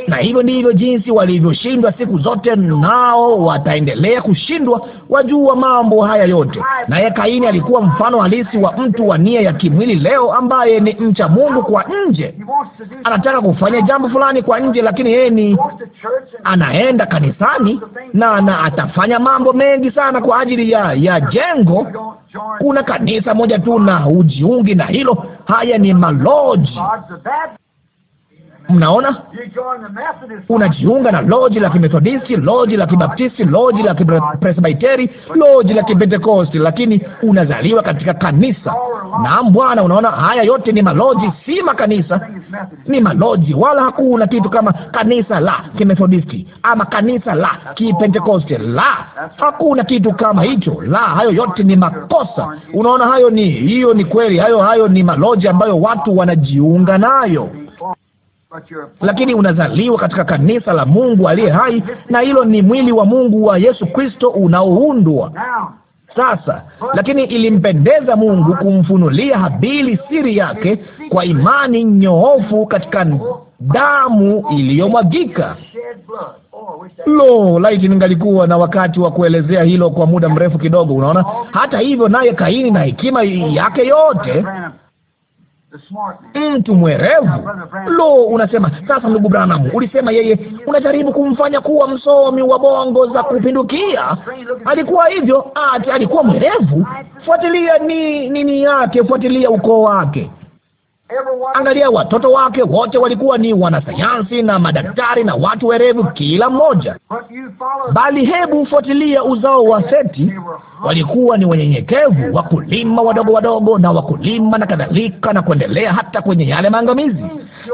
na hivyo ndivyo jinsi walivyoshindwa siku zote, nao wataendelea kushindwa. Wajua mambo haya yote. Naye Kaini alikuwa mfano halisi wa mtu wa nia ya kimwili leo, ambaye ni mcha Mungu kwa nje. Anataka kufanya jambo fulani kwa nje, lakini yeye ni anaenda kanisani na, na atafanya mambo mengi sana kwa ajili ya, ya jengo. Kuna kanisa moja tu na hujiungi na hilo. Haya ni maloji Mnaona, unajiunga na loji la Kimethodisti, loji la Kibaptisti, loji la Kipresbiteri, loji la Kipentekosti, lakini unazaliwa katika kanisa. Naam Bwana, unaona, haya yote ni maloji, si makanisa, ni maloji, wala hakuna kitu kama kanisa la Kimethodisti ama kanisa la Kipentekosti. La, hakuna kitu kama hicho. La, hayo yote ni makosa. Unaona, hayo ni hiyo, ni kweli, hayo hayo ni maloji ambayo watu wanajiunga nayo lakini unazaliwa katika kanisa la Mungu aliye hai, na hilo ni mwili wa Mungu wa Yesu Kristo unaoundwa sasa. Lakini ilimpendeza Mungu kumfunulia Habili siri yake kwa imani nyoofu katika damu iliyomwagika. Lo, laiti ningalikuwa na wakati wa kuelezea hilo kwa muda mrefu kidogo. Unaona, hata hivyo, naye Kaini na hekima yake yote mtu mwerevu. Lo, unasema sasa, ndugu Branham, ulisema yeye, unajaribu kumfanya kuwa msomi wa bongo za kupindukia. Alikuwa hivyo ati alikuwa mwerevu? Fuatilia ni nini yake, fuatilia ukoo wake. Angalia, watoto wake wote walikuwa ni wanasayansi na madaktari na watu werevu, kila mmoja. Bali hebu fuatilia uzao wa Seti, walikuwa ni wanyenyekevu, wakulima wadogo wadogo na wakulima na kadhalika, na kuendelea hata kwenye yale maangamizi.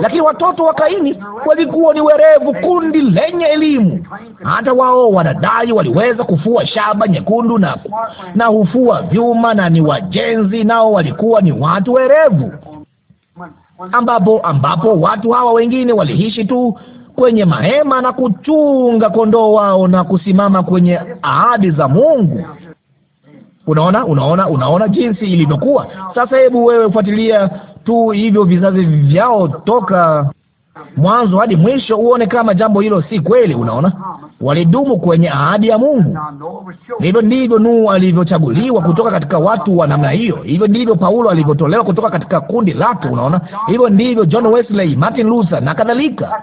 Lakini watoto wa Kaini walikuwa ni werevu, kundi lenye elimu. Hata wao wanadai waliweza kufua shaba nyekundu na, na hufua vyuma na ni wajenzi, nao walikuwa ni watu werevu ambapo ambapo watu hawa wengine waliishi tu kwenye mahema na kuchunga kondoo wao na kusimama kwenye ahadi za Mungu. Unaona, unaona, unaona jinsi ilivyokuwa. Sasa hebu wewe fuatilia tu hivyo vizazi vyao toka mwanzo hadi mwisho, uone kama jambo hilo si kweli. Unaona, walidumu kwenye ahadi ya Mungu. Hivyo ndivyo Nuhu alivyochaguliwa kutoka katika watu wa namna hiyo. Hivyo ndivyo Paulo alivyotolewa kutoka katika kundi lake. Unaona, hivyo ndivyo John Wesley, Martin Luther na kadhalika.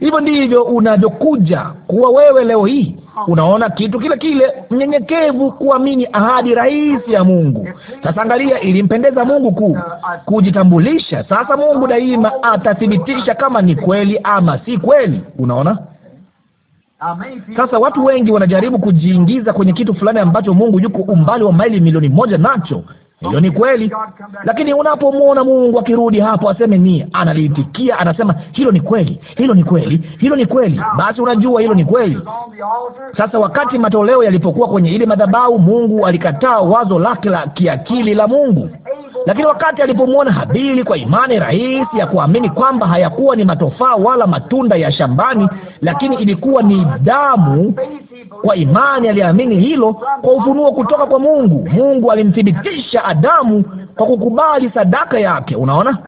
Hivyo ndivyo unavyokuja kuwa wewe leo hii. Unaona, kitu kile kile, mnyenyekevu, kuamini ahadi rahisi ya Mungu. Sasa angalia, ilimpendeza Mungu kuu kujitambulisha. Sasa Mungu daima atathibitisha kuonyesha kama ni kweli ama si kweli. Unaona? Sasa watu wengi wanajaribu kujiingiza kwenye kitu fulani ambacho Mungu yuko umbali wa maili milioni moja nacho. hiyo ni kweli, lakini unapomwona Mungu akirudi hapo aseme ni analiitikia, anasema hilo ni kweli, hilo ni kweli, hilo ni kweli, basi unajua hilo ni kweli. Sasa wakati matoleo yalipokuwa kwenye ile madhabahu, Mungu alikataa wazo lake la kiakili la Mungu. Lakini wakati alipomwona Habili kwa imani rahisi ya kuamini kwamba hayakuwa ni matofaa wala matunda ya shambani, lakini ilikuwa ni damu, kwa imani aliamini hilo kwa ufunuo kutoka kwa Mungu. Mungu alimthibitisha Adamu kwa kukubali sadaka yake. Unaona,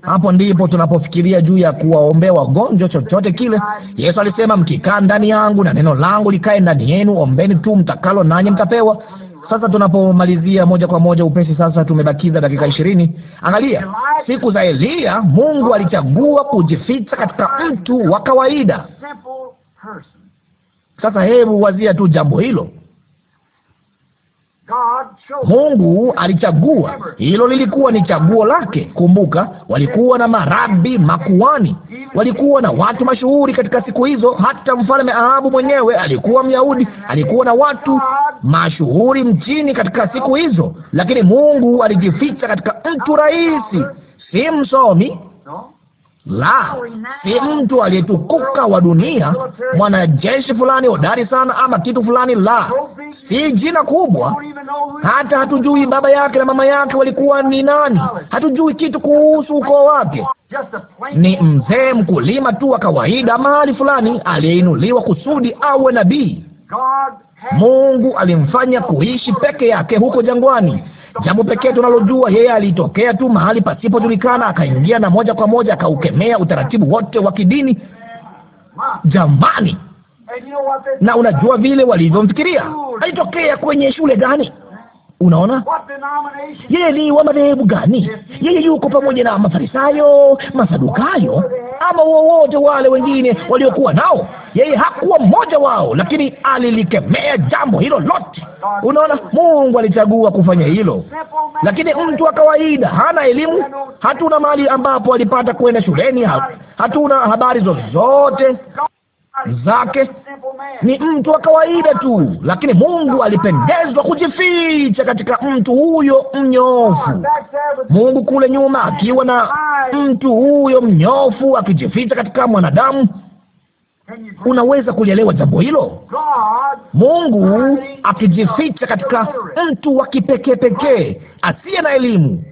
hapo ndipo tunapofikiria juu ya kuwaombea wagonjwa, chochote kile. Yesu alisema, mkikaa ndani yangu na neno langu likae ndani yenu, ombeni tu mtakalo, nanyi mtapewa. Sasa tunapomalizia moja kwa moja upesi, sasa tumebakiza dakika ishirini. Angalia, siku za Elia Mungu alichagua kujificha katika mtu wa kawaida. Sasa hebu wazia tu jambo hilo. Mungu alichagua. Hilo lilikuwa ni chaguo lake. Kumbuka, walikuwa na marabi makuani, walikuwa na watu mashuhuri katika siku hizo. Hata mfalme Ahabu mwenyewe alikuwa Myahudi, alikuwa na watu mashuhuri mchini katika siku hizo, lakini Mungu alijificha katika mtu rahisi, si msomi la si mtu aliyetukuka wa dunia, mwanajeshi fulani hodari sana, ama kitu fulani, la si jina kubwa. Hata hatujui baba yake na mama yake walikuwa ni nani, hatujui kitu kuhusu ukoo wake. Ni mzee mkulima tu wa kawaida mahali fulani, aliyeinuliwa kusudi awe nabii. Mungu alimfanya kuishi peke yake huko jangwani Jambo pekee tunalojua, yeye alitokea tu mahali pasipojulikana, akaingia na moja kwa moja akaukemea utaratibu wote wa kidini jamani. Na unajua vile walivyomfikiria, alitokea kwenye shule gani? Unaona, yeye ni wa madhehebu gani? Yeye yuko pamoja na Mafarisayo, Masadukayo ama wowote wale wengine waliokuwa nao yeye hakuwa mmoja wao, lakini alilikemea jambo hilo lote. Unaona, Mungu alichagua kufanya hilo, lakini mtu wa kawaida hana elimu. Hatuna mahali ambapo alipata kwenda shuleni, hatuna habari zozote zake ni mtu wa kawaida tu, lakini Mungu alipendezwa kujificha katika mtu huyo mnyofu. Mungu kule nyuma akiwa na mtu huyo mnyofu akijificha katika mwanadamu. Unaweza kulielewa jambo hilo? Mungu akijificha katika mtu wa kipekee pekee asiye na elimu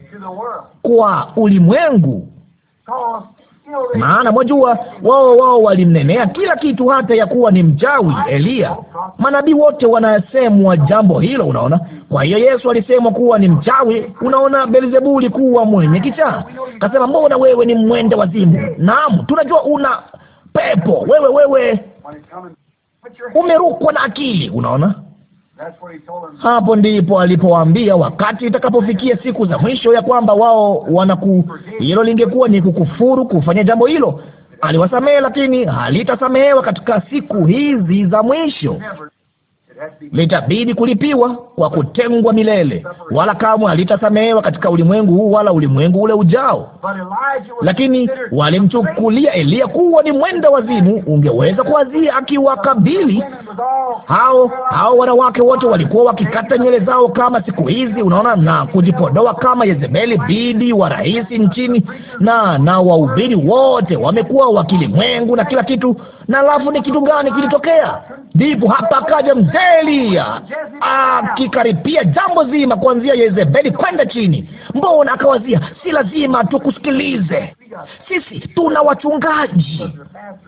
kwa ulimwengu, maana mwajua, wao wao walimnenea kila kitu, hata ya kuwa ni mchawi Eliya. Manabii wote wanasemwa jambo hilo, unaona. Kwa hiyo Yesu alisemwa kuwa ni mchawi, unaona, Belzebuli kuwa mwenye kichaa. Kasema, mbona wewe ni mwenda wazimu? Naam, tunajua una pepo. Wewe wewe umerukwa na akili, unaona. Hapo ndipo alipowaambia wakati itakapofikia siku za mwisho ya kwamba wao wanaku, hilo lingekuwa ni kukufuru kufanya jambo hilo. Aliwasamehe, lakini halitasamehewa katika siku hizi za mwisho litabidi kulipiwa kwa kutengwa milele, wala kamwe halitasamehewa katika ulimwengu huu wala ulimwengu ule ujao. Lakini walimchukulia Eliya kuwa ni mwenda wazimu. Ungeweza kuwazia akiwakabili hao hao wanawake wote, walikuwa wakikata nywele zao kama siku hizi, unaona, na kujipodoa kama Yezebeli, bibi wa rais nchini, na na wahubiri wote wamekuwa wakilimwengu na kila kitu na alafu ni kitu gani kilitokea? Ndipo hapa akaja mzee Eliya akikaribia jambo zima kuanzia Yezebeli kwenda chini. Mbona akawazia, si lazima tukusikilize sisi tuna wachungaji.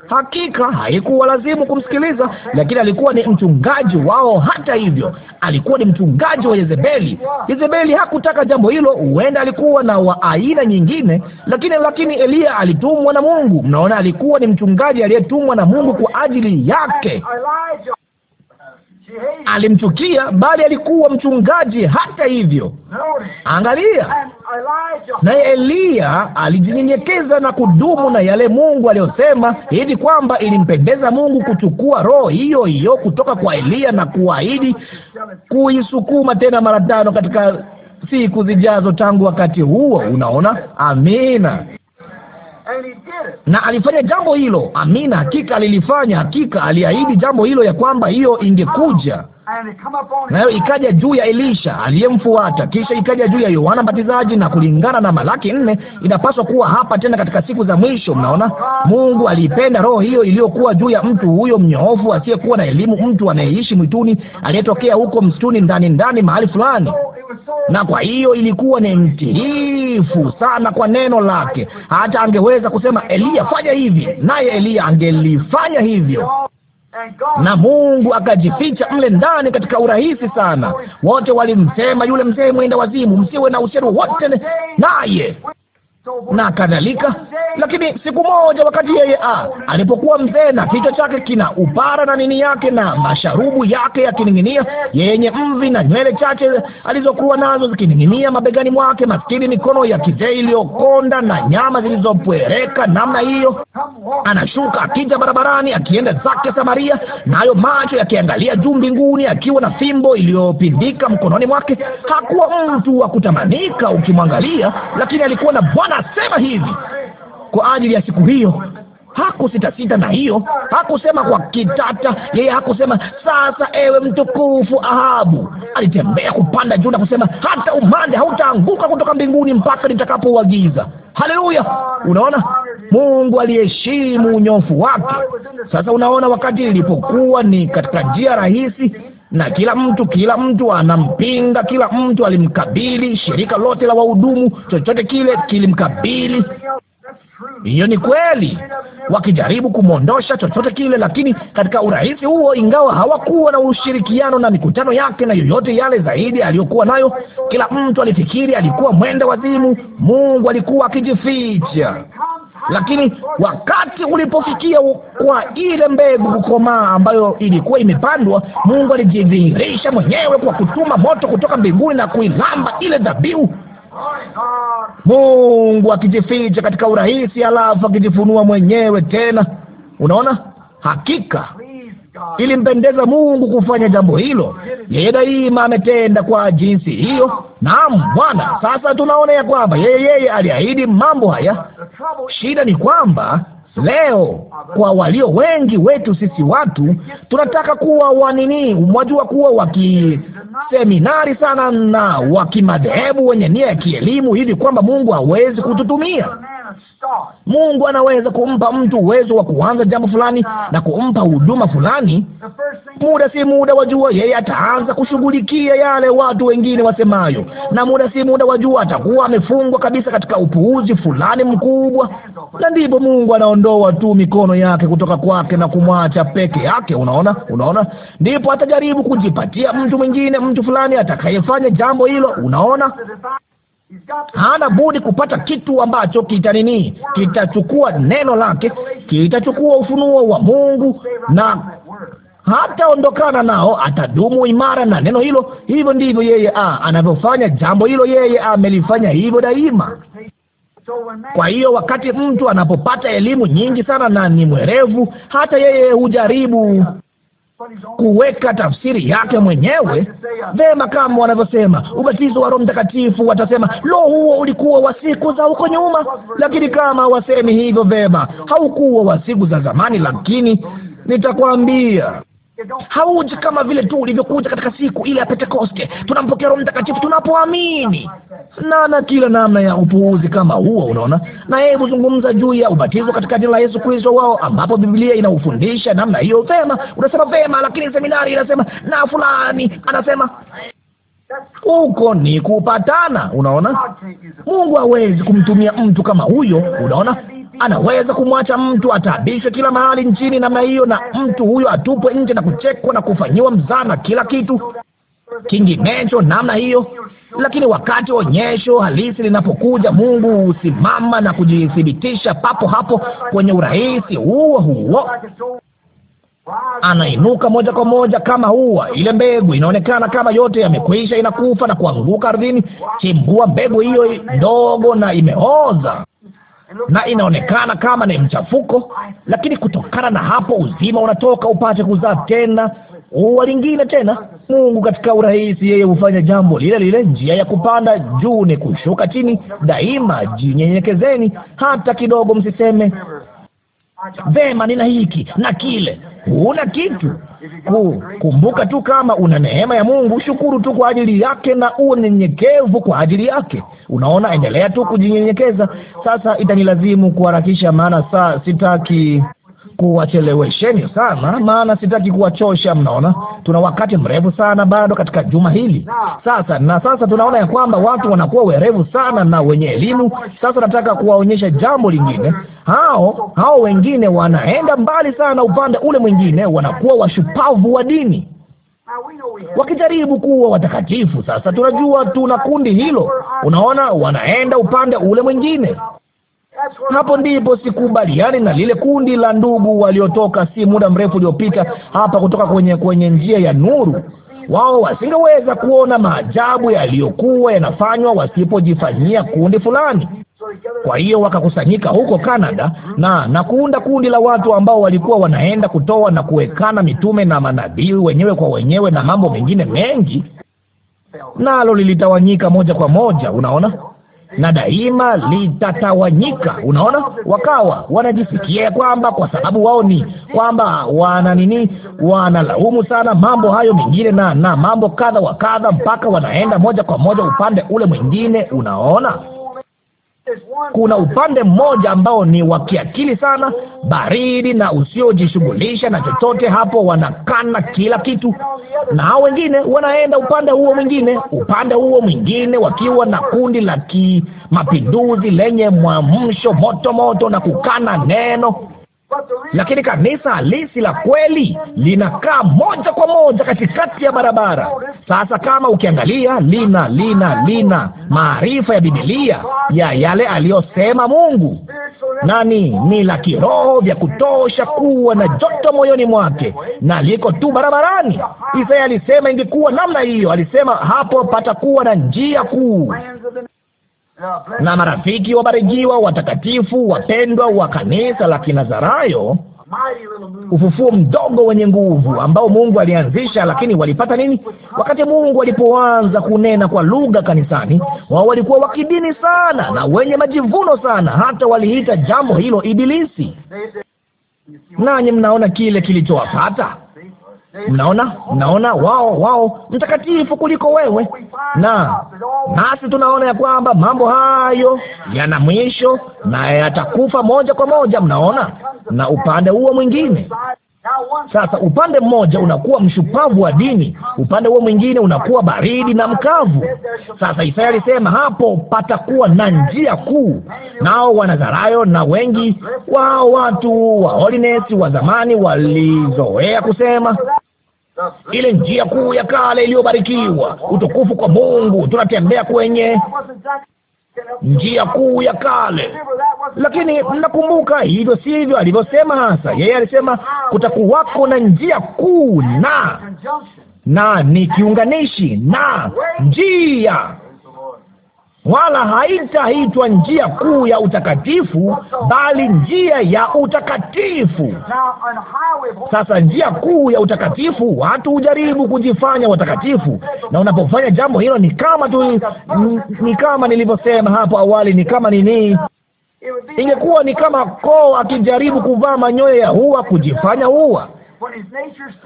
Hakika haikuwa lazimu kumsikiliza, lakini alikuwa ni mchungaji wao. Hata hivyo, alikuwa ni mchungaji wa Yezebeli. Yezebeli hakutaka jambo hilo, huenda alikuwa na wa aina nyingine, lakini lakini Eliya alitumwa na Mungu. Mnaona, alikuwa ni mchungaji aliyetumwa na Mungu kwa ajili yake alimchukia, bali alikuwa mchungaji hata hivyo. Angalia, naye Eliya alijinyenyekeza na kudumu na yale Mungu aliyosema, ili kwamba ilimpendeza Mungu kuchukua roho hiyo hiyo kutoka kwa Eliya na kuahidi kuisukuma tena mara tano katika siku zijazo tangu wakati huo. Unaona? Amina na alifanya jambo hilo. Amina, hakika alilifanya, hakika aliahidi jambo hilo ya kwamba hiyo ingekuja, nayo ikaja juu ya Elisha aliyemfuata, kisha ikaja juu ya Yohana Mbatizaji, na kulingana na Malaki nne inapaswa kuwa hapa tena katika siku za mwisho. Mnaona, Mungu aliipenda roho hiyo iliyokuwa juu ya mtu huyo mnyoofu asiyekuwa na elimu, mtu anayeishi mwituni, aliyetokea huko msituni ndani ndani mahali fulani na kwa hiyo ilikuwa ni mtiifu sana kwa neno lake. Hata angeweza kusema Eliya, fanya hivi, naye Eliya angelifanya hivyo, na Mungu akajificha mle ndani katika urahisi sana. Wote walimsema yule mzee mwenda wazimu, msiwe na ucheru wote naye na kadhalika. Lakini siku moja, wakati yeye ah, alipokuwa mzee na kichwa chake kina upara na nini yake na masharubu yake yakining'inia, yenye mvi na nywele chache alizokuwa nazo zikining'inia mabegani mwake, maskini, mikono ya kizee iliyokonda na nyama zilizopwereka namna hiyo, anashuka akija barabarani akienda zake Samaria, nayo macho yakiangalia juu mbinguni, akiwa na fimbo iliyopindika mkononi mwake. Hakuwa mtu wa kutamanika ukimwangalia, lakini alikuwa na Bwana akasema hivi kwa ajili ya siku hiyo. Hakusitasita na hiyo, hakusema kwa kitata. Yeye hakusema sasa, ewe mtukufu Ahabu. Alitembea kupanda juu na kusema hata umande hautaanguka kutoka mbinguni mpaka nitakapouagiza. Haleluya! Unaona, Mungu aliheshimu unyofu wake. Sasa unaona, wakati ilipokuwa ni katika njia rahisi na kila mtu, kila mtu anampinga, kila mtu alimkabili. Shirika lote la wahudumu, chochote kile kilimkabili. Hiyo ni kweli, wakijaribu kumwondosha chochote kile, lakini katika urahisi huo, ingawa hawakuwa na ushirikiano na mikutano yake na yoyote yale zaidi aliyokuwa nayo, kila mtu alifikiri alikuwa mwenda wazimu. Mungu alikuwa akijificha lakini wakati ulipofikia kwa ile mbegu kukomaa ambayo ilikuwa imepandwa, Mungu alijidhihirisha mwenyewe kwa kutuma moto kutoka mbinguni na kuilamba ile dhabihu. Mungu akijificha katika urahisi, alafu akijifunua mwenyewe tena. Unaona, hakika Ilimpendeza Mungu kufanya jambo hilo. Yeye daima ametenda kwa jinsi hiyo. Naam Bwana, sasa tunaona ya kwamba yeye yeye aliahidi mambo haya. Shida ni kwamba leo kwa walio wengi wetu sisi watu tunataka kuwa wanini, mwajua kuwa wakiseminari sana na wakimadhehebu wenye nia ya kielimu, hivi kwamba Mungu hawezi kututumia Mungu anaweza kumpa mtu uwezo wa kuanza jambo fulani na kumpa huduma fulani. Muda si muda wa jua, yeye ataanza kushughulikia yale watu wengine wasemayo, na muda si muda wa jua atakuwa amefungwa kabisa katika upuuzi fulani mkubwa, na ndipo Mungu anaondoa tu mikono yake kutoka kwake na kumwacha peke yake. Unaona, unaona, ndipo atajaribu kujipatia mtu mwingine, mtu fulani atakayefanya jambo hilo. Unaona hana budi kupata kitu ambacho nini, kitachukua neno lake, kitachukua ufunuo wa Mungu na hataondokana nao, atadumu imara na neno hilo. Hivyo ndivyo yeye anavyofanya jambo hilo, yeye amelifanya hivyo daima. Kwa hiyo wakati mtu anapopata elimu nyingi sana na ni mwerevu, hata yeye hujaribu kuweka tafsiri yake mwenyewe vema, kama wanavyosema ubatizo wa Roho Mtakatifu, watasema lo, huo ulikuwa wa siku za huko nyuma. Lakini kama wasemi hivyo, vema, haukuwa wa siku za zamani, lakini nitakwambia hauji kama vile tu ulivyokuja katika siku ile ya Pentekoste. Tunampokea Roho Mtakatifu tunapoamini na na kila namna ya upuuzi kama huo, unaona. Na yeye huzungumza juu ya ubatizo katika jina la Yesu Kristo wao, ambapo Biblia inaufundisha namna hiyo. Vema, unasema vema, lakini seminari inasema na fulani anasema huko ni kupatana. Unaona, Mungu hawezi kumtumia mtu kama huyo. Unaona, anaweza kumwacha mtu atabishwe kila mahali nchini namna hiyo, na mtu huyo atupwe nje na kuchekwa na kufanyiwa mzaa na kila kitu kinginecho namna hiyo. Lakini wakati onyesho halisi linapokuja, Mungu husimama na kujithibitisha papo hapo kwenye urahisi huo huo anainuka moja kwa moja kama huwa Ile mbegu inaonekana kama yote yamekwisha, inakufa na kuanguka ardhini. Chimbua mbegu hiyo ndogo na imeoza na inaonekana kama ni mchafuko, lakini kutokana na hapo uzima unatoka upate kuzaa tena ua lingine tena. Mungu katika urahisi, yeye hufanya jambo lile lile. Njia ya kupanda juu ni kushuka chini. Daima jinyenyekezeni hata kidogo, msiseme vema, nina hiki na kile huna kitu. Kumbuka tu kama una neema ya Mungu, shukuru tu kwa ajili yake na uwe nyenyekevu kwa ajili yake. Unaona, endelea tu kujinyenyekeza. Sasa itanilazimu kuharakisha, maana saa sitaki kuwachelewesheni sana, maana sitaki kuwachosha. Mnaona, tuna wakati mrefu sana bado katika juma hili sasa, na sasa tunaona ya kwamba watu wanakuwa werevu sana na wenye elimu. Sasa nataka kuwaonyesha jambo lingine. Hao hao wengine wanaenda mbali sana upande ule mwingine, wanakuwa washupavu wa dini wakijaribu kuwa watakatifu. Sasa tunajua tuna kundi hilo, unaona, wanaenda upande ule mwingine. Hapo ndipo sikubaliani na lile kundi la ndugu waliotoka si muda mrefu uliopita hapa kutoka kwenye kwenye njia ya nuru. Wao wasingeweza kuona maajabu yaliyokuwa yanafanywa wasipojifanyia kundi fulani. Kwa hiyo wakakusanyika huko Kanada na na kuunda kundi la watu ambao walikuwa wanaenda kutoa na kuwekana mitume na manabii wenyewe kwa wenyewe na mambo mengine mengi, nalo lilitawanyika moja kwa moja. Unaona, na daima litatawanyika. Unaona, wakawa wanajisikia kwamba kwa sababu wao ni kwamba wana nini, wanalaumu sana mambo hayo mengine na na mambo kadha wa kadha, mpaka wanaenda moja kwa moja upande ule mwingine. Unaona. Kuna upande mmoja ambao ni wa kiakili sana, baridi na usiojishughulisha na chochote, hapo wanakana kila kitu, na hao wengine wanaenda upande huo mwingine, upande huo mwingine, wakiwa na kundi la kimapinduzi lenye mwamsho moto moto na kukana neno lakini kanisa halisi la kweli linakaa moja kwa moja katikati ya barabara. Sasa kama ukiangalia, lina lina lina maarifa ya Biblia ya yale aliyosema Mungu, nani ni la kiroho vya kutosha kuwa na joto moyoni mwake, na liko tu barabarani. Isaya alisema ingekuwa namna hiyo, alisema hapo patakuwa na njia kuu na marafiki wabarikiwa, watakatifu wapendwa wa kanisa la Kinazarayo, ufufuo mdogo wenye nguvu ambao Mungu alianzisha. Lakini walipata nini? Wakati Mungu alipoanza kunena kwa lugha kanisani, wao walikuwa wakidini sana na wenye majivuno sana, hata waliita jambo hilo Ibilisi. Nanyi mnaona kile kilichowapata. Mnaona, mnaona, wao wao mtakatifu kuliko wewe, na nasi tunaona ya kwamba mambo hayo yana mwisho na yatakufa moja kwa moja. Mnaona, na upande huo mwingine sasa upande mmoja unakuwa mshupavu wa dini, upande huo mwingine unakuwa baridi na mkavu. Sasa Isaya alisema hapo patakuwa na njia kuu, nao Wanazarayo na wengi wao watu wa holiness wa zamani walizoea kusema ile njia kuu ya kale iliyobarikiwa. Utukufu kwa Mungu, tunatembea kwenye njia kuu ya kale. Lakini mnakumbuka, hivyo sivyo alivyosema hasa. Yeye alisema kutakuwako na njia kuu na na ni kiunganishi na njia wala haitaitwa njia kuu ya utakatifu, bali njia ya utakatifu. Sasa njia kuu ya utakatifu, watu hujaribu kujifanya watakatifu, na unapofanya jambo hilo ni kama tu, ni kama nilivyosema hapo awali, ni kama nini ingekuwa ni kama koo akijaribu kuvaa manyoya ya hua, kujifanya hua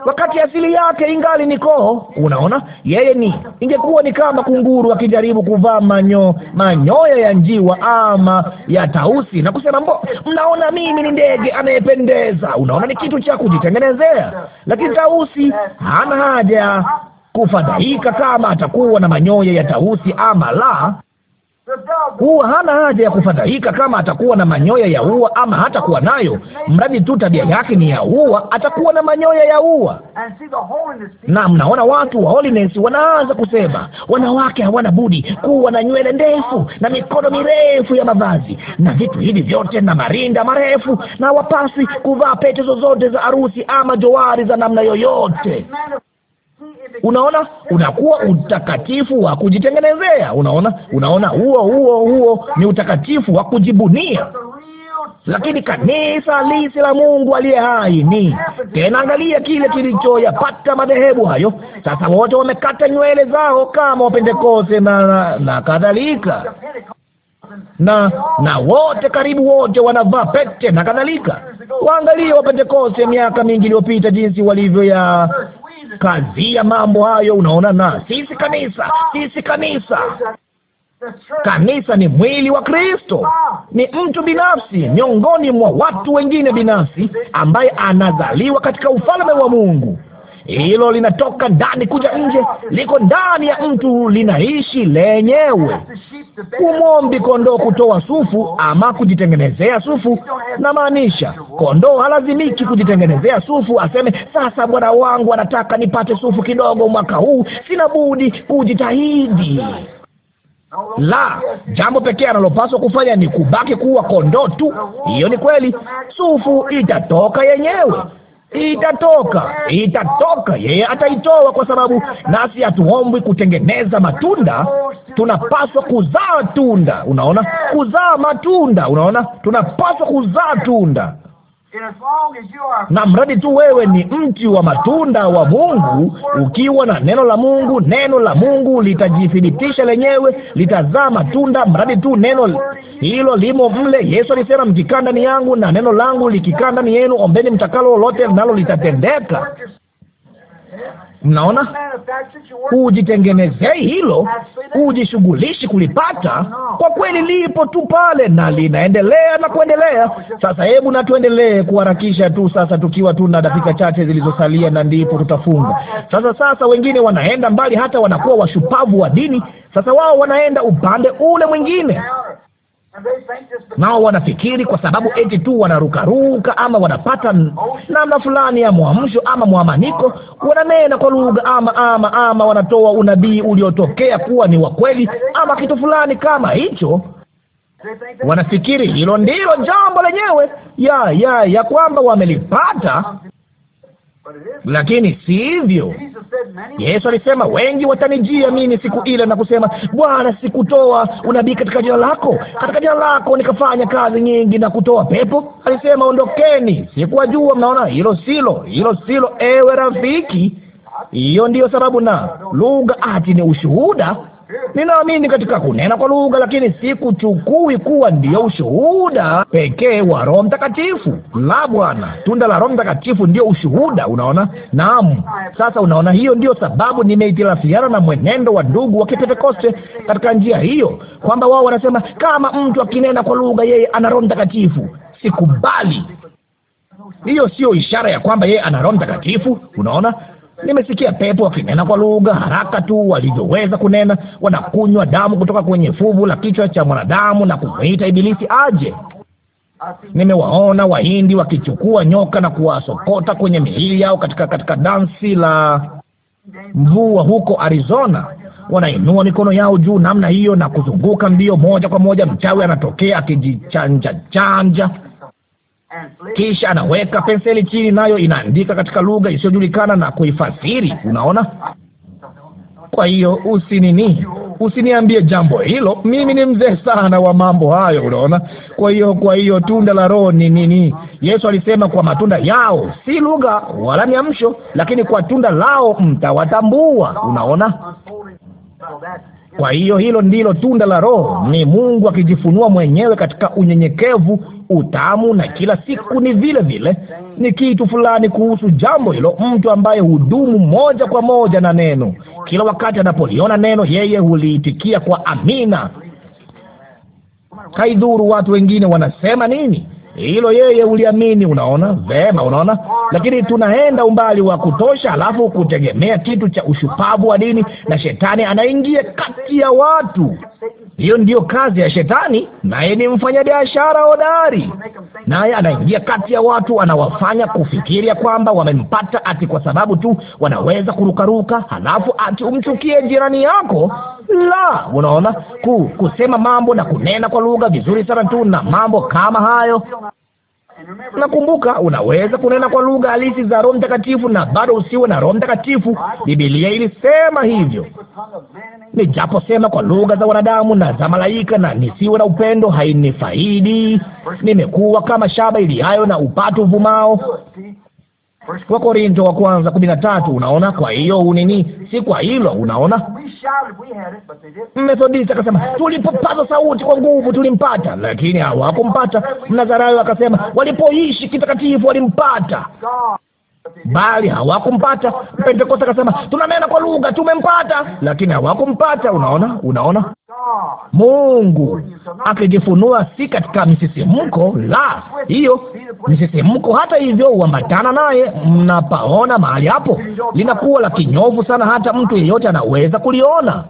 wakati asili yake ingali ni koho. Unaona, yeye ni ingekuwa ni kama kunguru akijaribu kuvaa manyo manyoya ya njiwa ama ya tausi na kusema mbo, mnaona mimi ni ndege anayependeza. Unaona, ni kitu cha kujitengenezea, lakini tausi hana haja kufadhaika kama atakuwa na manyoya ya tausi ama la huwa hana haja ya kufadhaika kama atakuwa na manyoya ya ua ama hatakuwa nayo, mradi tu tabia yake ni ya ua, atakuwa na manyoya ya ua. Na mnaona watu wa holiness wanaanza kusema wanawake hawana budi kuwa na nywele ndefu na mikono mirefu ya mavazi na vitu hivi vyote na marinda marefu, na wapasi kuvaa pete zozote za harusi ama johari za namna yoyote. Unaona, unakuwa utakatifu wa kujitengenezea. Unaona, unaona, huo huo huo ni utakatifu wa kujibunia. Lakini kanisa lisi la Mungu aliye hai ni tena. Angalia kile kilichoyapata madhehebu hayo. Sasa wote wamekata nywele zao kama Wapentekoste na, na, na kadhalika na na wote karibu wote wanavaa pete na kadhalika. Waangalie Wapentekoste miaka mingi iliyopita, jinsi walivyo ya kazia mambo hayo. Unaona, na sisi kanisa, sisi kanisa Kanisa ni mwili wa Kristo, ni mtu binafsi miongoni mwa watu wengine binafsi ambaye anazaliwa katika ufalme wa Mungu hilo linatoka ndani kuja nje, liko ndani ya mtu, linaishi lenyewe. Umwombi kondoo kutoa sufu ama kujitengenezea sufu, na maanisha kondoo halazimiki kujitengenezea sufu, aseme sasa, bwana wangu anataka nipate sufu kidogo mwaka huu, sina budi kujitahidi. La, jambo pekee analopaswa kufanya ni kubaki kuwa kondoo tu. Hiyo ni kweli, sufu itatoka yenyewe. Itatoka, itatoka, yeye ataitoa, kwa sababu nasi hatuombwi kutengeneza matunda, tunapaswa kuzaa tunda. Unaona, kuzaa matunda. Unaona, tunapaswa kuzaa tunda na mradi tu wewe ni mti wa matunda wa Mungu, ukiwa na neno la Mungu, neno la Mungu litajithibitisha lenyewe, litazaa matunda, mradi tu neno hilo limo mle. Yesu alisema, mkikaa ndani yangu na neno langu likikaa ndani yenu, ombeni mtakalo lolote, nalo litatendeka. Mnaona, hujitengenezei hilo, hujishughulishi kulipata. Kwa kweli lipo tu pale na linaendelea na kuendelea. Sasa hebu na tuendelee kuharakisha tu sasa, tukiwa tuna dakika chache zilizosalia, na ndipo tutafunga sasa. Sasa wengine wanaenda mbali, hata wanakuwa washupavu wa dini. Sasa wao wanaenda upande ule mwingine nao wanafikiri kwa sababu eti tu wanarukaruka ama wanapata namna fulani ya mwamsho ama mwamaniko, wananena kwa lugha ama ama ama wanatoa unabii uliotokea kuwa ni wa kweli ama kitu fulani kama hicho. Wanafikiri hilo ndilo jambo lenyewe ya ya ya kwamba wamelipata lakini si hivyo. Yesu alisema, wengi watanijia mimi siku ile na kusema, Bwana, sikutoa unabii katika jina lako, katika jina lako nikafanya kazi nyingi na kutoa pepo. Alisema, ondokeni, sikuwajua. Mnaona, hilo silo, hilo silo, ewe rafiki. Hiyo ndiyo sababu na lugha ati ni ushuhuda Ninaamini katika kunena kwa lugha, lakini sikuchukui kuwa ndiyo ushuhuda pekee wa Roho Mtakatifu. La, bwana, tunda la Roho Mtakatifu ndio ushuhuda. Unaona? Naam. Sasa unaona, hiyo ndio sababu nimeitilafiana na mwenendo wa ndugu wa Kipentekoste katika njia hiyo, kwamba wao wanasema kama mtu akinena kwa lugha, yeye ana Roho Mtakatifu. Sikubali. Hiyo siyo ishara ya kwamba yeye ana Roho Mtakatifu. Unaona? Nimesikia pepo wakinena kwa lugha haraka tu walivyoweza kunena. Wanakunywa damu kutoka kwenye fuvu la kichwa cha mwanadamu na kumwita Ibilisi aje. Nimewaona Wahindi wakichukua nyoka na kuwasokota kwenye miili yao katika katika dansi la mvua huko Arizona. Wanainua mikono yao juu namna hiyo na kuzunguka mbio moja kwa moja. Mchawi anatokea akijichanja chanja kisha anaweka penseli chini, nayo inaandika katika lugha isiyojulikana na kuifasiri. Unaona? Kwa hiyo usinini, usiniambie jambo hilo, mimi ni mzee sana wa mambo hayo. Unaona? Kwa hiyo, kwa hiyo tunda la Roho ni nini? Yesu alisema kwa matunda yao, si lugha wala niamsho, lakini kwa tunda lao mtawatambua. Unaona? Kwa hiyo hilo ndilo tunda la Roho, ni Mungu akijifunua mwenyewe katika unyenyekevu, utamu, na kila siku ni vile vile, ni kitu fulani kuhusu jambo hilo. Mtu ambaye hudumu moja kwa moja na neno, kila wakati anapoliona neno, yeye huliitikia kwa amina, haidhuru watu wengine wanasema nini hilo yeye uliamini. Unaona vema, unaona. Lakini tunaenda umbali wa kutosha, alafu kutegemea kitu cha ushupavu wa dini, na shetani anaingia kati ya watu. Hiyo ndiyo kazi ya shetani, naye ni mfanyabiashara hodari, naye anaingia kati ya watu, anawafanya kufikiria kwamba wamempata ati kwa sababu tu wanaweza kurukaruka, halafu ati umchukie jirani yako la, unaona ku, kusema mambo na kunena kwa lugha vizuri sana tu na mambo kama hayo. Nakumbuka unaweza kunena kwa lugha halisi za Roho Mtakatifu na bado usiwe na Roho Mtakatifu. Biblia ilisema hivyo, nijaposema kwa lugha za wanadamu na za malaika na nisiwe na upendo, hainifaidi. Nimekuwa kama shaba iliayo na upatu uvumao wakorinto Korinto wa kwanza kumi na tatu. Unaona, kwa hiyo unini, si kwa hilo. Unaona, Methodist akasema tulipopaza sauti kwa nguvu tulimpata, lakini hawakumpata. Mnazarayo akasema walipoishi kitakatifu walimpata bali hawakumpata. Pentekoste akasema tunanena kwa lugha, tumempata, lakini hawakumpata. Unaona, unaona, Mungu akijifunua si katika misisimko la hiyo misisimko hata hivyo huambatana naye. Mnapaona mahali hapo linakuwa la kinyovu sana, hata mtu yeyote anaweza kuliona.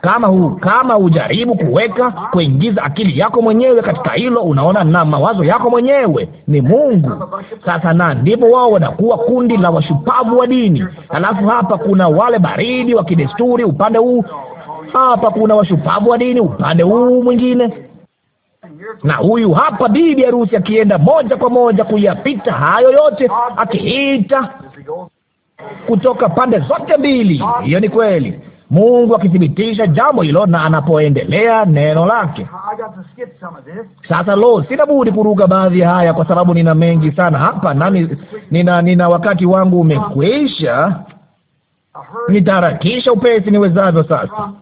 Kama hu, kama hujaribu kuweka kuingiza akili yako mwenyewe katika hilo, unaona, na mawazo yako mwenyewe ni Mungu. Sasa na ndipo wao wanakuwa kundi la washupavu wa dini. Halafu hapa kuna wale baridi wa kidesturi upande huu, hapa kuna washupavu wa dini upande huu mwingine, na huyu hapa bibi harusi akienda moja kwa moja kuyapita hayo yote, akiita kutoka pande zote mbili. Hiyo ni kweli. Mungu akithibitisha jambo hilo na anapoendelea neno lake. Sasa lo, sina budi kuruka baadhi haya kwa sababu nina mengi sana hapa, nami nina, nina wakati wangu umekwisha. Nitaharakisha upesi niwezavyo. Sasa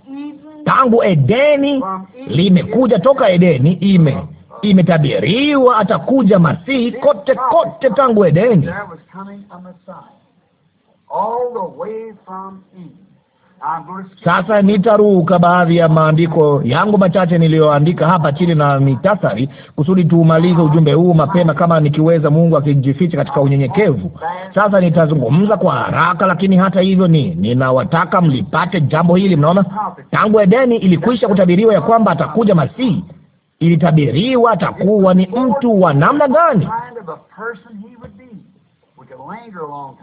tangu Edeni limekuja, toka Edeni ime imetabiriwa atakuja Masihi kote kote, tangu Edeni sasa nitaruka baadhi ya maandiko yangu machache niliyoandika hapa chini na mitasari, kusudi tuumalize ujumbe huu mapema kama nikiweza, Mungu akijificha katika unyenyekevu. Sasa nitazungumza kwa haraka, lakini hata hivyo ni ninawataka mlipate jambo hili. Mnaona, tangu Edeni ilikwisha kutabiriwa ya kwamba atakuja Masihi. Ilitabiriwa atakuwa ni mtu wa namna gani?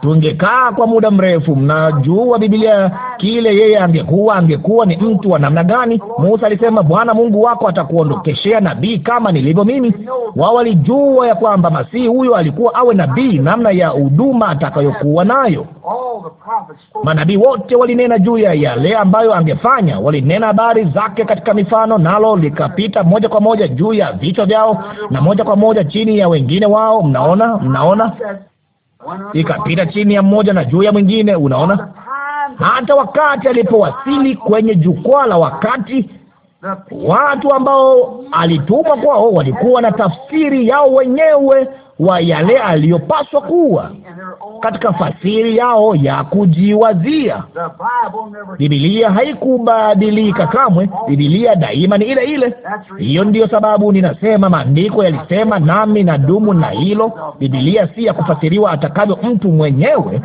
tungekaa kwa muda mrefu. Mnajua Biblia kile yeye angekuwa angekuwa ni mtu wa namna gani? Musa alisema Bwana Mungu wako atakuondokeshea nabii kama nilivyo mimi. Wao walijua ya kwamba Masihi huyo alikuwa awe nabii, namna ya huduma atakayokuwa nayo. Manabii wote walinena juu ya yale ambayo angefanya, walinena habari zake katika mifano, nalo likapita moja kwa moja juu ya vichwa vyao na moja kwa moja chini ya wengine wao. Mnaona, mnaona ikapita chini ya mmoja na juu ya mwingine. Unaona, hata wakati alipowasili kwenye jukwaa la wakati, watu ambao alitumwa kwao walikuwa na tafsiri yao wenyewe wa yale aliyopaswa kuwa katika fasiri yao ya kujiwazia. Bibilia haikubadilika kamwe. Bibilia daima ni ile ile. Hiyo ndiyo sababu ninasema maandiko yalisema, nami na dumu na hilo. Bibilia si ya kufasiriwa atakavyo mtu mwenyewe.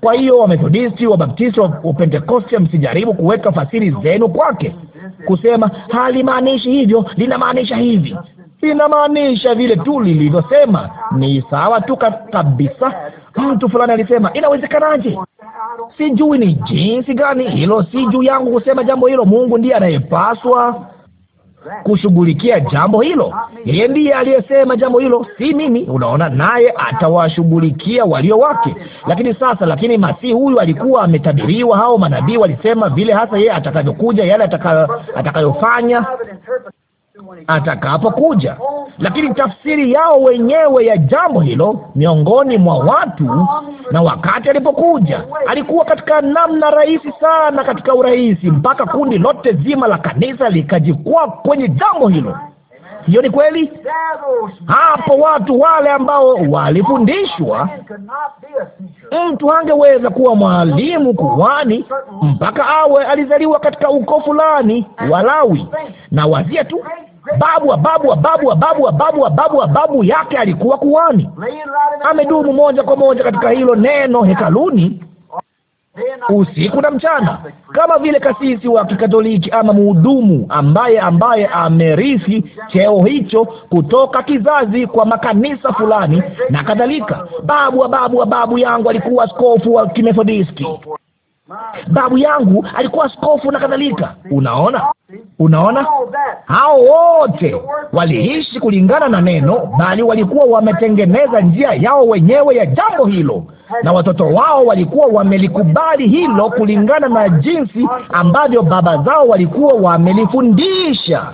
Kwa hiyo, Wamethodisti, Wabaptisti, Wapentekoste, msijaribu kuweka fasiri zenu kwake, kusema halimaanishi hivyo, linamaanisha hivi inamaanisha vile tu lilivyosema. Ni sawa tu kabisa. Mtu fulani alisema inawezekanaje? Sijui ni jinsi gani hilo, si juu yangu kusema jambo hilo. Mungu ndiye anayepaswa kushughulikia jambo hilo. Yeye ndiye aliyesema jambo hilo, si mimi. Unaona, naye atawashughulikia walio wake. Lakini sasa, lakini masihi huyu alikuwa ametabiriwa, hao manabii walisema vile hasa yeye atakavyokuja, yale atakayofanya atakapokuja. Lakini tafsiri yao wenyewe ya jambo hilo miongoni mwa watu, na wakati alipokuja alikuwa katika namna rahisi sana, katika urahisi, mpaka kundi lote zima la kanisa likajikwaa kwenye jambo hilo. Hiyo ni kweli. Hapo watu wale ambao walifundishwa, mtu hangeweza kuwa mwalimu kuhani mpaka awe alizaliwa katika ukoo fulani. Walawi na wazia tu babu wa babu wa babu wa babu wa babu wa babu wa babu yake alikuwa kuhani, amedumu moja kwa moja katika hilo neno hekaluni usiku na mchana, kama vile kasisi wa Kikatoliki ama mhudumu ambaye ambaye amerithi cheo hicho kutoka kizazi kwa makanisa fulani na kadhalika. Babu wa babu wa babu yangu alikuwa askofu wa Kimethodisti babu yangu alikuwa askofu na kadhalika. Unaona, unaona, hao wote waliishi kulingana na neno, bali walikuwa wametengeneza njia yao wenyewe ya jambo hilo, na watoto wao walikuwa wamelikubali hilo kulingana na jinsi ambavyo baba zao walikuwa wamelifundisha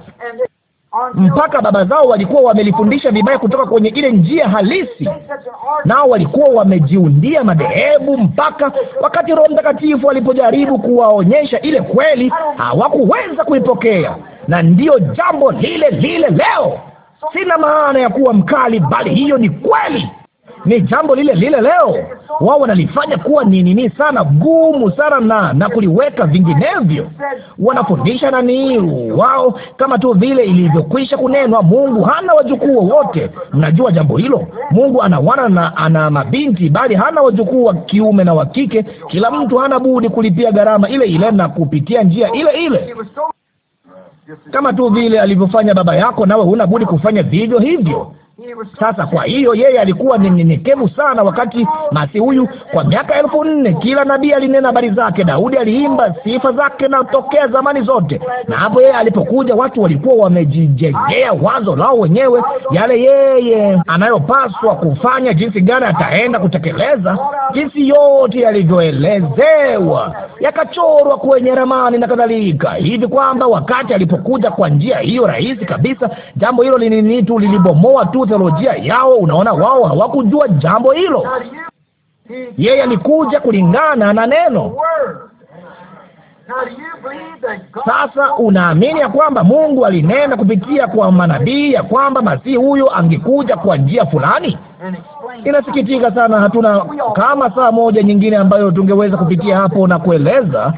mpaka baba zao walikuwa wamelifundisha vibaya kutoka kwenye ile njia halisi, nao walikuwa wamejiundia madhehebu, mpaka wakati Roho Mtakatifu alipojaribu kuwaonyesha ile kweli, hawakuweza kuipokea. Na ndiyo jambo lile lile leo. Sina maana ya kuwa mkali, bali hiyo ni kweli ni jambo lile lile leo. Wao wanalifanya kuwa ni nini sana gumu sana na, na kuliweka vinginevyo. Wanafundisha nani wao kama tu vile ilivyokwisha kunenwa, Mungu hana wajukuu wote. Mnajua jambo hilo. Mungu ana wana na ana mabinti, bali hana wajukuu wa kiume na wa kike. Kila mtu hana budi kulipia gharama ile ile na kupitia njia ile ile kama tu vile alivyofanya baba yako, nawe huna budi kufanya vivyo hivyo. Sasa kwa hiyo yeye alikuwa ni mnyenyekevu sana wakati masi huyu. Kwa miaka elfu nne kila nabii alinena habari zake, Daudi aliimba sifa zake na tokea zamani zote. Na hapo yeye alipokuja, watu walikuwa wamejijengea wazo lao wenyewe, yale yeye anayopaswa kufanya, jinsi gani ataenda kutekeleza, jinsi yote yalivyoelezewa, yakachorwa kwenye ramani na kadhalika, hivi kwamba wakati alipokuja kwa njia hiyo rahisi kabisa, jambo hilo lininitu lilibomoa tu theolojia yao. Unaona, wao hawakujua jambo hilo. Yeye alikuja kulingana na neno. Sasa unaamini ya kwamba Mungu alinena kupitia kwa manabii ya kwamba masihi huyo angekuja kwa njia fulani? Inasikitika sana, hatuna kama saa moja nyingine ambayo tungeweza kupitia hapo na kueleza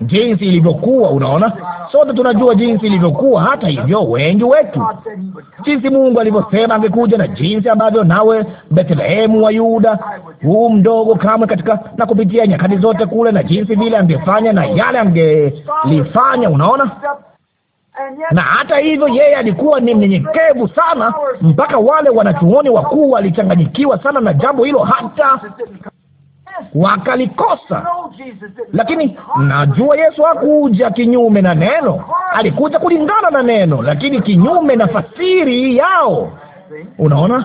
jinsi ilivyokuwa. Unaona, sote tunajua jinsi ilivyokuwa. Hata hivyo, wengi wetu, jinsi Mungu alivyosema angekuja, na jinsi ambavyo nawe Bethlehemu wa Yuda, huu mdogo kamwe, katika na kupitia nyakati zote kule, na jinsi vile angefanya na yale angelifanya. Unaona, na hata hivyo yeye alikuwa ni mnyenyekevu sana, mpaka wale wanachuoni wakuu walichanganyikiwa sana na jambo hilo hata wakalikosa. Lakini najua Yesu hakuja kinyume na neno, alikuja kulingana na neno, lakini kinyume na fasiri yao. Unaona,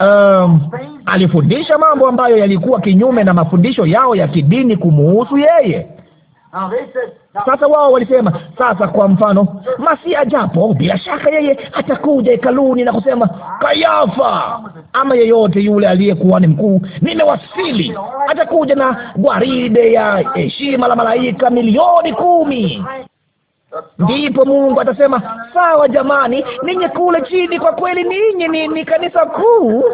uh, um, alifundisha mambo ambayo yalikuwa kinyume na mafundisho yao ya kidini kumuhusu yeye. Sasa wao walisema, sasa kwa mfano, masi ajapo, bila shaka yeye atakuja hekaluni na kusema, Kayafa ama yeyote yule aliyekuwa ni mkuu, nimewasili. Atakuja na gwaride ya heshima la malaika milioni kumi. Ndipo Mungu atasema sawa, jamani, ninyi kule chini, kwa kweli ninyi ni, ni kanisa kuu,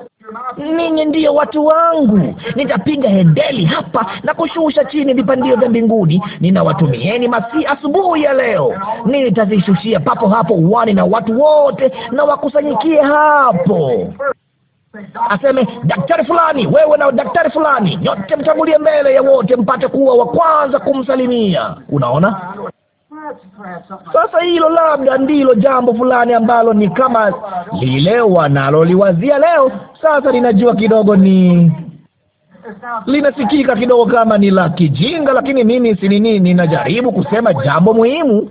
ninyi ndiyo watu wangu. Nitapiga hedeli hapa na kushusha chini vipandio vya mbinguni, ninawatumieni masi asubuhi ya leo. Nitazishushia papo hapo uwani, na watu wote na wakusanyikie hapo Aseme daktari fulani, wewe na daktari fulani, nyote mtangulie mbele ya wote, mpate kuwa wa kwanza kumsalimia. Unaona, sasa hilo labda ndilo jambo fulani ambalo ni kama lile wanaloliwazia leo. Sasa linajua kidogo ni linasikika kidogo kama ni la kijinga, lakini mimi si nini, ninajaribu kusema jambo muhimu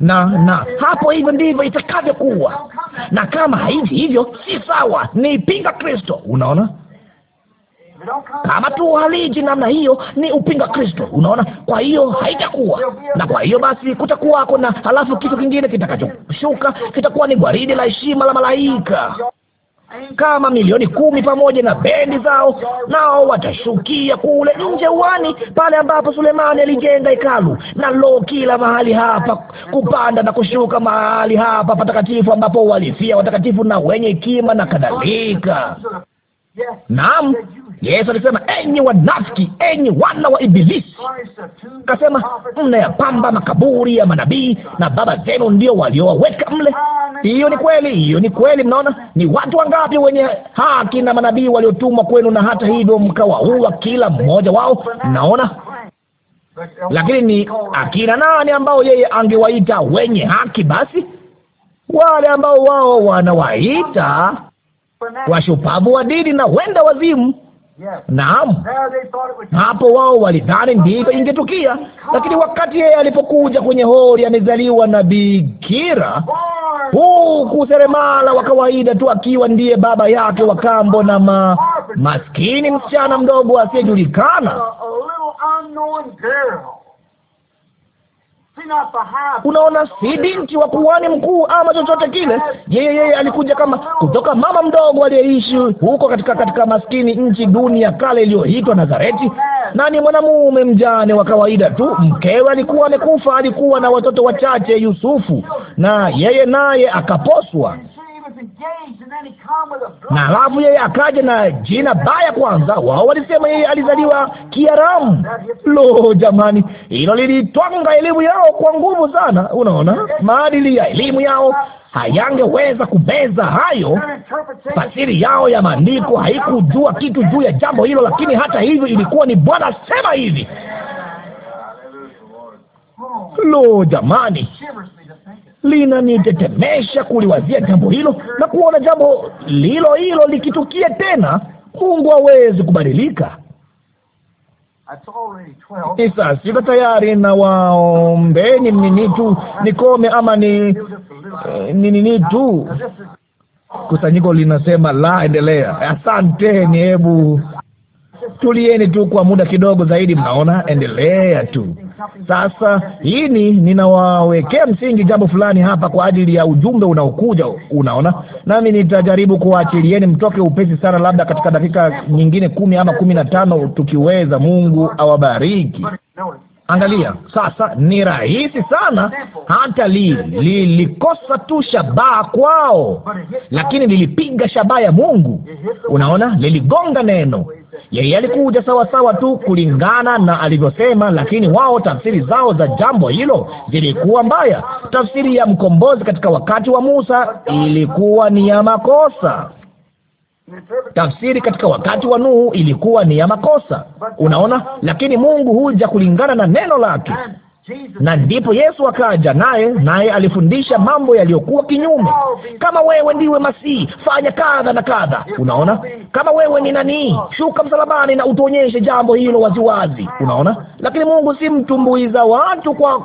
na na hapo, hivyo ndivyo itakavyokuwa, na kama hivi hivyo si sawa, ni pinga Kristo. Unaona? Kama tu haliji namna hiyo, ni upinga Kristo. Unaona, kwa hiyo haitakuwa na. Kwa hiyo basi kutakuwako na, halafu kitu kingine kitakachoshuka kitakuwa ni gwaride la heshima la malaika kama milioni kumi pamoja na bendi zao, nao watashukia kule nje uwani pale ambapo Sulemani alijenga hekalu. Na lo, kila mahali hapa kupanda na kushuka mahali hapa patakatifu ambapo walifia watakatifu na wenye hekima na kadhalika. Naam, Yesu alisema, enyi wanafiki, enyi wana wa Ibilisi. Akasema, mnayapamba makaburi ya manabii na baba zenu ndio waliowaweka mle. Hiyo ni kweli, hiyo ni kweli. Mnaona ni watu wangapi wenye haki na manabii waliotumwa kwenu, na hata hivyo mkawaua kila mmoja wao. Mnaona lakini ni akina nani ambao yeye angewaita wenye haki? Basi wale ambao wao wanawaita washupavu wa dini na wenda wazimu. Naam, hapo wao walidhani ndivyo ingetukia, lakini wakati yeye alipokuja kwenye hori amezaliwa na bikira, huku seremala wa kawaida tu akiwa ndiye baba yake wa kambo na ma, maskini msichana mdogo asiyejulikana Unaona, si binti wa kuhani mkuu ama chochote kile. Yeye yeye alikuja kama kutoka mama mdogo aliyeishi huko katika katika maskini nchi duni ya kale iliyoitwa Nazareti, na ni mwanamume mjane wa kawaida tu. Mkewe alikuwa amekufa, alikuwa na watoto wachache, Yusufu, na yeye naye akaposwa na alafu yeye akaja na jina baya kwanza. Wao walisema yeye alizaliwa Kiaramu. Lo, jamani, hilo lilitwanga elimu yao kwa nguvu sana. Unaona, maadili ya elimu yao hayangeweza kumeza hayo. Fasiri yao ya maandiko haikujua kitu juu ya jambo hilo, lakini hata hivyo ilikuwa ni Bwana sema hivi. Lo, jamani, linanitetemesha kuliwazia jambo hilo na kuona jambo lilo hilo likitukia tena. Mungu hawezi kubadilika. Ni saa sita tayari, na waombeni nini tu nikome ama ni eh, ni tu. Kusanyiko linasema la, endelea. Asanteni, hebu tulieni tu kwa muda kidogo zaidi. Mnaona, endelea tu. Sasa hili ninawawekea msingi jambo fulani hapa kwa ajili ya ujumbe unaokuja, unaona, nami nitajaribu kuwaachilieni mtoke upesi sana, labda katika dakika nyingine kumi ama kumi na tano tukiweza. Mungu awabariki. Angalia sasa, ni rahisi sana, hata lilikosa li, tu shabaha kwao, lakini lilipiga shabaha ya Mungu. Unaona, liligonga neno. Yeye alikuja sawasawa tu kulingana na alivyosema, lakini wao tafsiri zao za jambo hilo zilikuwa mbaya. Tafsiri ya mkombozi katika wakati wa Musa ilikuwa ni ya makosa. Tafsiri katika wakati wa Nuhu ilikuwa ni ya makosa, unaona. Lakini Mungu huja kulingana na neno lake, na ndipo Yesu akaja naye, naye alifundisha mambo yaliyokuwa kinyume. Kama wewe ndiwe Masihi, fanya kadha na kadha, unaona. Kama wewe ni nani, shuka msalabani na utuonyeshe jambo hilo waziwazi, unaona. Lakini Mungu si mtumbuiza watu kwa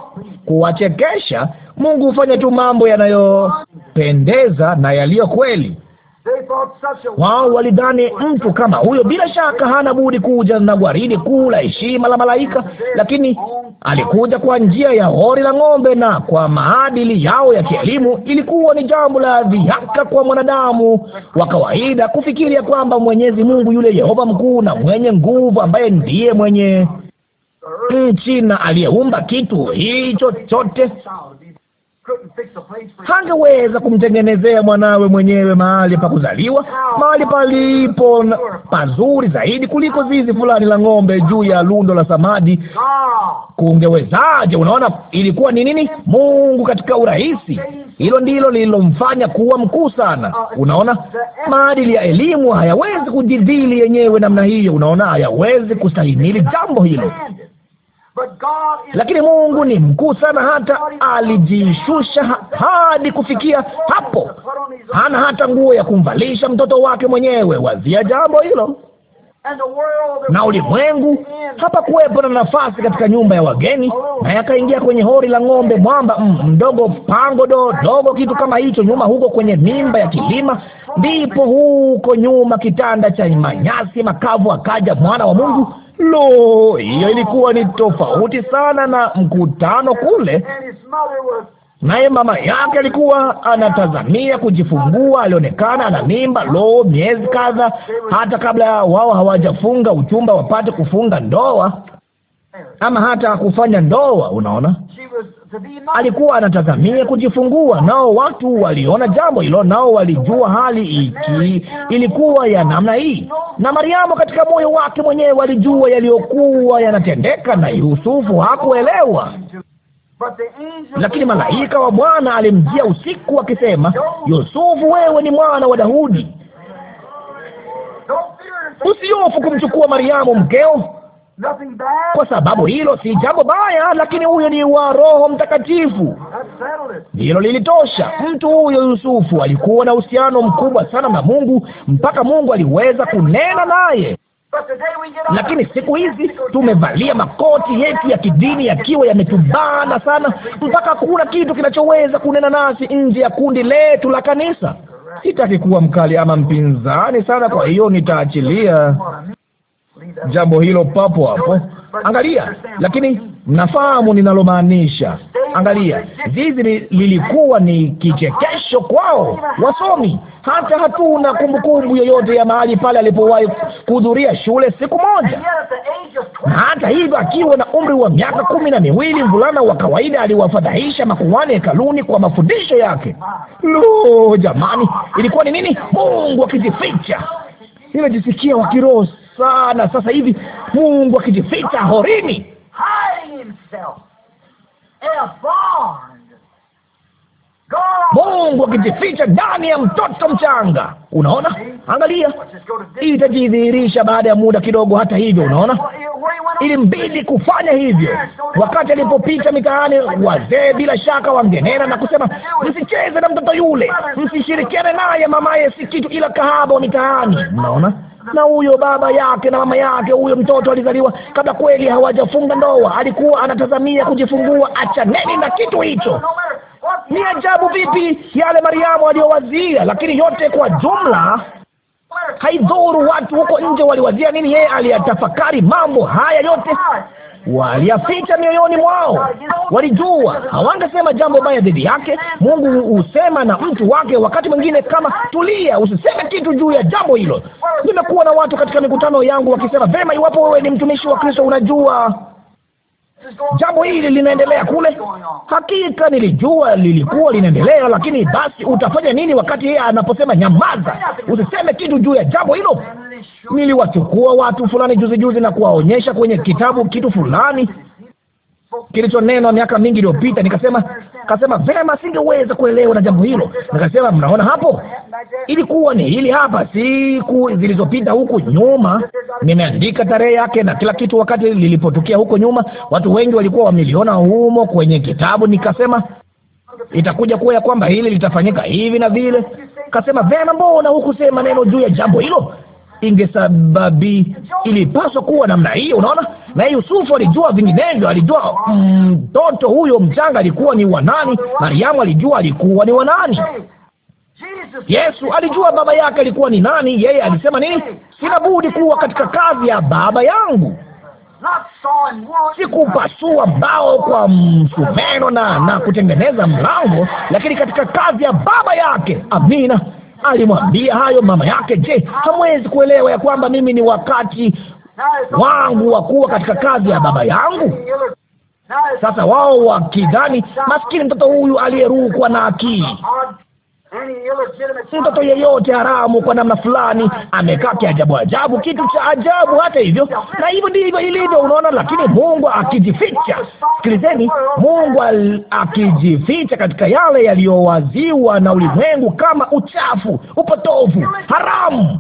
kuwachekesha. Mungu hufanya tu mambo yanayopendeza na yaliyo kweli. Wao walidhani mtu kama huyo bila shaka hana budi kuja na gwaridi kuu la heshima la malaika, lakini alikuja kwa njia ya hori la ng'ombe, na kwa maadili yao ya kielimu ilikuwa ni jambo la dhihaka kwa mwanadamu wa kawaida kufikiria kwamba Mwenyezi Mungu yule Yehova mkuu na mwenye nguvu, ambaye ndiye mwenye nchi na aliyeumba kitu hicho chote hangeweza kumtengenezea mwanawe mwenyewe mahali pa kuzaliwa, mahali palipo pazuri zaidi kuliko zizi fulani la ng'ombe juu ya lundo la samadi. Kungewezaje? Unaona, ilikuwa ni nini? Mungu katika urahisi. Hilo ndilo lililomfanya kuwa mkuu sana. Unaona, maadili ya elimu hayawezi kujidhili yenyewe namna hiyo. Unaona, hayawezi kustahimili jambo hilo. Lakini Mungu ni mkuu sana, hata alijishusha hadi kufikia hapo. Hana hata nguo ya kumvalisha mtoto wake mwenyewe. Wazia jambo hilo. Na ulimwengu hapakuwepo na nafasi katika nyumba ya wageni, na yakaingia kwenye hori la ng'ombe mwamba mm, mdogo, pango do, dogo, kitu kama hicho, nyuma huko kwenye mimba ya kilima, ndipo huko nyuma kitanda cha manyasi makavu, akaja mwana wa Mungu Lo, hiyo ilikuwa ni tofauti sana na mkutano kule. Naye mama yake alikuwa anatazamia kujifungua, alionekana ana mimba, lo, miezi kadha, hata kabla wao hawajafunga uchumba wapate kufunga ndoa ama hata kufanya ndoa. Unaona, alikuwa anatazamia kujifungua, nao watu waliona jambo hilo, nao walijua hali iki ilikuwa ya namna hii, na Mariamu katika moyo wake mwenyewe walijua yaliyokuwa yanatendeka, na Yusufu hakuelewa. Lakini malaika wa Bwana alimjia usiku akisema, Yusufu, wewe ni mwana wa Daudi, usiofu kumchukua Mariamu mkeo kwa sababu hilo si jambo baya, lakini huyo ni wa Roho Mtakatifu. Hilo lilitosha. Mtu huyo Yusufu alikuwa na uhusiano mkubwa sana na Mungu mpaka Mungu aliweza kunena naye. Lakini siku hizi tumevalia makoti yetu ya kidini yakiwa yametubana sana, mpaka hakuna kitu kinachoweza kunena nasi nje ya kundi letu la kanisa. Sitaki kuwa mkali ama mpinzani sana, kwa hiyo nitaachilia jambo hilo papo hapo. Angalia, lakini mnafahamu ninalomaanisha. Angalia, zizi lilikuwa ni kichekesho kwao wasomi. Hata hatuna kumbukumbu yoyote ya mahali pale alipowahi kuhudhuria shule siku moja. Na hata hivyo, akiwa na umri wa miaka kumi na miwili, mvulana wa kawaida aliwafadhaisha makuhani hekaluni kwa mafundisho yake. Lo, jamani, ilikuwa ni nini? Mungu akijificha. Nimejisikia wa sana sasa hivi, Mungu akijificha horini Mungu akijificha ndani ya mtoto mchanga. Unaona, angalia, itajidhihirisha baada ya muda kidogo. Hata hivyo, unaona, ilimbidi kufanya hivyo. Wakati alipopita mitaani, wazee bila shaka wangenena na kusema, msicheze na mtoto yule, msishirikiane naye, mamaye si kitu ila kahaba wa mitaani. Unaona na huyo baba yake na mama yake, huyo mtoto alizaliwa kabla kweli hawajafunga ndoa, alikuwa anatazamia kujifungua. Achaneni na kitu hicho. Ni ajabu vipi yale Mariamu aliyowazia, lakini yote kwa jumla haidhuru watu huko nje waliwazia nini. Yeye aliyatafakari mambo haya yote waliyaficha mioyoni mwao. Walijua hawangesema jambo baya dhidi yake. Mungu husema na mtu wake wakati mwingine, kama tulia, usiseme kitu juu ya jambo hilo. Nimekuwa na watu katika mikutano yangu wakisema, vema, iwapo wewe ni mtumishi wa Kristo, unajua jambo hili linaendelea kule. Hakika nilijua lilikuwa linaendelea, lakini basi utafanya nini wakati yeye anaposema nyamaza, usiseme kitu juu ya jambo hilo? Niliwachukua watu fulani juzi juzi na kuwaonyesha kwenye kitabu kitu fulani kilichonenwa miaka mingi iliyopita. Nikasema kasema vema, singeweza kuelewa na jambo hilo. Nikasema mnaona hapo, ilikuwa ni hili hapa, siku zilizopita huku nyuma, nimeandika tarehe yake na kila kitu, wakati lilipotukia huko nyuma. Watu wengi walikuwa wameliona humo kwenye kitabu. Nikasema itakuja kuwa ya kwamba hili litafanyika hivi na vile. Kasema vema, mbona hukusema neno juu ya jambo hilo? Ingesababi, ilipaswa kuwa namna hiyo. Unaona, na Yusufu alijua vinginevyo, alijua mm, mtoto mm, huyo mchanga alikuwa ni wanani. Mariamu alijua alikuwa ni wanani. Yesu alijua baba yake alikuwa ni nani. Yeye alisema nini? Sina budi kuwa katika kazi ya baba yangu. Sikupasua bao kwa msumeno na, na kutengeneza mlango, lakini katika kazi ya baba yake. Amina. Alimwambia hayo mama yake. Je, hamwezi kuelewa ya kwamba mimi ni wakati wangu wakuwa katika kazi ya Baba yangu. Sasa wao wakidhani, maskini mtoto huyu aliyerukwa na akili mtoto yeyote haramu kwa namna fulani amekaa kiajabu ajabu, kitu cha ajabu. Hata hivyo, na hivyo ndivyo ilivyo, unaona. Lakini Mungu akijificha, sikilizeni, Mungu akijificha katika yale yaliyowaziwa na ulimwengu kama uchafu, upotovu, haramu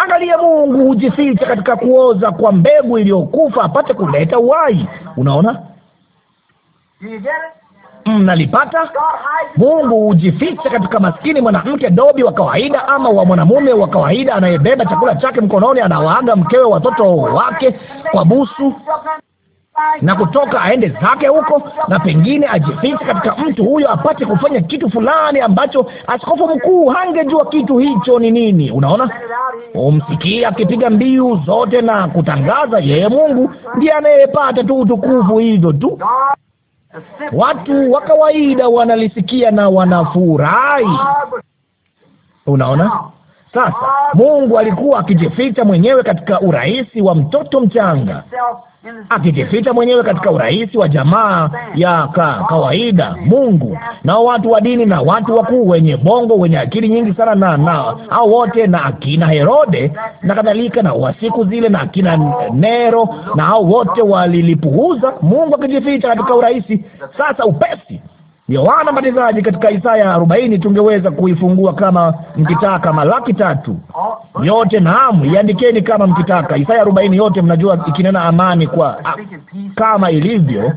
Angalia, Mungu hujificha katika kuoza kwa mbegu iliyokufa apate kuleta uhai. Unaona, mnalipata? Mungu hujificha katika maskini mwanamke dobi wa kawaida, ama wa mwanamume wa kawaida anayebeba chakula chake mkononi, anawaaga mkewe, watoto wake kwa busu na kutoka aende zake huko, na pengine ajifiche katika mtu huyo, apate kufanya kitu fulani ambacho askofu mkuu hangejua kitu hicho ni nini. Unaona, umsikia akipiga mbiu zote na kutangaza yeye Mungu ndiye anayepata tu utukufu, hivyo tu. Watu wa kawaida wanalisikia na wanafurahi. Unaona sasa Mungu alikuwa akijificha mwenyewe katika urahisi wa mtoto mchanga, akijificha mwenyewe katika urahisi wa jamaa ya ka, kawaida. Mungu na watu wa dini na watu wakuu wenye bongo wenye akili nyingi sana na na au wote na akina Herode na kadhalika na wa siku zile na akina Nero na hao wote walilipuuza Mungu, akijificha katika urahisi. Sasa upesi Yohana Mbatizaji katika Isaya arobaini. Tungeweza kuifungua kama mkitaka, Malaki tatu yote, naam, iandikeni kama mkitaka. Isaya arobaini yote, mnajua ikinena amani kwa a, kama ilivyo.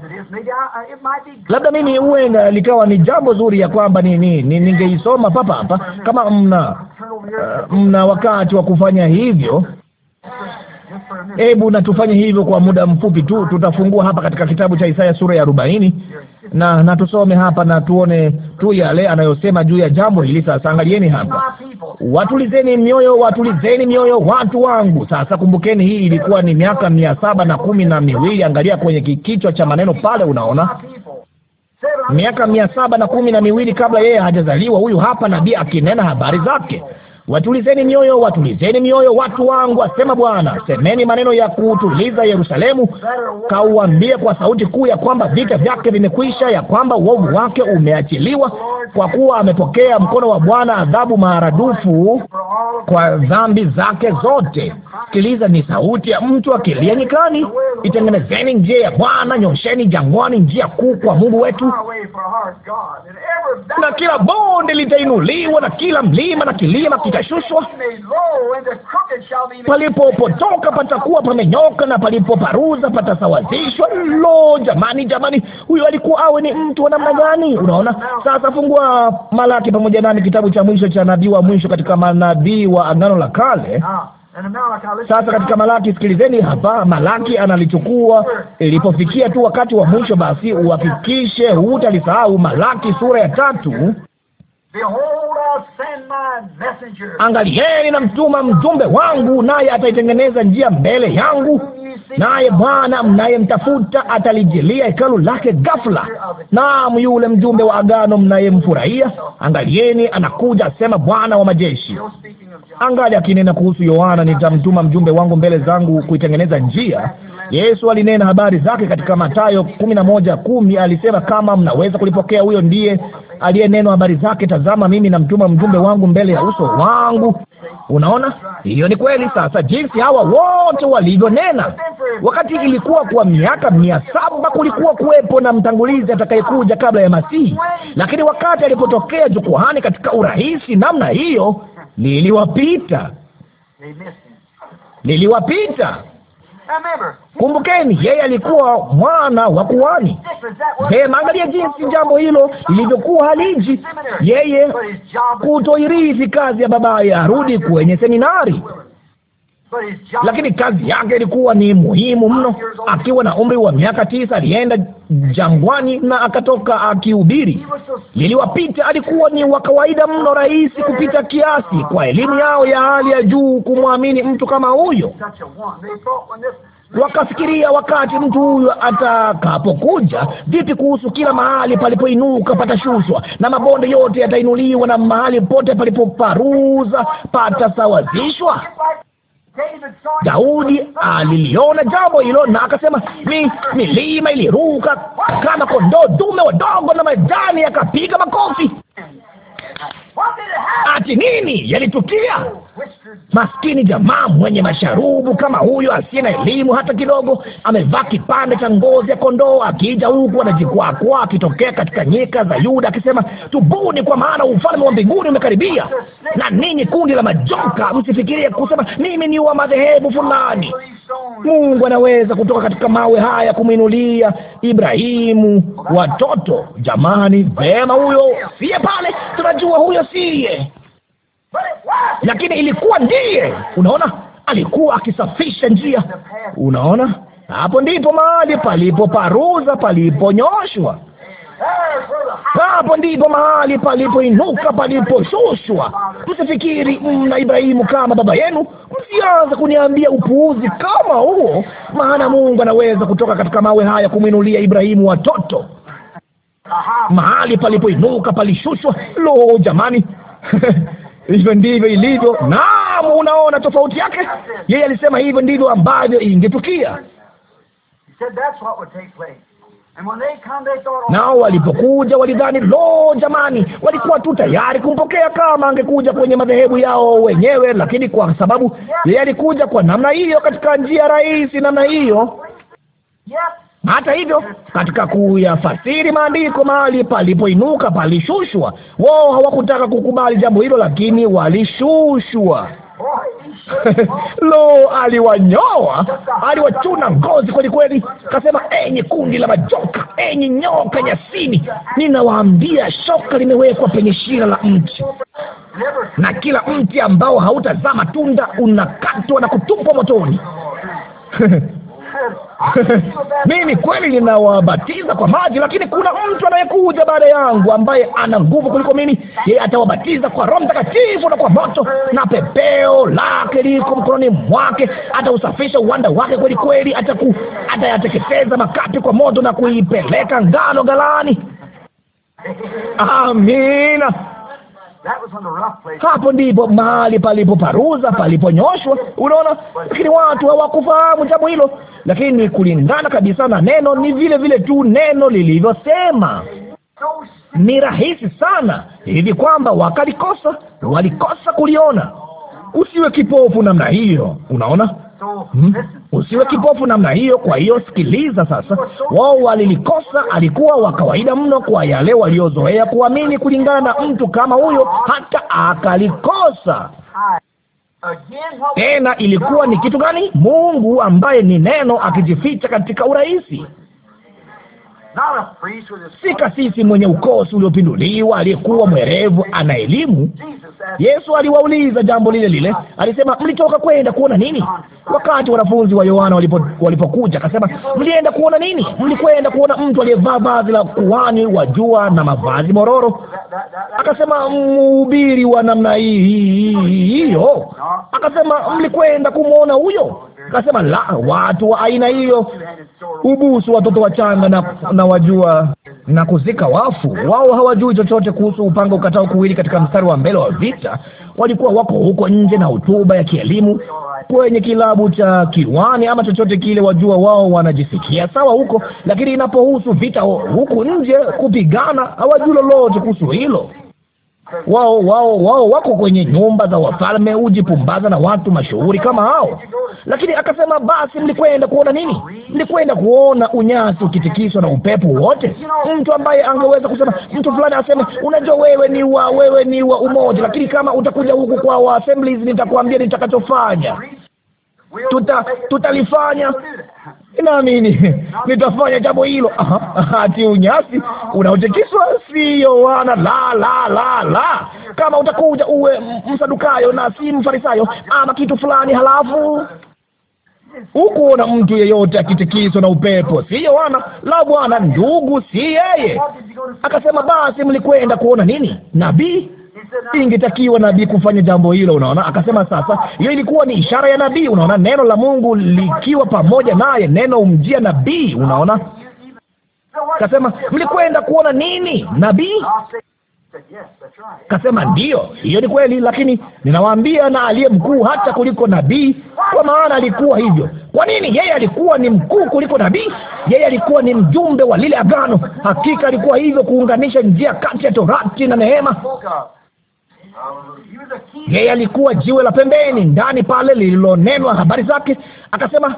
Labda mimi huenda likawa ni jambo zuri ya kwamba ni, ni, ni ningeisoma papa hapa kama mna uh, mna wakati wa kufanya hivyo Hebu na tufanye hivyo kwa muda mfupi tu. Tutafungua hapa katika kitabu cha Isaya sura ya arobaini na na tusome hapa na tuone tu yale anayosema juu ya jambo hili. Sasa angalieni hapa, watulizeni mioyo, watulizeni mioyo watu wangu. Sasa kumbukeni, hii ilikuwa ni miaka mia saba na kumi na miwili. Angalia kwenye kichwa cha maneno pale, unaona miaka mia saba na kumi na miwili kabla yeye hajazaliwa, huyu hapa nabii akinena habari zake. Watulizeni mioyo, watulizeni mioyo, watu wangu, asema Bwana. Semeni maneno ya kuutuliza Yerusalemu, kauambie kwa sauti kuu ya kwamba vita vyake vimekwisha, ya kwamba uovu wake umeachiliwa, kwa kuwa amepokea mkono wa Bwana adhabu maradufu kwa dhambi zake zote. Sikiliza, ni sauti ya mtu akilia nyikani. Itengenezeni njia ya Bwana, nyosheni jangwani njia kuu kwa Mungu wetu, na kila bonde litainuliwa na kila mlima na kilima utashushwa, palipopotoka patakuwa pamenyoka, na palipoparuza patasawazishwa. Lo, jamani, jamani, huyo alikuwa awe ni mtu wa namna gani? Unaona, sasa fungua Malaki pamoja nami, kitabu cha mwisho cha nabii wa mwisho katika manabii wa Agano la Kale. Ah, sasa katika Malaki, sikilizeni hapa. Malaki analichukua ilipofikia tu wakati wa mwisho, basi uhakikishe hutalisahau. Malaki sura ya tatu Angalieni, namtuma mjumbe wangu, naye ataitengeneza njia mbele yangu. Naye Bwana mnayemtafuta atalijilia hekalu lake ghafla. Naam, yule mjumbe wa agano mnayemfurahia, angalieni, anakuja, asema Bwana wa majeshi. Angali akinena kuhusu Yohana, nitamtuma mjumbe wangu mbele zangu kuitengeneza njia. Yesu alinena habari zake katika Mathayo kumi na moja kumi alisema, kama mnaweza kulipokea, huyo ndiye aliyenenwa habari zake, tazama, mimi namtuma mjumbe wangu mbele ya uso wangu. Unaona, hiyo ni kweli. Sasa jinsi hawa wote walivyonena, wakati ilikuwa kwa miaka mia saba kulikuwa kuwepo na mtangulizi atakayekuja kabla ya Masihi, lakini wakati alipotokea jukwaani katika urahisi namna hiyo, liliwapita liliwapita Kumbukeni, yeye alikuwa mwana wa kuhani. Vema, angalia jinsi jambo hilo lilivyokuwa haliji yeye kutoirithi kazi ya babaye, arudi kwenye seminari lakini kazi yake ilikuwa ni muhimu mno. Akiwa na umri wa miaka tisa alienda jangwani na akatoka akihubiri. Liliwapita, alikuwa ni wa kawaida mno, rahisi kupita kiasi kwa elimu yao ya hali ya juu kumwamini mtu kama huyo. Wakafikiria wakati mtu huyu atakapokuja, vipi kuhusu kila mahali palipoinuka patashushwa, na mabonde yote yatainuliwa, na mahali pote palipoparuza patasawazishwa. Daudi aliliona jambo hilo na akasema, mi milima iliruka kama kondoo dume wadogo na majani yakapiga makofi. Ati nini yalitukia? Maskini jamaa mwenye masharubu kama huyo, asiye na elimu hata kidogo, amevaa kipande cha ngozi ya kondoo, akija huku anajikwakwa akitokea katika nyika za Yuda akisema, tubuni, kwa maana ufalme wa mbinguni umekaribia. Na ninyi kundi la majoka, msifikirie kusema mimi ni wa madhehebu fulani. Mungu anaweza kutoka katika mawe haya kumwinulia Ibrahimu watoto. Jamani, vema, huyo siye pale, tunajua huyo siye, lakini ilikuwa ndiye. Unaona, alikuwa akisafisha njia. Unaona, hapo ndipo mahali palipoparuza, paliponyoshwa hapo ndipo mahali palipoinuka, paliposhushwa. Msifikiri mna mm, Ibrahimu kama baba yenu, msianze kuniambia upuuzi kama huo, maana Mungu anaweza kutoka katika mawe haya kumwinulia Ibrahimu watoto mahali palipoinuka palishushwa. Lo, jamani! Hivyo ndivyo ilivyo. Naam, unaona tofauti yake. Yeye alisema hivyo ndivyo ambavyo ingetukia. Nao walipokuja walidhani, lo jamani, walikuwa tu tayari kumpokea kama angekuja kwenye madhehebu yao wenyewe, lakini kwa sababu yeye alikuja kwa namna hiyo, katika njia rahisi namna hiyo hata hivyo, katika kuyafasiri maandiko, mahali palipoinuka palishushwa. Wao hawakutaka kukubali jambo hilo, lakini walishushwa. Lo, aliwanyoa, aliwachuna ngozi kweli kweli. Kasema, enyi kundi la majoka, enyi nyoka nyasini, ninawaambia shoka limewekwa penye shina la mti, na kila mti ambao hautazaa matunda unakatwa na kutupwa motoni. mimi kweli ninawabatiza kwa maji, lakini kuna mtu anayekuja baada yangu ambaye ana nguvu kuliko mimi. Yeye atawabatiza kwa Roho Mtakatifu na kwa moto, na pepeo lake liko mkononi mwake, atausafisha uwanda wake kweli kweli, ataku atayateketeza makapi kwa moto na kuipeleka ngano galani Amina. Hapo ndipo mahali palipoparuza, paliponyoshwa, unaona. Lakini watu hawakufahamu jambo hilo, lakini kulingana kabisa na neno, ni vile vile tu neno lilivyosema. Ni rahisi sana hivi kwamba wakalikosa, walikosa kuliona. Usiwe kipofu namna hiyo, unaona. Hmm? Usiwe kipofu namna hiyo. Kwa hiyo sikiliza sasa, wao walilikosa. Alikuwa wa kawaida mno kwa yale waliozoea kuamini, kulingana na mtu kama huyo, hata akalikosa tena. Ilikuwa ni kitu gani? Mungu ambaye ni neno akijificha katika urahisi si kasisi mwenye ukosi uliopinduliwa, aliyekuwa mwerevu, ana elimu. Yesu aliwauliza jambo lile lile, alisema mlitoka kwenda kuona nini? Wakati wanafunzi wa Yohana walipokuja akasema mlienda kuona nini? Mlikwenda kuona mtu aliyevaa vazi la kuhani wa jua na mavazi mororo? Akasema mhubiri wa namna hii hiyo? Akasema mlikwenda kumwona huyo? Kasema la, watu wa aina hiyo ubusu watoto wachanga na, na wajua na kuzika wafu wao. Hawajui chochote kuhusu upanga ukatao kuwili katika mstari wa mbele wa vita. Walikuwa wako huko nje na hotuba ya kielimu kwenye kilabu cha kiwani ama chochote kile. Wajua wao wanajisikia sawa huko, lakini inapohusu vita huku nje kupigana, hawajui lolote kuhusu hilo wao wao wao wako kwenye nyumba za wafalme, hujipumbaza na watu mashuhuri kama hao. Lakini akasema, basi mlikwenda kuona nini? Mlikwenda kuona unyasi ukitikiswa na upepo wote? Mtu ambaye angeweza kusema, mtu fulani aseme, unajua wewe ni wa wewe ni wa umoja, lakini kama utakuja huku kwa wa assemblies, nitakwambia nitakachofanya tuta tutalifanya. naamini nitafanya jambo hilo. Ati unyasi unaotikiswa si Yohana. La, la, la, la! Kama utakuja uwe msadukayo na si mfarisayo ama kitu fulani, halafu hukuona mtu yeyote akitikiswa na upepo, si Yohana. La, bwana ndugu, si yeye. Akasema, basi mlikwenda kuona nini? Nabii? ingetakiwa nabii kufanya jambo hilo, unaona. Akasema sasa, hiyo ilikuwa ni ishara ya nabii, unaona, neno la Mungu likiwa pamoja naye, neno umjia nabii, unaona. Kasema mlikwenda kuona nini? Nabii? Kasema ndiyo, hiyo ni kweli, lakini ninawaambia na aliye mkuu hata kuliko nabii, kwa maana alikuwa hivyo. Kwa nini? Yeye alikuwa ni mkuu kuliko nabii, yeye alikuwa ni mjumbe wa lile agano. Hakika alikuwa hivyo, kuunganisha njia kati ya torati na neema. Yeye alikuwa jiwe la pembeni ndani pale lililonenwa habari zake, akasema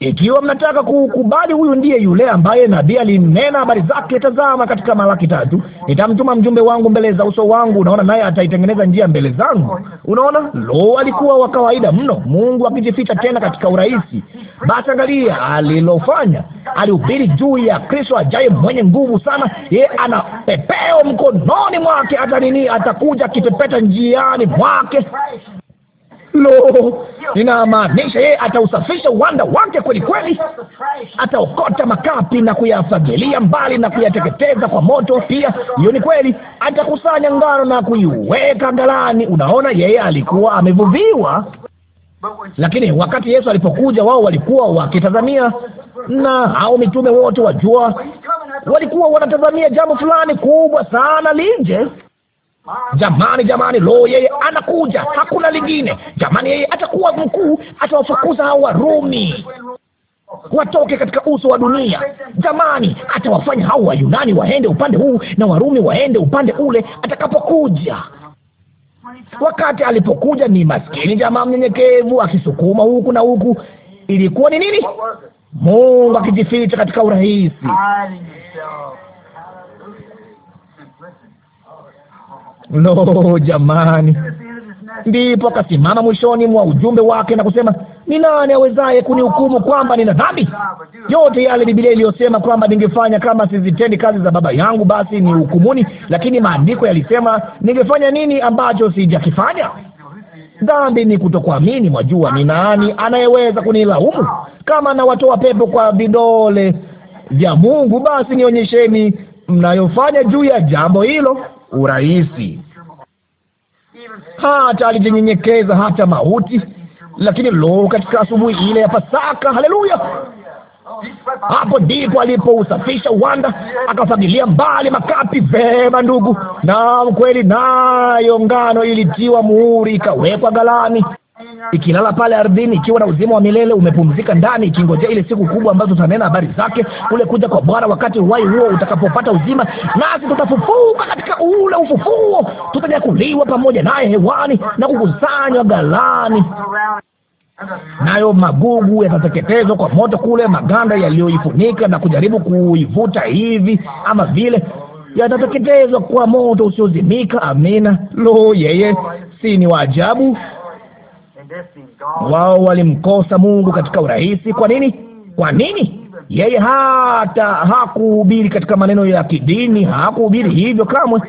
ikiwa mnataka kukubali, huyu ndiye yule ambaye nabii alinena habari zake. Tazama katika Malaki tatu, nitamtuma mjumbe wangu mbele za uso wangu, unaona, naye ataitengeneza njia mbele zangu. Unaona, lo, alikuwa wa kawaida mno, Mungu akijificha tena katika urahisi. Basi angalia alilofanya, alihubiri juu ya Kristo ajaye mwenye nguvu sana. Ye ana pepeo mkononi mwake, hata nini, atakuja akipepeta njiani mwake. Lo, ninamaanisha yeye atausafisha uwanda wake kweli kweli, ataokota makapi na kuyafagilia mbali na kuyateketeza kwa moto. Pia hiyo ni kweli, atakusanya ngano na kuiweka ghalani. Unaona, yeye alikuwa amevuviwa lakini wakati Yesu alipokuja wao walikuwa wakitazamia, na hao mitume wote wajua, walikuwa wanatazamia jambo fulani kubwa sana linje. Jamani, jamani, lo, yeye anakuja, hakuna lingine. Jamani, yeye atakuwa mkuu, atawafukuza hao Warumi watoke katika uso wa dunia. Jamani, atawafanya hao Wayunani waende upande huu na Warumi waende upande ule atakapokuja. Wakati alipokuja, ni maskini jamaa mnyenyekevu akisukuma huku na huku. Ilikuwa ni nini? Mungu akijificha katika urahisi. No jamani! Ndipo akasimama mwishoni mwa ujumbe wake na kusema, ni nani awezaye kunihukumu kwamba nina dhambi? Yote yale Biblia iliyosema kwamba ningefanya kama sizitendi kazi za Baba yangu, basi ni hukumuni. Lakini maandiko yalisema, ningefanya nini ambacho sijakifanya? Dhambi ni kutokuamini. Mwajua, ni nani anayeweza kunilaumu? Kama nawatoa pepo kwa vidole vya Mungu, basi nionyesheni mnayofanya juu ya jambo hilo urahisi. Hata alijinyenyekeza hata mauti. Lakini lo, katika asubuhi ile ya Pasaka, haleluya! Hapo ndipo alipousafisha uwanda, akafagilia mbali makapi. Vema ndugu, na kweli nayo ngano ilitiwa muhuri, ikawekwa galani ikilala pale ardhini ikiwa na uzima wa milele umepumzika ndani, ikingojea ile siku kubwa ambazo tutanena habari zake, kule kuja kwa Bwana. Wakati uwai huo utakapopata uzima, nasi tutafufuka katika ule ufufuo, tutanyakuliwa pamoja naye hewani na kukusanywa ghalani, nayo magugu yatateketezwa kwa moto kule, maganda yaliyoifunika na kujaribu kuivuta hivi ama vile yatateketezwa kwa moto usiozimika. Amina. Lo, yeye si ni waajabu! Wao walimkosa Mungu katika urahisi. Kwa nini? Kwa nini? Yeye hata hakuhubiri katika maneno ya kidini, hakuhubiri hivyo kamwe,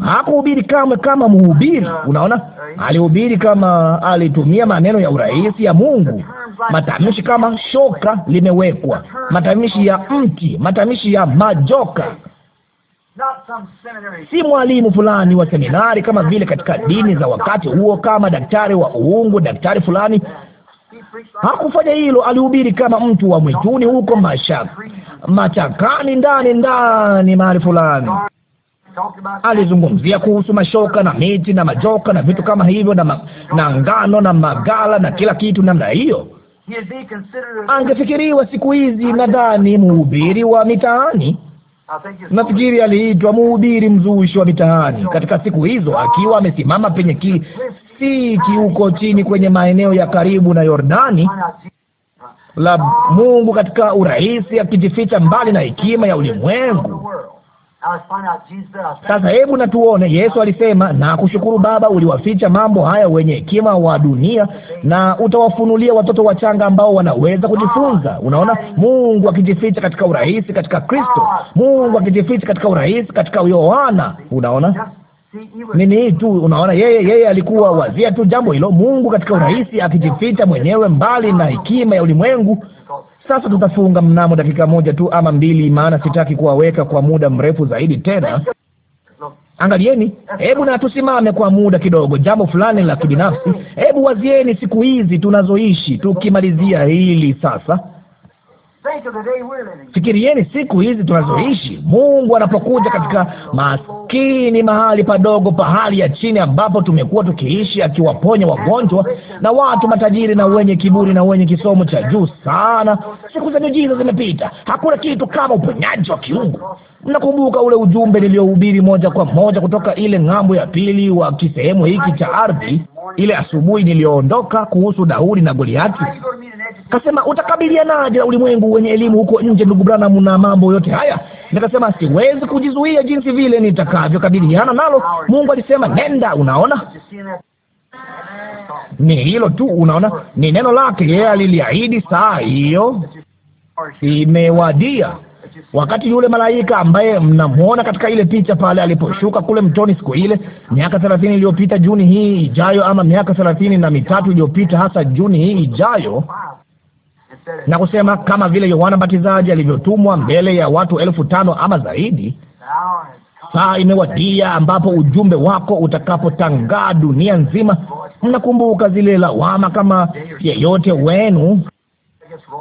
hakuhubiri kamwe kama mhubiri. Unaona, alihubiri kama, alitumia maneno ya urahisi ya Mungu, matamshi kama shoka limewekwa, matamshi ya mti, matamshi ya majoka si mwalimu fulani wa seminari, kama vile katika dini za wakati huo, kama daktari wa uungu, daktari fulani hakufanya hilo. Alihubiri kama mtu wa mwituni huko masha machakani, ndani ndani, mahali fulani. Alizungumzia kuhusu mashoka na miti na majoka na vitu kama hivyo na, ma, na ngano na magala na kila kitu namna hiyo. Angefikiriwa siku hizi, nadhani mhubiri wa mitaani Nafikiri aliitwa mhubiri mzushi wa mitaani katika siku hizo, akiwa amesimama penye ki siki huko chini kwenye maeneo ya karibu na Yordani la Mungu katika urahisi, akijificha mbali na hekima ya ulimwengu. Sasa hebu na tuone. Yesu alisema, na kushukuru Baba, uliwaficha mambo haya wenye hekima wa dunia na utawafunulia watoto wachanga ambao wanaweza kujifunza. Unaona, Mungu akijificha katika urahisi katika Kristo, Mungu akijificha katika urahisi katika Yohana. Unaona nini hii tu? Unaona, yeye yeye alikuwa wazia tu jambo hilo, Mungu katika urahisi akijificha mwenyewe mbali na hekima ya ulimwengu sasa tutafunga mnamo dakika moja tu ama mbili, maana sitaki kuwaweka kwa muda mrefu zaidi tena. Angalieni, hebu na tusimame kwa muda kidogo, jambo fulani la kibinafsi. Hebu wazieni siku hizi tunazoishi, tukimalizia hili sasa Fikirieni siku hizi tunazoishi. Mungu anapokuja katika maskini mahali padogo pahali ya chini ambapo tumekuwa tukiishi, akiwaponya wagonjwa na watu matajiri na wenye kiburi na wenye kisomo cha juu sana. Siku za miujiza zimepita, hakuna kitu kama uponyaji wa kiungu. Mnakumbuka ule ujumbe niliohubiri moja kwa moja kutoka ile ng'ambo ya pili wa kisehemu hiki cha ardhi, ile asubuhi niliyoondoka kuhusu Daudi na Goliati? Kasema, utakabilianaje na ulimwengu wenye elimu huko nje, ndugu Branham, na mambo yote haya? Nikasema, siwezi kujizuia jinsi vile nitakavyokabiliana nalo. Mungu alisema nenda. Unaona, ni hilo tu. Unaona, ni neno lake. Yeye aliliahidi, saa hiyo imewadia. Wakati yule malaika ambaye mnamwona katika ile picha pale aliposhuka kule mtoni siku ile miaka thelathini iliyopita Juni hii ijayo, ama miaka thelathini na mitatu iliyopita hasa Juni hii ijayo na kusema kama vile Yohana Mbatizaji alivyotumwa mbele ya watu elfu tano ama zaidi. Saa imewadia ambapo ujumbe wako utakapotangaa dunia nzima. Mnakumbuka zile lawama, kama yeyote wenu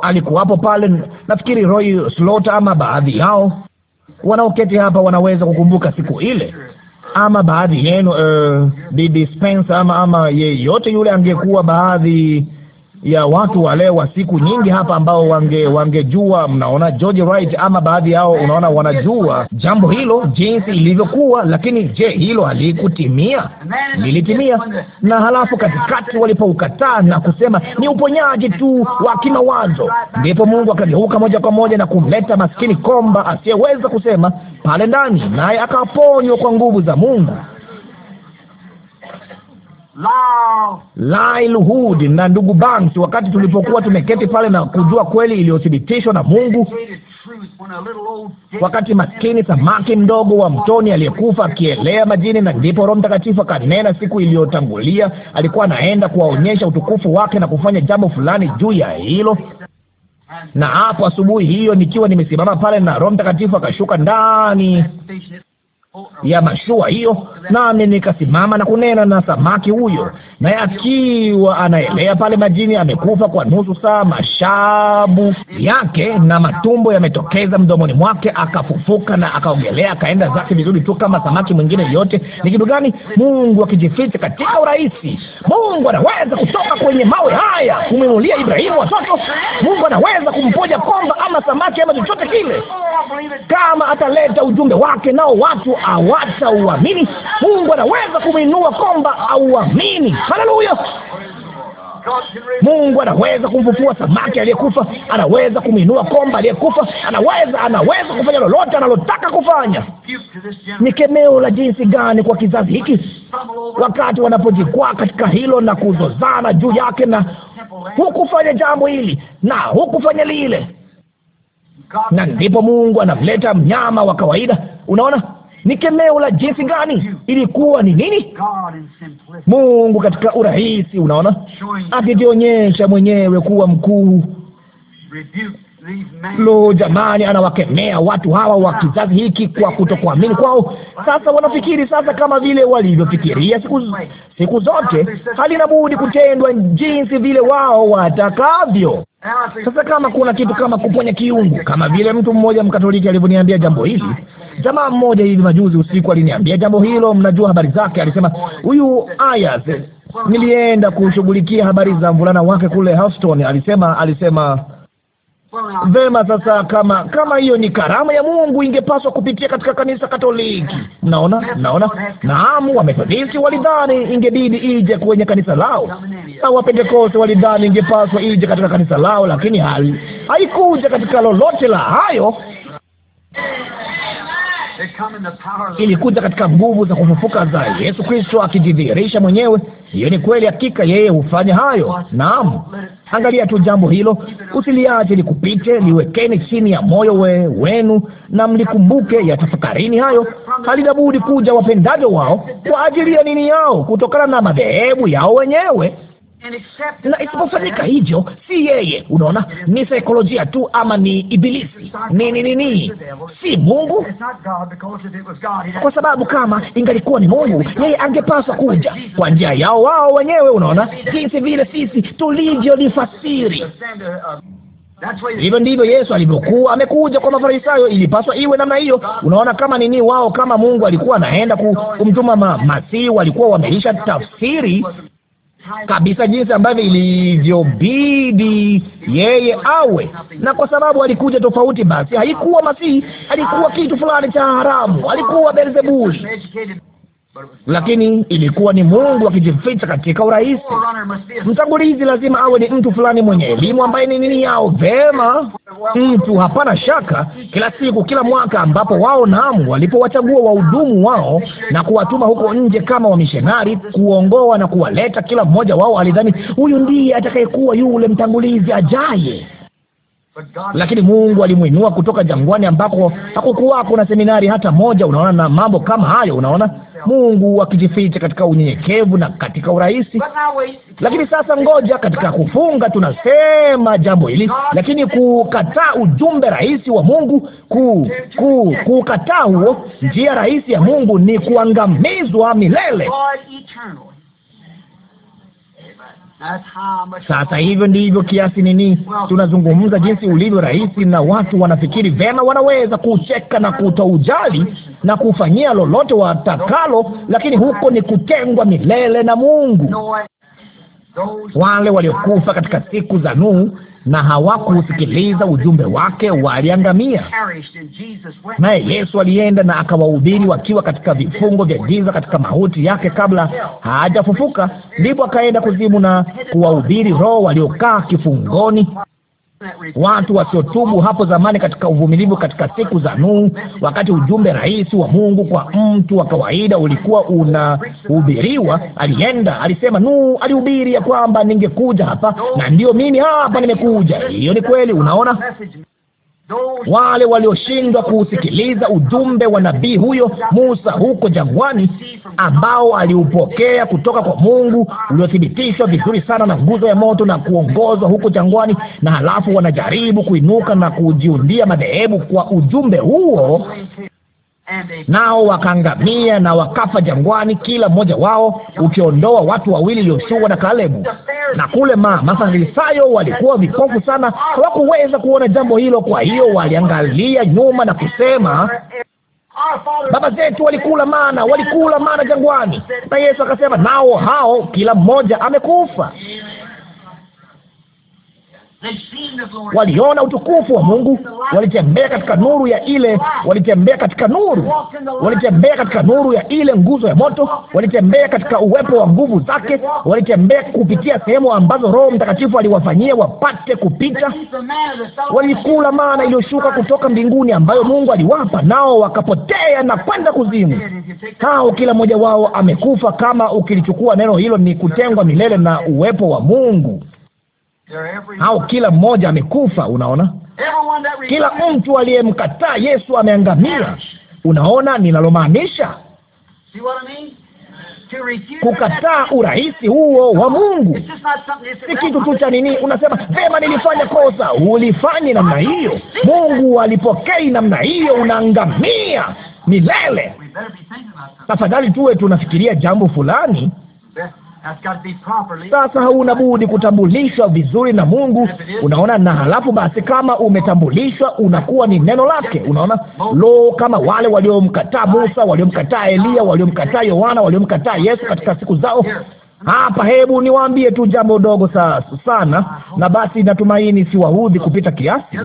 alikuwapo pale. Nafikiri Roy Slaughter ama baadhi yao wanaoketi hapa wanaweza kukumbuka siku ile, ama baadhi yenu, uh, Bibi Spencer ama ama yeyote yule, angekuwa baadhi ya watu wale wa siku nyingi hapa ambao wange wangejua, mnaona George Wright, ama baadhi yao, unaona wanajua jambo hilo jinsi ilivyokuwa. Lakini je, hilo halikutimia? Lilitimia. Na halafu katikati walipoukataa na kusema ni uponyaji tu wa kimawazo, ndipo Mungu akageuka moja kwa moja na kumleta maskini komba asiyeweza kusema pale ndani, naye akaponywa kwa nguvu za Mungu. Lail Hudi na ndugu Banks, wakati tulipokuwa tumeketi pale na kujua kweli iliyothibitishwa na Mungu, wakati maskini samaki mdogo wa mtoni aliyekufa akielea majini, na ndipo Roho Mtakatifu akanena siku iliyotangulia. Alikuwa anaenda kuwaonyesha utukufu wake na kufanya jambo fulani juu ya hilo na hapo asubuhi hiyo nikiwa nimesimama pale na Roho Mtakatifu akashuka ndani ya mashua hiyo, nami nikasimama na kunena na samaki huyo, naye akiwa anaelea pale majini, amekufa kwa nusu saa, mashabu yake na matumbo yametokeza mdomoni mwake, akafufuka na akaogelea, akaenda zake vizuri tu kama samaki mwingine yote. Ni kitu gani? Mungu akijificha katika urahisi. Mungu anaweza kutoka kwenye mawe haya kumwinulia Ibrahimu watoto. Mungu anaweza kumponya komba ama samaki ama chochote kile, kama ataleta ujumbe wake, nao watu hawatauamini, Mungu anaweza kumwinua komba auamini. Haleluya! Mungu anaweza kumfufua samaki aliyekufa, anaweza kumwinua komba aliyekufa, anaweza anaweza kufanya lolote analotaka kufanya. Ni kemeo la jinsi gani kwa kizazi hiki, wakati wanapojikwaa katika hilo na kuzozana juu yake, na hukufanya jambo hili na hukufanya lile, na ndipo Mungu anamleta mnyama wa kawaida. Unaona ni kemeo la jinsi gani? Ilikuwa ni nini? Mungu katika urahisi, unaona, akijionyesha mwenyewe kuwa mkuu. Lo, jamani, anawakemea watu hawa wa kizazi hiki kwa kutokuamini kwao. Sasa wanafikiri sasa kama vile walivyofikiria siku, siku zote, halina budi kutendwa jinsi vile wao watakavyo. Sasa kama kuna kitu kama kuponya kiungu, kama vile mtu mmoja Mkatoliki alivyoniambia jambo hili Jamaa mmoja hivi majuzi usiku aliniambia jambo hilo, mnajua habari zake. Alisema huyu Ayaz, nilienda kushughulikia habari za mvulana wake kule Houston. Alisema alisema Vema, sasa kama kama hiyo ni karama ya Mungu, ingepaswa kupitia katika kanisa Katoliki. Mnaona, mnaona. Naam, Wamethodisti walidhani ingebidi ije kwenye kanisa lao, na Wapentekoste walidhani ingepaswa ije katika kanisa lao, lakini hali haikuja katika lolote la hayo ilikuja katika nguvu za kufufuka za Yesu Kristo akijidhihirisha mwenyewe. Hiyo ni kweli, hakika yeye hufanya hayo. Naam, angalia tu jambo hilo, usiliache likupite, liwekeni chini ya moyo we, wenu na mlikumbuke, yatafakarini hayo. Halina budi kuja wapendajo wao kwa ajili ya nini yao, kutokana na madhehebu yao wenyewe na isipofanyika hivyo, si yeye. Unaona, ni saikolojia tu, ama ni ibilisi, ni nini, nini, si Mungu, kwa sababu kama ingalikuwa ni Mungu, yeye angepaswa kuja kwa njia yao wao wenyewe. Unaona jinsi vile sisi tulivyolifasiri hivyo ndivyo Yesu alivyokuwa amekuja kwa Mafarisayo, ilipaswa iwe namna hiyo. Unaona kama nini wao, kama Mungu alikuwa anaenda kumtuma ma, Masihi, walikuwa wameisha tafsiri kabisa jinsi ambavyo ilivyobidi yeye awe, na kwa sababu alikuja tofauti, basi haikuwa Masihi, alikuwa kitu fulani cha haramu, alikuwa Beelzebuli lakini ilikuwa ni Mungu akijificha katika urahisi. Mtangulizi lazima awe ni mtu fulani mwenye elimu ambaye ni nini yao vema, mtu hapana shaka, kila siku, kila mwaka, ambapo wao namu walipowachagua wahudumu wao na kuwatuma huko nje kama wamishonari kuongoa na kuwaleta, kila mmoja wao alidhani huyu ndiye atakayekuwa yule mtangulizi ajaye lakini Mungu alimwinua kutoka jangwani ambako hakukuwako na seminari hata moja. Unaona, na mambo kama hayo, unaona Mungu akijificha katika unyenyekevu na katika urahisi. Lakini sasa, ngoja, katika kufunga tunasema jambo hili, lakini kukataa ujumbe rahisi wa Mungu, ku, ku, kukataa huo njia rahisi ya Mungu ni kuangamizwa milele. Sasa hivyo ndivyo kiasi nini, tunazungumza jinsi ulivyo rahisi, na watu wanafikiri vema, wanaweza kucheka na kutoujali na kufanyia lolote watakalo, lakini huko ni kutengwa milele na Mungu. Wale waliokufa katika siku za Nuhu na hawakusikiliza ujumbe wake, waliangamia. Naye Yesu alienda na akawahubiri wakiwa katika vifungo vya giza, katika mauti yake kabla hajafufuka. Ndipo akaenda kuzimu na kuwahubiri roho waliokaa kifungoni watu wasiotubu hapo zamani katika uvumilivu katika siku za Nuhu, wakati ujumbe rahisi wa Mungu kwa mtu wa kawaida ulikuwa unahubiriwa, alienda alisema, Nuhu alihubiri ya kwamba ningekuja hapa, na ndio mimi hapa nimekuja. Hiyo ni kweli, unaona wale walioshindwa kuusikiliza ujumbe wa nabii huyo Musa huko jangwani, ambao aliupokea kutoka kwa Mungu, uliothibitishwa vizuri sana na nguzo ya moto na kuongozwa huko jangwani, na halafu wanajaribu kuinuka na kujiundia madhehebu kwa ujumbe huo nao wakaangamia na wakafa jangwani, kila mmoja wao, ukiondoa watu wawili, Yoshua na Kalebu. Na kule ma Mafarisayo walikuwa vipofu sana, hawakuweza kuona jambo hilo. Kwa hiyo waliangalia nyuma na kusema Baba zetu walikula mana, walikula mana jangwani. Na Yesu akasema, nao hao kila mmoja amekufa. Waliona utukufu wa Mungu, walitembea katika nuru ya ile, walitembea katika nuru, walitembea katika nuru ya ile nguzo ya moto, walitembea katika uwepo wa nguvu zake, walitembea kupitia sehemu ambazo Roho Mtakatifu aliwafanyia wapate kupita. Walikula maana iliyoshuka kutoka mbinguni ambayo Mungu aliwapa, nao wakapotea na kwenda kuzimu. Hao kila mmoja wao amekufa. Kama ukilichukua neno hilo, ni kutengwa milele na uwepo wa Mungu au kila mmoja amekufa. Unaona, kila mtu aliyemkataa Yesu ameangamia. Unaona ninalomaanisha? Kukataa urahisi huo wa Mungu si kitu tu cha nini. Unasema vema, nilifanya kosa. ulifanye namna hiyo, Mungu alipokei namna hiyo, unaangamia milele. Tafadhali tuwe tunafikiria jambo fulani. Sasa hauna budi kutambulishwa vizuri na Mungu, unaona. Na halafu basi, kama umetambulishwa, unakuwa ni neno lake, unaona. Lo, kama wale waliomkataa Musa, waliomkataa Eliya, waliomkataa Yohana, waliomkataa Yesu katika siku zao. Hapa hebu niwaambie tu jambo dogo sasa sana, na basi natumaini siwaudhi kupita kiasi,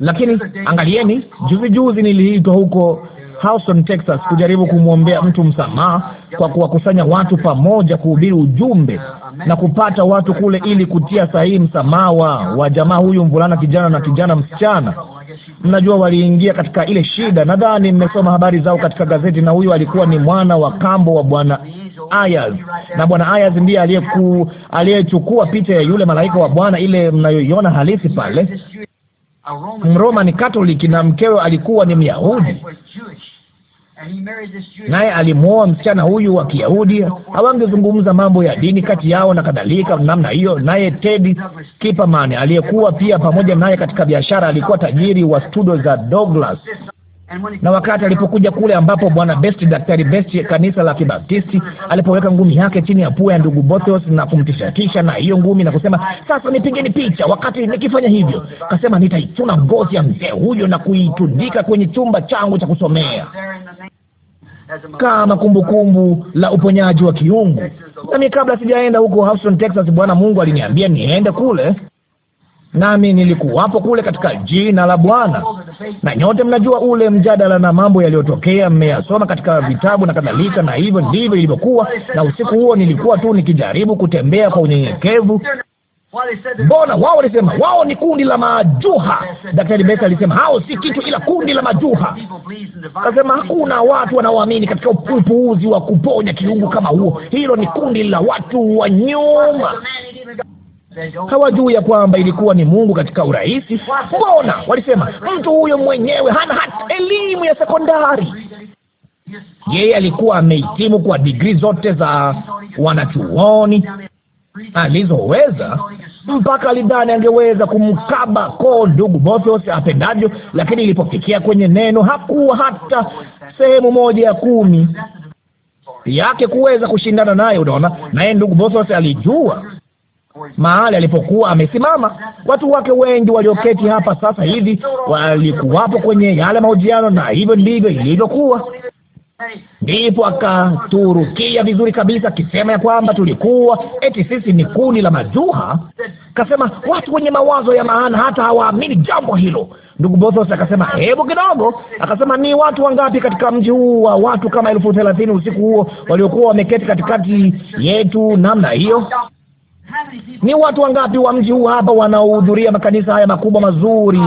lakini angalieni, juzi juzi niliitwa huko Houston, Texas, kujaribu kumwombea mtu msamaha kwa kuwakusanya watu pamoja kuhubiri ujumbe na kupata watu kule ili kutia sahihi msamaha wa, wa jamaa huyu, mvulana kijana na kijana msichana. Mnajua waliingia katika ile shida, nadhani mmesoma habari zao katika gazeti, na huyu alikuwa ni mwana wa kambo wa bwana Ayaz, na bwana Ayaz ndiye aliyeku aliyechukua picha ya yule malaika wa Bwana ile mnayoiona halisi pale. Mroma ni Katoliki na mkewe alikuwa ni Myahudi, naye alimwoa msichana huyu wa Kiyahudi. Hawangezungumza mambo ya dini kati yao na kadhalika namna hiyo. Naye Ted Kiperman aliyekuwa pia pamoja naye katika biashara, alikuwa tajiri wa studio za Douglas na wakati alipokuja kule ambapo bwana Best, daktari Best, kanisa la Kibaptisti, alipoweka ngumi yake chini ya pua ya ndugu Bothos na kumtishatisha na hiyo ngumi na kusema, sasa nipigeni picha. Wakati nikifanya hivyo, kasema nitaichuna ngozi ya mzee huyo na kuitundika kwenye chumba changu cha kusomea kama kumbukumbu kumbu la uponyaji wa kiungu. Nami kabla sijaenda huko Houston, Texas, Bwana Mungu aliniambia niende kule nami nilikuwapo kule katika jina la Bwana. Na nyote mnajua ule mjadala na mambo yaliyotokea, mmeyasoma katika vitabu na kadhalika, na hivyo ndivyo ilivyokuwa. Na usiku huo nilikuwa tu nikijaribu kutembea kwa unyenyekevu. Mbona wao walisema wao ni kundi la majuha. Daktari Beka alisema hao si kitu ila kundi la majuha. Akasema hakuna watu wanaoamini katika upuuzi wa kuponya kiungu kama huo, hilo ni kundi la watu wa nyuma hawajui ya kwamba ilikuwa ni Mungu katika urahisi. Mbona walisema mtu huyo mwenyewe hana hata elimu ya sekondari? Yeye alikuwa amehitimu kwa digrii zote za wanachuoni alizoweza mpaka alidhani angeweza kumkaba koo ndugu Morpheus apendavyo, lakini ilipofikia kwenye neno hakuwa hata sehemu moja ya kumi yake kuweza kushindana naye. Unaona, naye ndugu Morpheus alijua mahali alipokuwa amesimama. Watu wake wengi walioketi hapa sasa hivi walikuwapo kwenye yale mahojiano, na hivyo ndivyo ilivyokuwa. Ndipo akaturukia vizuri kabisa akisema ya kwamba tulikuwa eti sisi ni kundi la majuha. Kasema watu wenye mawazo ya maana hata hawaamini jambo hilo. Ndugu Bothos akasema hebu kidogo, akasema ni watu wangapi katika mji huu wa watu kama elfu thelathini usiku huo waliokuwa wameketi katikati yetu namna hiyo? Ni watu wangapi wa mji huu hapa wanaohudhuria makanisa haya makubwa mazuri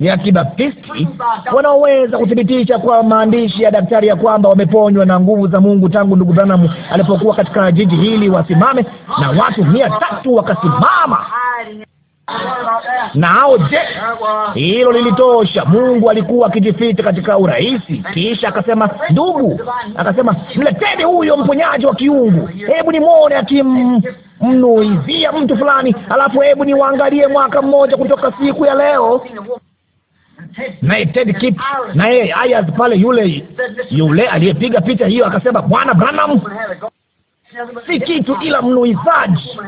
ya Kibaptisti wanaoweza kuthibitisha kwa maandishi ya daktari ya kwamba wameponywa na nguvu za Mungu tangu ndugu Branham alipokuwa katika jiji hili? Wasimame na watu mia tatu wakasimama. Nao je, hilo lilitosha? Mungu alikuwa akijificha katika urahisi, kisha akasema, ndugu, akasema mleteni huyo mponyaji wa kiungu, hebu nimwone akimnuizia mtu fulani, alafu hebu niwaangalie mwaka mmoja kutoka siku ya leo. Naye Ted Kip naye Ayaz pale, yule yule aliyepiga picha hiyo akasema, Bwana Branham si kitu ila mnuizaji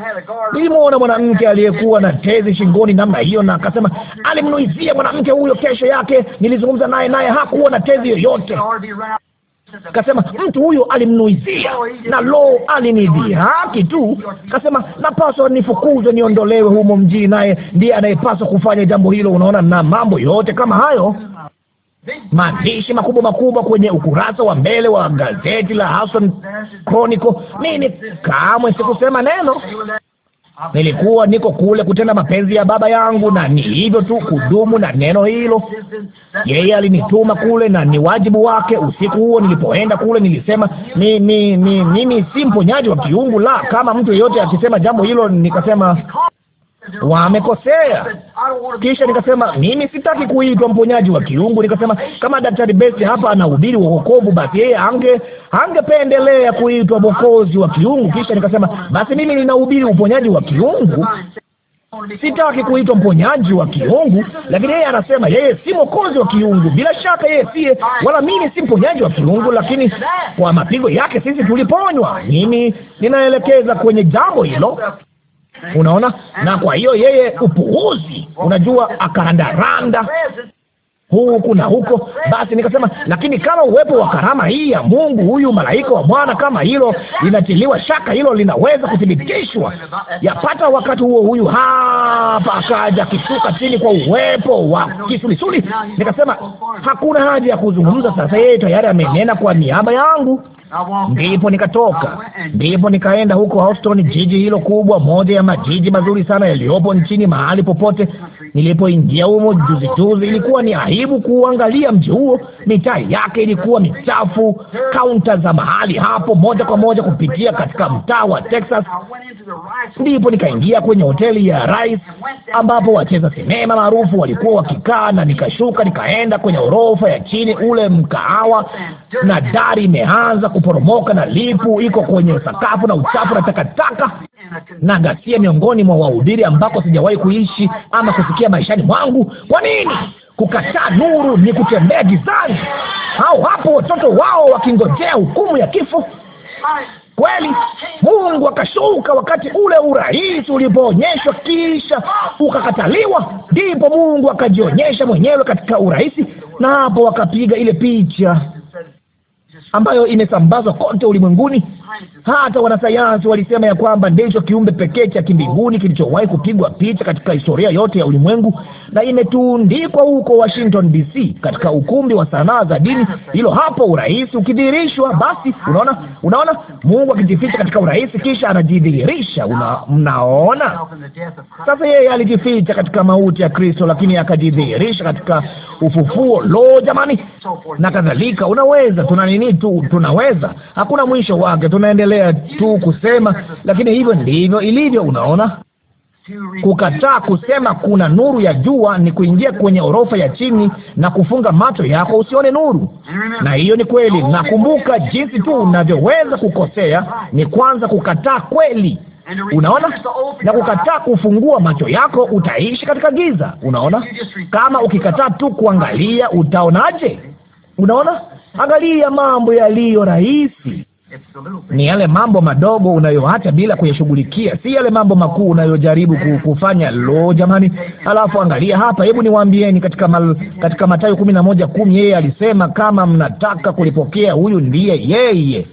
Nilimwona mwanamke aliyekuwa na tezi shingoni namna hiyo, na akasema alimnuizia mwanamke huyo. Kesho yake nilizungumza naye, naye hakuwa na tezi yoyote. Kasema mtu huyo alimnuizia, na lo, alinidhihaki tu. Kasema napaswa nifukuzwe, niondolewe humo mjini, naye ndiye anayepaswa kufanya jambo hilo. Unaona, na mambo yote kama hayo maandishi makubwa makubwa kwenye ukurasa wa mbele wa gazeti la Houston Chronicle. Mimi kamwe sikusema neno, nilikuwa niko kule kutenda mapenzi ya Baba yangu, na ni hivyo tu, kudumu na neno hilo. Yeye alinituma kule na ni wajibu wake. Usiku huo nilipoenda kule, nilisema mi, mi, mi, mimi si mponyaji wa kiungu, la kama mtu yeyote akisema jambo hilo, nikasema wamekosea. Kisha nikasema mimi sitaki kuitwa mponyaji wa kiungu. Nikasema kama Daktari Besi hapa anahubiri wokovu, basi yeye ange angependelea kuitwa mwokozi wa kiungu. Kisha nikasema basi mimi ninahubiri uponyaji wa kiungu, sitaki kuitwa mponyaji wa kiungu. Lakini yeye anasema yeye si mwokozi wa kiungu. Bila shaka yeye siye, wala mimi si mponyaji wa kiungu, lakini kwa mapigo yake sisi tuliponywa. Mimi ninaelekeza kwenye jambo hilo. Unaona, na kwa hiyo yeye upuuzi, unajua, akarandaranda huku na huko. Basi nikasema, lakini kama uwepo wa karama hii ya Mungu, huyu malaika wa Bwana, kama hilo linatiliwa shaka, hilo linaweza kuthibitishwa. Yapata wakati huo, huyu hapa akaja akishuka chini kwa uwepo wa kisulisuli. Nikasema hakuna haja ya kuzungumza sasa, yeye tayari amenena kwa niaba yangu ndipo nikatoka, ndipo nikaenda huko Houston, jiji hilo kubwa, moja ya majiji mazuri sana yaliyopo nchini. Mahali popote nilipoingia humo juzi juzi, ilikuwa ni aibu kuangalia mji huo. Mitaa yake ilikuwa michafu, kaunta za mahali hapo moja kwa moja kupitia katika mtaa wa Texas. Ndipo nikaingia kwenye hoteli ya Rice ambapo wacheza sinema maarufu walikuwa wakikaa, na nikashuka nikaenda kwenye orofa ya chini, ule mkahawa na dari imeanza kuporomoka na lipu iko kwenye sakafu na uchafu na takataka na ghasia miongoni mwa wahubiri ambako sijawahi kuishi ama kusikia maishani mwangu. Kwa nini? Kukataa nuru ni kutembea gizani. Au hapo watoto wao wakingojea hukumu ya kifo. Kweli Mungu akashuka wakati ule urais ulipoonyeshwa, kisha ukakataliwa. Ndipo Mungu akajionyesha mwenyewe katika urahisi na hapo wakapiga ile picha ambayo imesambazwa kote ulimwenguni. Hata wanasayansi walisema ya kwamba ndicho kiumbe pekee cha kimbinguni kilichowahi kupigwa picha katika historia yote ya ulimwengu, na imetundikwa huko Washington DC, katika ukumbi wa sanaa za dini. Hilo hapo, urahisi ukidhihirishwa. Basi unaona, unaona Mungu akijificha katika urahisi, kisha anajidhihirisha. Mnaona sasa, yeye alijificha katika mauti ya Kristo, lakini akajidhihirisha katika ufufuo, lo jamani, na kadhalika. Unaweza tuna nini tu, tunaweza hakuna mwisho wake, tunaendelea tu kusema, lakini hivyo ndivyo ilivyo. Unaona, kukataa kusema kuna nuru ya jua ni kuingia kwenye orofa ya chini na kufunga macho yako usione nuru. Na hiyo ni kweli. Nakumbuka jinsi tu unavyoweza kukosea ni kwanza kukataa kweli. Unaona, na kukataa kufungua macho yako, utaishi katika giza. Unaona, kama ukikataa tu kuangalia, utaonaje? Unaona, angalia mambo yaliyo rahisi ni yale mambo madogo unayoacha bila kuyashughulikia, si yale mambo makuu unayojaribu kufanya. Lo, jamani! Alafu angalia hapa, hebu niwaambieni, katika mal, katika Mathayo kumi na moja kumi yeye alisema kama mnataka kulipokea, huyu ndiye yeye.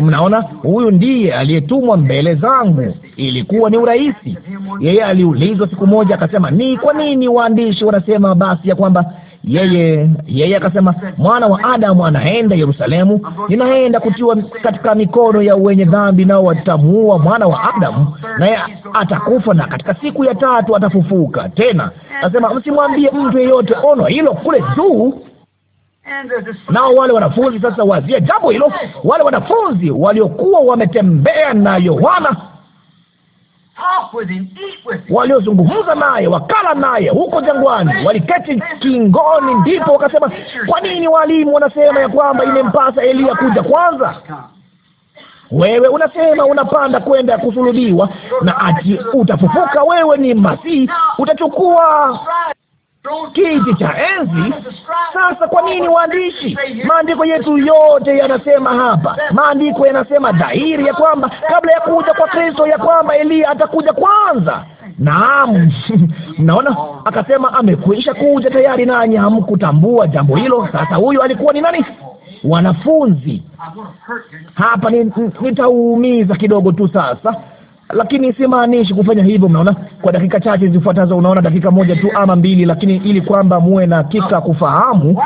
Mnaona, huyu ndiye aliyetumwa mbele zangu. Ilikuwa ni urahisi. Yeye aliulizwa siku moja, akasema ni kwa nini waandishi wanasema basi ya kwamba yeye yeye akasema, mwana wa Adamu anaenda Yerusalemu, ninaenda kutiwa katika mikono ya wenye dhambi, nao watamuua mwana wa Adamu, naye atakufa, na katika siku ya tatu atafufuka tena. akasema msimwambie mtu yeyote ono hilo kule juu. Nao wale wanafunzi sasa, wazia jambo hilo, wale wanafunzi waliokuwa wametembea na Yohana waliozungumza naye wakala naye huko jangwani, waliketi kingoni. Ndipo wakasema, kwa nini walimu wanasema ya kwamba imempasa Eliya kuja kwanza? Wewe unasema unapanda kwenda kusulubiwa na ati utafufuka, wewe ni Masihi, utachukua kiti cha enzi. Sasa kwa nini waandishi? Maandiko yetu yote yanasema hapa, maandiko yanasema dhahiri ya kwamba kabla ya kuja kwa Kristo, ya kwamba Eliya atakuja kwanza. Naam, mnaona akasema amekwisha kuja tayari, nanyi hamkutambua jambo hilo. Sasa huyu alikuwa ni nani? Wanafunzi hapa, nitauumiza kidogo tu sasa lakini simaanishi kufanya hivyo. Mnaona, kwa dakika chache zifuatazo, unaona dakika moja tu ama mbili, lakini ili kwamba muwe na hakika kufahamu.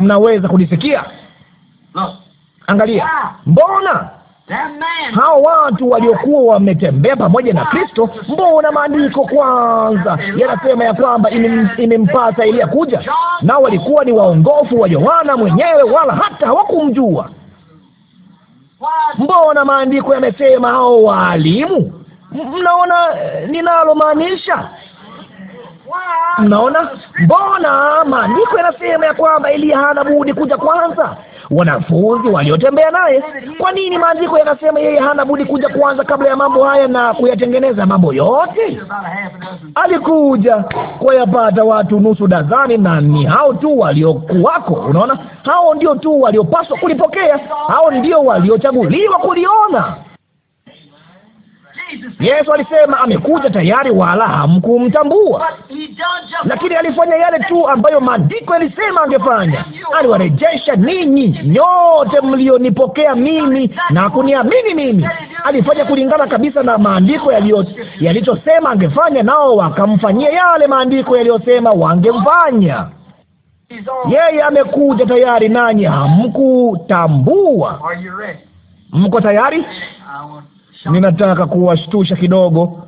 Mnaweza kunisikia? Angalia, mbona hao watu waliokuwa wametembea pamoja na Kristo, mbona maandiko kwanza yanasema ya kwamba imempasa ili kuja, nao walikuwa ni waongofu wa Yohana mwenyewe, wala hata hawakumjua. Mbona maandiko yamesema hao waalimu? Mnaona eh, ninalomaanisha? Mnaona? Mbona maandiko yanasema ya kwamba Eliya hana budi kuja kwanza? wanafunzi waliotembea naye. Kwa nini maandiko yanasema yeye hana budi kuja kwanza kabla ya mambo haya na kuyatengeneza mambo yote? Alikuja kuyapata watu nusu dazani, na ni hao tu waliokuwako. Unaona, hao ndio tu waliopaswa kulipokea, hao ndio waliochaguliwa kuliona. Yesu alisema amekuja tayari, wala hamkumtambua, lakini alifanya yale tu ambayo maandiko yalisema angefanya. Aliwarejesha ninyi nyote mlionipokea mimi na kuniamini mimi. Alifanya kulingana kabisa na maandiko yalichosema angefanya, nao wakamfanyia yale maandiko yaliyosema wangemfanya. Yeye amekuja tayari, nanyi hamkutambua. Mko tayari? Ninataka kuwashtusha kidogo.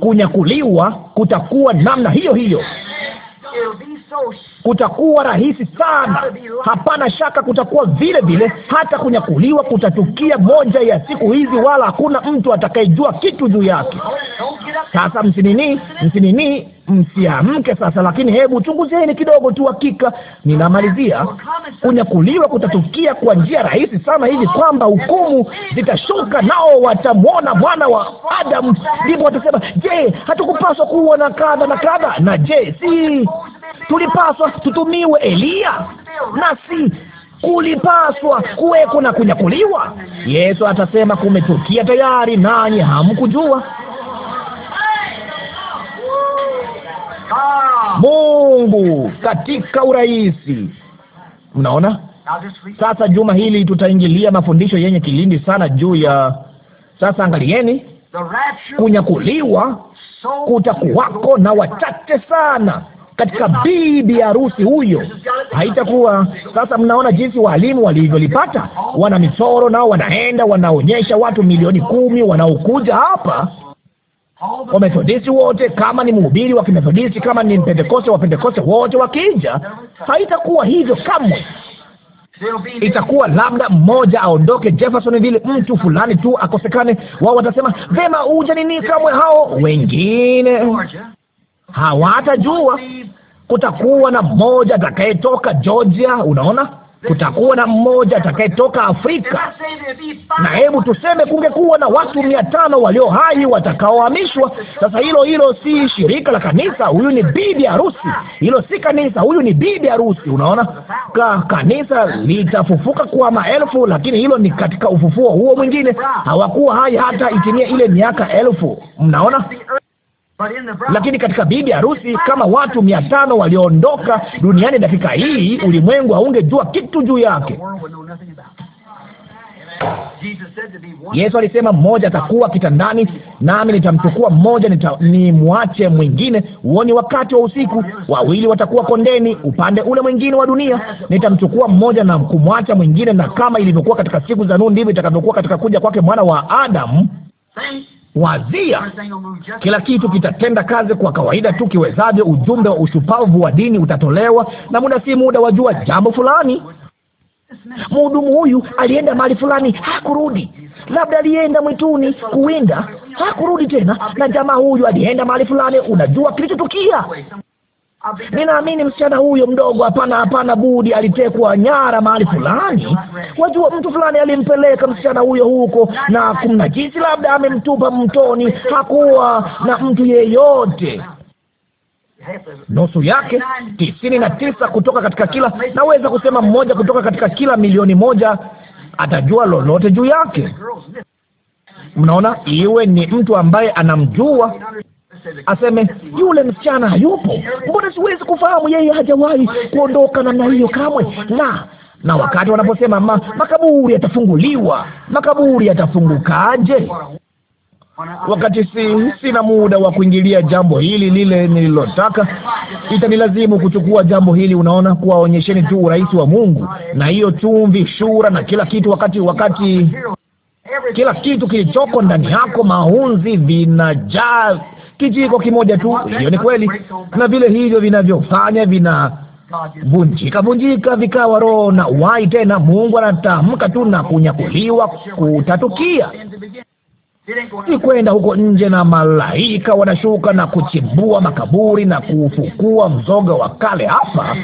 Kunyakuliwa kutakuwa namna hiyo hiyo kutakuwa rahisi sana. Hapana shaka kutakuwa vile vile, hata kunyakuliwa kutatukia moja ya siku hizi, wala hakuna mtu atakayejua kitu juu yake. Sasa msinini, msinini, msiamke sasa, lakini hebu chunguzeni kidogo tu. Hakika ninamalizia, kunyakuliwa kutatukia kwa njia rahisi sana hivi kwamba hukumu zitashuka, nao watamwona mwana wa Adamu, ndipo watasema, je, hatukupaswa kuwa na kadha na kadha? Na je, si tulipaswa tutumiwe Eliya, si kulipaswa kuweko na kunyakuliwa. Yesu atasema kumetukia tayari, nanyi hamkujua. Mungu katika urahisi. Mnaona sasa, juma hili tutaingilia mafundisho yenye kilindi sana juu ya sasa. Angalieni, kunyakuliwa kutakuwako na wachache sana katika bibi harusi huyo. Haitakuwa sasa. Mnaona jinsi walimu walivyolipata, wana michoro nao, wanaenda wanaonyesha watu milioni kumi wanaokuja hapa Wamethodisti wote, kama ni mhubiri wa Kimethodisti, kama ni Mpentekoste wa Pentekoste, wote wakija. Haitakuwa hivyo kamwe. Itakuwa labda mmoja aondoke jefferson vile mtu fulani tu akosekane. Wao watasema vema, uja nini? Kamwe hao wengine hawatajua. Kutakuwa na mmoja atakayetoka Georgia, unaona, kutakuwa na mmoja atakayetoka Afrika. Na hebu tuseme kungekuwa na watu mia tano walio hai watakaohamishwa. Sasa hilo hilo si shirika la kanisa, huyu ni bibi harusi. Hilo si kanisa, huyu ni bibi harusi. Unaona, ka kanisa litafufuka kwa maelfu, lakini hilo ni katika ufufuo huo mwingine. Hawakuwa hai hata itimie ile miaka elfu. Mnaona. Lakini katika bibi harusi, kama watu mia tano waliondoka duniani dakika hii, ulimwengu haungejua kitu juu yake. Yesu alisema mmoja atakuwa kitandani, nami nitamchukua mmoja, nita, nimwache mwingine. Huoni wakati wa usiku, wawili watakuwa kondeni, upande ule mwingine wa dunia. Nitamchukua mmoja na kumwacha mwingine, na kama ilivyokuwa katika siku za Nuhu, ndivyo itakavyokuwa katika kuja kwake mwana wa Adamu wazia, kila kitu kitatenda kazi kwa kawaida tu kiwezavyo. Ujumbe wa ushupavu wa dini utatolewa, na muda si muda wajua jambo fulani Mhudumu huyu alienda mahali fulani, hakurudi. Labda alienda mwituni kuwinda, hakurudi tena. Na jamaa huyu alienda mahali fulani, unajua kilichotukia Ninaamini msichana huyo mdogo, hapana hapana budi, alitekwa nyara mahali fulani. Wajua, mtu fulani alimpeleka msichana huyo huko na kumnajisi, labda amemtupa mtoni. Hakuwa na mtu yeyote nusu yake tisini na tisa kutoka katika kila, naweza kusema mmoja kutoka katika kila milioni moja atajua lolote juu yake. Mnaona, iwe ni mtu ambaye anamjua aseme yule msichana hayupo. Mbona siwezi kufahamu? Yeye hajawahi kuondoka namna hiyo kamwe. Na na wakati wanaposema ma, makaburi yatafunguliwa, makaburi yatafungukaje? Wakati si, sina muda wa kuingilia jambo hili lile nililotaka, itanilazimu kuchukua jambo hili. Unaona, kuwaonyesheni tu urais wa Mungu na hiyo chumvi, shura na kila kitu, wakati wakati kila kitu kilichoko ndani yako, maunzi vinajaa kijiko kimoja tu. Hiyo ni kweli, na vile hivyo vinavyofanya vina vunjika vunjika vikawa roho na uhai tena. Mungu anatamka tu na kunyakuliwa kutatukia, ni kwenda huko nje na malaika wanashuka na kuchimbua makaburi na kufukua mzoga wa kale. Hapa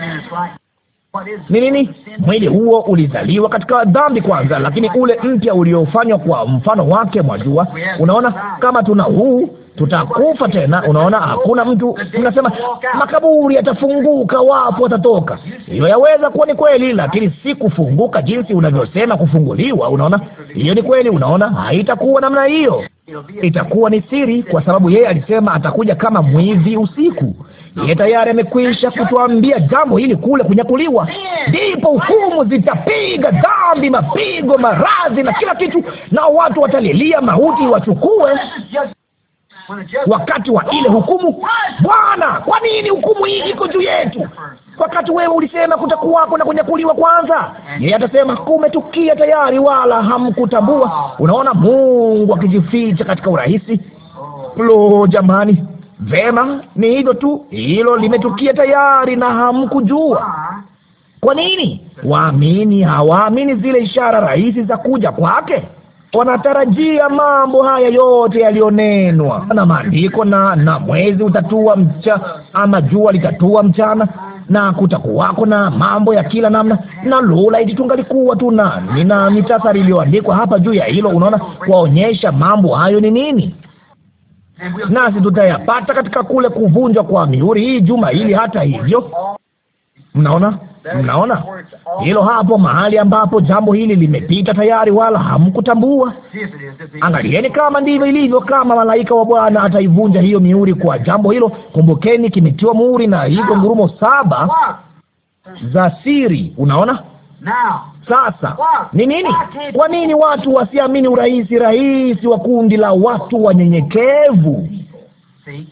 ni nini? Mwili huo ulizaliwa katika dhambi kwanza, lakini ule mpya uliofanywa kwa mfano wake, mwajua. Unaona, kama tuna huu tutakufa tena. Unaona, hakuna mtu. Mnasema makaburi yatafunguka, wapo watatoka. Hiyo yaweza kuwa ni kweli, lakini si kufunguka jinsi unavyosema kufunguliwa. Unaona, hiyo ni kweli. Unaona, haitakuwa namna hiyo, itakuwa ni siri, kwa sababu yeye alisema atakuja kama mwizi usiku. Yeye tayari amekwisha kutuambia jambo hili kule kunyakuliwa. Ndipo hukumu zitapiga dhambi, mapigo, maradhi na kila kitu, na watu watalilia mauti wachukue wakati wa ile hukumu. Bwana, kwa nini hukumu hii iko juu yetu? Wakati wewe ulisema kutakuwapo na kunyakuliwa kwanza, yeye atasema kumetukia tayari, wala hamkutambua. Unaona Mungu akijificha katika urahisi. Lo, jamani! Vema, ni hivyo tu, hilo limetukia tayari na hamkujua. Kwa nini waamini hawaamini zile ishara rahisi za kuja kwake? wanatarajia mambo haya yote yaliyonenwa na maandiko, na na mwezi utatua mcha ama jua litatua mchana, na kutakuwako na mambo ya kila namna, na lula iti tungalikuwa tu na nina mitasari iliyoandikwa hapa juu ya hilo, unaona, kuwaonyesha mambo hayo ni nini nasi tutayapata katika kule kuvunjwa kwa mihuri hii juma hili. Hata hivyo, mnaona Mnaona hilo hapo, mahali ambapo jambo hili limepita tayari, wala hamkutambua. Angalieni kama ndivyo ilivyo, kama malaika wa Bwana ataivunja hiyo mihuri kwa jambo hilo. Kumbukeni, kimetiwa muhuri na hizo ngurumo saba za siri. Unaona sasa ni nini? Kwa nini watu wasiamini urahisi rahisi wa kundi la watu wanyenyekevu?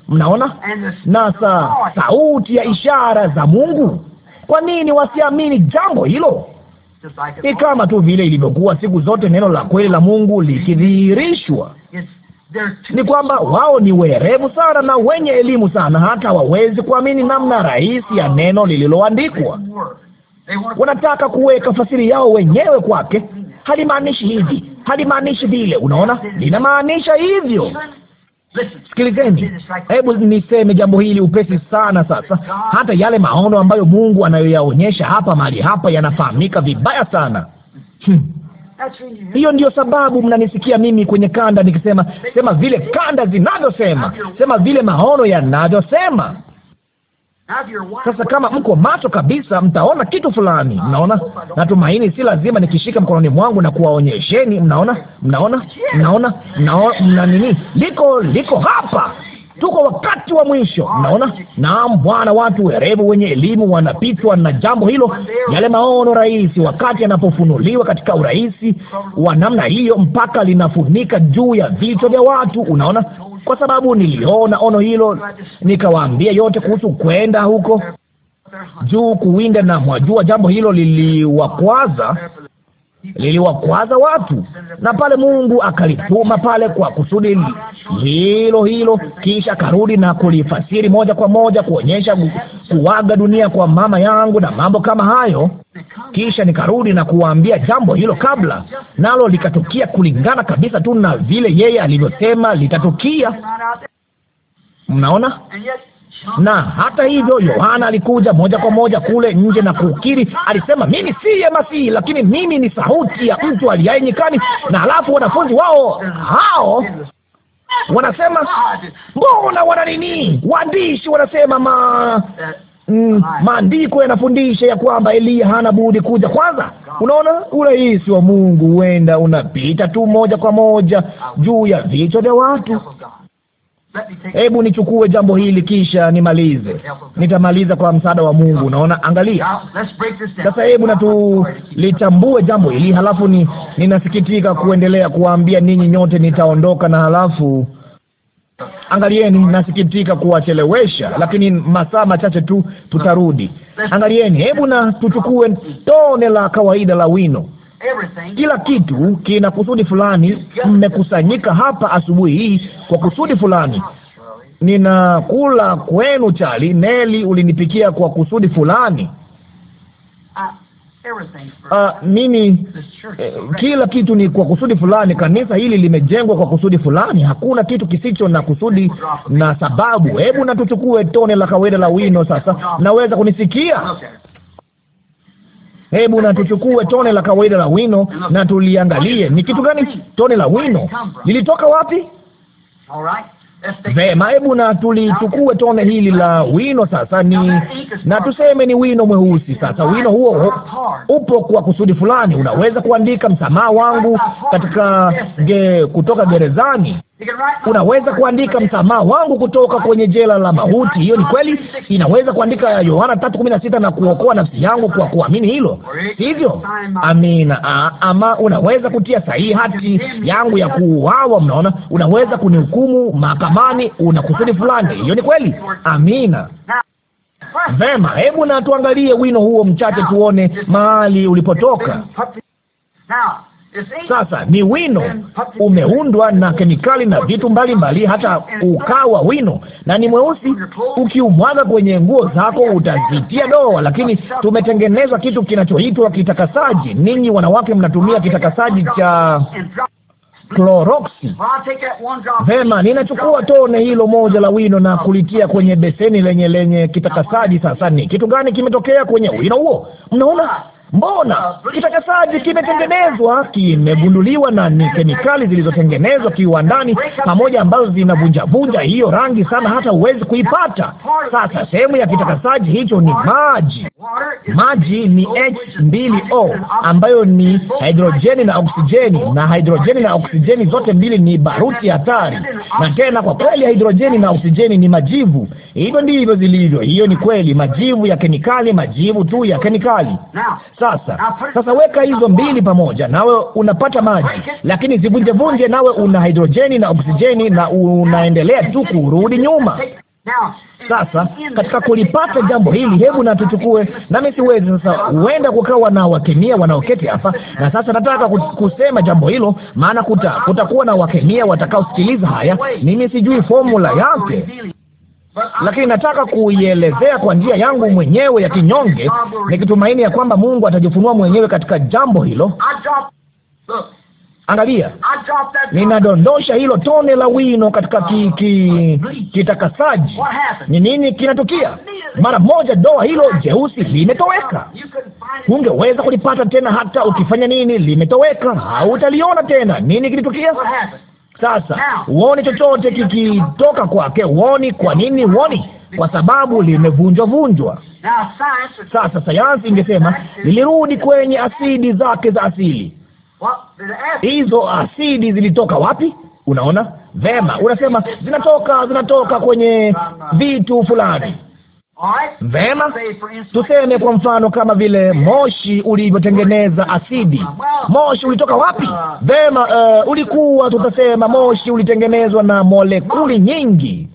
Mnaona na sa, sauti ya ishara za Mungu kwa nini wasiamini jambo hilo? Ni kama tu vile ilivyokuwa siku zote, neno la kweli la Mungu likidhihirishwa ni kwamba wao ni werevu sana na wenye elimu sana, hata hawawezi kuamini namna rahisi ya neno lililoandikwa. Wanataka kuweka fasiri yao wenyewe kwake. Halimaanishi hivi, halimaanishi vile. Unaona, linamaanisha hivyo. Sikilizeni, hebu niseme jambo hili upesi sana. Sasa hata yale maono ambayo Mungu anayoyaonyesha hapa mahali hapa yanafahamika vibaya sana. Hmm. Hiyo ndiyo sababu mnanisikia mimi kwenye kanda nikisema, sema vile kanda zinavyosema, sema vile maono yanavyosema. Sasa kama mko macho kabisa, mtaona kitu fulani. Mnaona, natumaini si lazima nikishika mkononi mwangu na kuwaonyesheni. Mnaona, mnaona, mnaona, mnaona, mna nini? Liko liko hapa. Tuko wakati wa mwisho. Mnaona? Naam, Bwana, watu werevu wenye elimu wanapitwa na jambo hilo, yale maono rahisi, wakati yanapofunuliwa katika urahisi wa namna hiyo, mpaka linafunika juu ya vichwa vya watu. Unaona, kwa sababu niliona ono hilo, nikawaambia yote kuhusu kwenda huko juu kuwinda, na mwajua jambo hilo liliwakwaza liliwakwaza watu, na pale Mungu akalituma pale kwa kusudi hilo hilo, kisha karudi na kulifasiri moja kwa moja kuonyesha kuwaga dunia kwa mama yangu na mambo kama hayo. Kisha nikarudi na kuwaambia jambo hilo kabla, nalo likatukia kulingana kabisa tu na vile yeye alivyosema litatukia. Mnaona? na hata hivyo Yohana alikuja moja kwa moja kule nje na kukiri, alisema mimi siye Masihi, lakini mimi ni sauti ya mtu aliaye nyikani. Na halafu wanafunzi wao hao wanasema mbona wana nini? Waandishi wanasema ma Mm, maandiko yanafundisha ya kwamba Eliya hana budi kuja kwanza. Unaona, urahisi wa Mungu huenda unapita tu moja kwa moja juu ya vichwa vya watu. Hebu nichukue jambo hili kisha nimalize. Nitamaliza kwa msaada wa Mungu. naona angalia sasa, hebu na tulitambue jambo hili halafu ni, ninasikitika kuendelea kuwaambia ninyi nyote nitaondoka, na halafu angalieni, nasikitika kuwachelewesha, lakini masaa machache tu tutarudi. Angalieni, hebu na tuchukue tone la kawaida la wino kila kitu kina kusudi fulani. Mmekusanyika hapa asubuhi hii kwa kusudi fulani. Ninakula kwenu chali. Neli, ulinipikia kwa kusudi fulani. Uh, uh mimi eh, kila kitu ni kwa kusudi fulani. Kanisa hili limejengwa kwa kusudi fulani. Hakuna kitu kisicho na kusudi na sababu. Hebu na tuchukue tone la kawaida la wino sasa. Naweza kunisikia? Hebu na tuchukue tone la kawaida la wino na tuliangalie ni kitu gani. Tone la wino lilitoka wapi? Vema, hebu na tulichukue tone hili la wino sasa, ni na tuseme ni wino mweusi. Sasa wino huo upo kwa kusudi fulani. Unaweza kuandika msamaha wangu katika ge, kutoka gerezani Unaweza kuandika msamaha wangu kutoka kwenye jela la mauti. Hiyo ni kweli. Inaweza kuandika Yohana 3:16 na kuokoa nafsi yangu kwa kuamini hilo, sivyo? Amina. Ama unaweza kutia sahihi hati yangu ya kuuawa. Mnaona, unaweza kunihukumu mahakamani, una kusudi fulani. Hiyo ni kweli. Amina. Vema, hebu na tuangalie wino huo mchache, tuone mahali ulipotoka. Sasa ni wino, umeundwa na kemikali na vitu mbalimbali, hata ukawa wino na ni mweusi. Ukiumwaga kwenye nguo zako utazitia doa, lakini tumetengeneza kitu kinachoitwa kitakasaji. Ninyi wanawake mnatumia kitakasaji cha kloroksi. Vema, ninachukua tone hilo moja la wino na kulitia kwenye beseni lenye lenye kitakasaji. Sasa ni kitu gani kimetokea kwenye wino huo? Mnaona? Mbona kitakasaji kimetengenezwa, kimegunduliwa na ni kemikali zilizotengenezwa kiwandani pamoja, ambazo zinavunjavunja hiyo rangi sana hata huwezi kuipata. Sasa sehemu ya kitakasaji hicho ni maji. Maji ni H2O ambayo ni hidrojeni na oksijeni, na hidrojeni na oksijeni zote mbili ni baruti hatari. Na tena kwa kweli, hidrojeni na oksijeni ni majivu. Hivyo ndivyo zilivyo. Hiyo ni kweli, majivu ya kemikali, majivu tu ya kemikali. Sasa sasa, weka hizo mbili pamoja, nawe unapata maji, lakini zivunje vunje, nawe una hidrojeni na oksijeni, na unaendelea tu kurudi nyuma. Sasa katika kulipata jambo hili, hebu na tuchukue, nami siwezi sasa. Huenda kukawa na wakemia wanaoketi hapa, na sasa nataka kusema jambo hilo, maana kuta kutakuwa na wakemia watakaosikiliza haya. Mimi sijui formula yake lakini nataka kuielezea kwa njia yangu mwenyewe ya kinyonge, nikitumaini ya kwamba Mungu atajifunua mwenyewe katika jambo hilo. Angalia, ninadondosha hilo tone la wino katika ki, ki, kitakasaji. Ni nini kinatukia? Mara moja doa hilo jeusi limetoweka. Ungeweza kulipata tena hata ukifanya nini, limetoweka, hautaliona tena. Nini kilitukia? Sasa uoni chochote kikitoka kwake, uoni. Kwa nini uoni? Kwa sababu limevunjwa vunjwa. Sasa sayansi ingesema lilirudi kwenye asidi zake za asili. Hizo asidi zilitoka wapi? Unaona vema, unasema zinatoka zinatoka kwenye vitu fulani Vema, tuseme kwa mfano kama vile moshi ulivyotengeneza asidi. Moshi ulitoka wapi? Vema, uh, ulikuwa tutasema moshi ulitengenezwa na molekuli nyingi.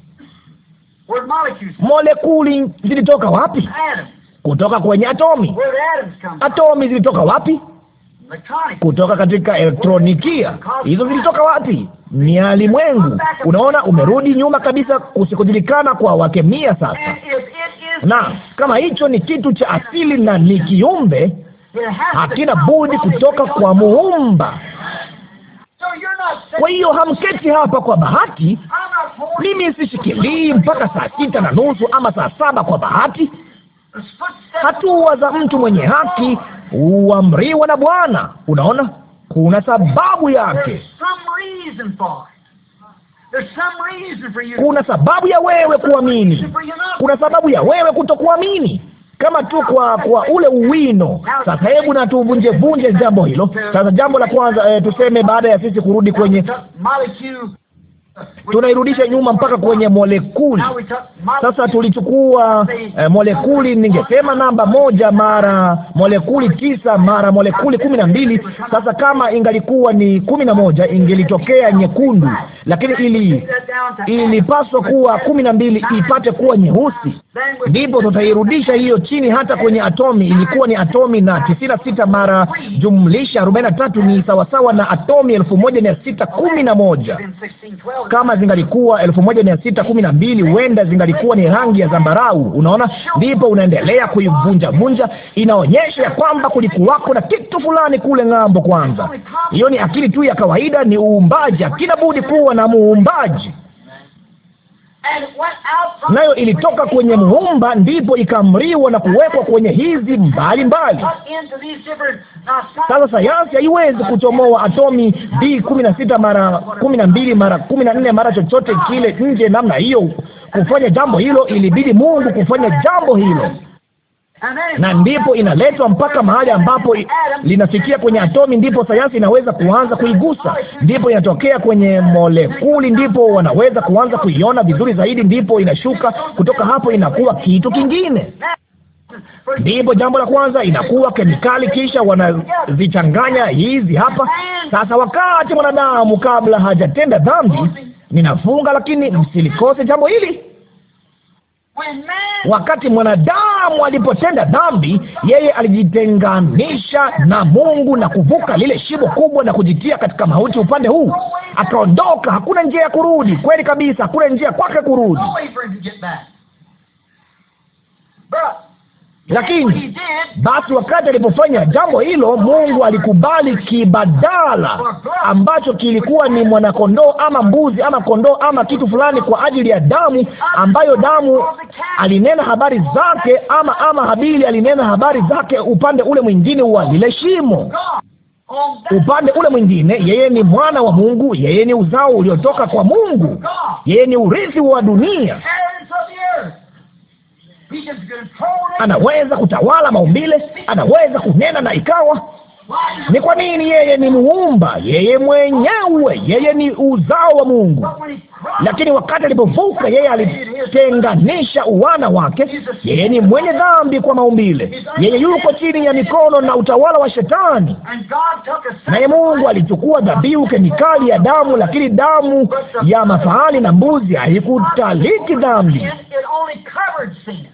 Molekuli zilitoka wapi? Kutoka kwenye atomi. Atomi zilitoka wapi? Kutoka katika elektronikia. Hizo zilitoka wapi? ni alimwengu. Unaona, umerudi nyuma kabisa kusikojulikana kwa wakemia sasa na kama hicho ni kitu cha asili na ni kiumbe, hakina budi kutoka kwa Muumba. Kwa hiyo hamketi hapa kwa bahati. Mimi sishikilii mpaka saa sita na nusu ama saa saba kwa bahati. Hatua za mtu mwenye haki huamriwa na Bwana. Unaona, kuna sababu yake. Kuna sababu ya wewe kuamini, kuna sababu ya wewe kutokuamini kama tu kwa kwa ule uwino. Sasa hebu na tuvunje vunje jambo hilo sasa. Jambo la kwanza e, tuseme baada ya sisi kurudi kwenye tunairudisha nyuma mpaka kwenye molekuli. Sasa tulichukua eh, molekuli, ningesema namba moja mara molekuli tisa mara molekuli kumi na mbili. Sasa kama ingalikuwa ni kumi na moja ingelitokea nyekundu, lakini ili ilipaswa kuwa kumi na mbili ipate kuwa nyeusi. Ndipo tutairudisha hiyo chini hata kwenye atomi. Ilikuwa ni atomi na tisini na sita mara jumlisha arobaini na tatu ni sawasawa na atomi elfu moja mia sita kumi na moja. Kama zingalikuwa elfu moja mia sita kumi na mbili huenda zingalikuwa ni rangi ya zambarau. Unaona, ndipo unaendelea kuivunjavunja. Inaonyesha ya kwamba kulikuwako na kitu fulani kule ng'ambo. Kwanza hiyo ni akili tu ya kawaida, ni uumbaji. Hakina budi kuwa na muumbaji nayo ilitoka kwenye muumba, ndipo ikamriwa na kuwekwa kwenye hizi mbalimbali. Uh, Sasa sayansi haiwezi kuchomoa atomi B kumi na sita mara kumi na mbili mara kumi na nne mara chochote kile nje namna hiyo. Kufanya jambo hilo, ilibidi Mungu kufanya jambo hilo na ndipo inaletwa mpaka mahali ambapo linafikia kwenye atomi, ndipo sayansi inaweza kuanza kuigusa, ndipo inatokea kwenye molekuli, ndipo wanaweza kuanza kuiona vizuri zaidi, ndipo inashuka kutoka hapo, inakuwa kitu kingine. Ndipo jambo la kwanza inakuwa kemikali, kisha wanazichanganya hizi hapa sasa. Wakati mwanadamu kabla hajatenda dhambi, ninafunga lakini msilikose jambo hili. Wakati mwanadamu alipotenda dhambi, yeye alijitenganisha na Mungu na kuvuka lile shimo kubwa na kujitia katika mauti upande huu, akaondoka. Hakuna njia ya kurudi, kweli kabisa, hakuna njia kwake kurudi. Lakini basi wakati alipofanya jambo hilo, Mungu alikubali kibadala ambacho kilikuwa ni mwanakondoo ama mbuzi ama kondoo ama kitu fulani kwa ajili ya damu, ambayo damu alinena habari zake, ama ama Habili alinena habari zake upande ule mwingine wa lile shimo upande ule mwingine, yeye ni mwana wa Mungu, yeye ni uzao uliotoka kwa Mungu, yeye ni urithi wa dunia anaweza kutawala maumbile, anaweza kunena na ikawa. Ni kwa nini? Yeye ni muumba, yeye mwenyewe, yeye ni uzao wa Mungu. Lakini wakati alipovuka, yeye alitenganisha uwana wake. Yeye ni mwenye dhambi kwa maumbile, yeye yuko chini ya mikono na utawala wa Shetani. Naye Mungu alichukua dhabihu kemikali ya damu, lakini damu ya mafahali na mbuzi haikutaliki dhambi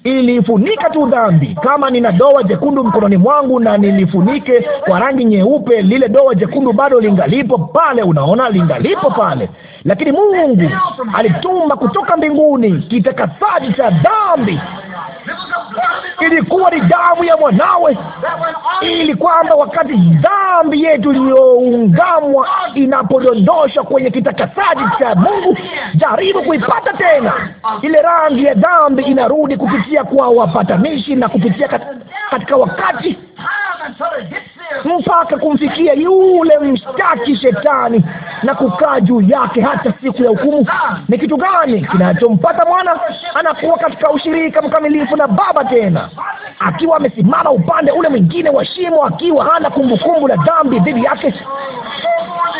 ilifunika tu dhambi. Kama nina doa jekundu mkononi mwangu na nilifunike kwa rangi nyeupe, lile doa jekundu bado lingalipo pale. Unaona, lingalipo pale, lakini Mungu alituma kutoka mbinguni kitakasaji cha dhambi. Ilikuwa ni damu ya mwanawe, ili kwamba wakati dhambi yetu iliyoungamwa inapodondoshwa kwenye kitakasaji cha Mungu, jaribu kuipata tena ile rangi ya dhambi ina tunarudi kupitia kwa wapatanishi na kupitia kat, katika wakati mpaka kumfikia yule mshtaki Shetani na kukaa juu yake hata siku ya hukumu. Ni kitu gani kinachompata mwana? Anakuwa katika ushirika mkamilifu na Baba, tena akiwa amesimama upande ule mwingine wa shimo, akiwa hana kumbukumbu la dhambi dhidi yake,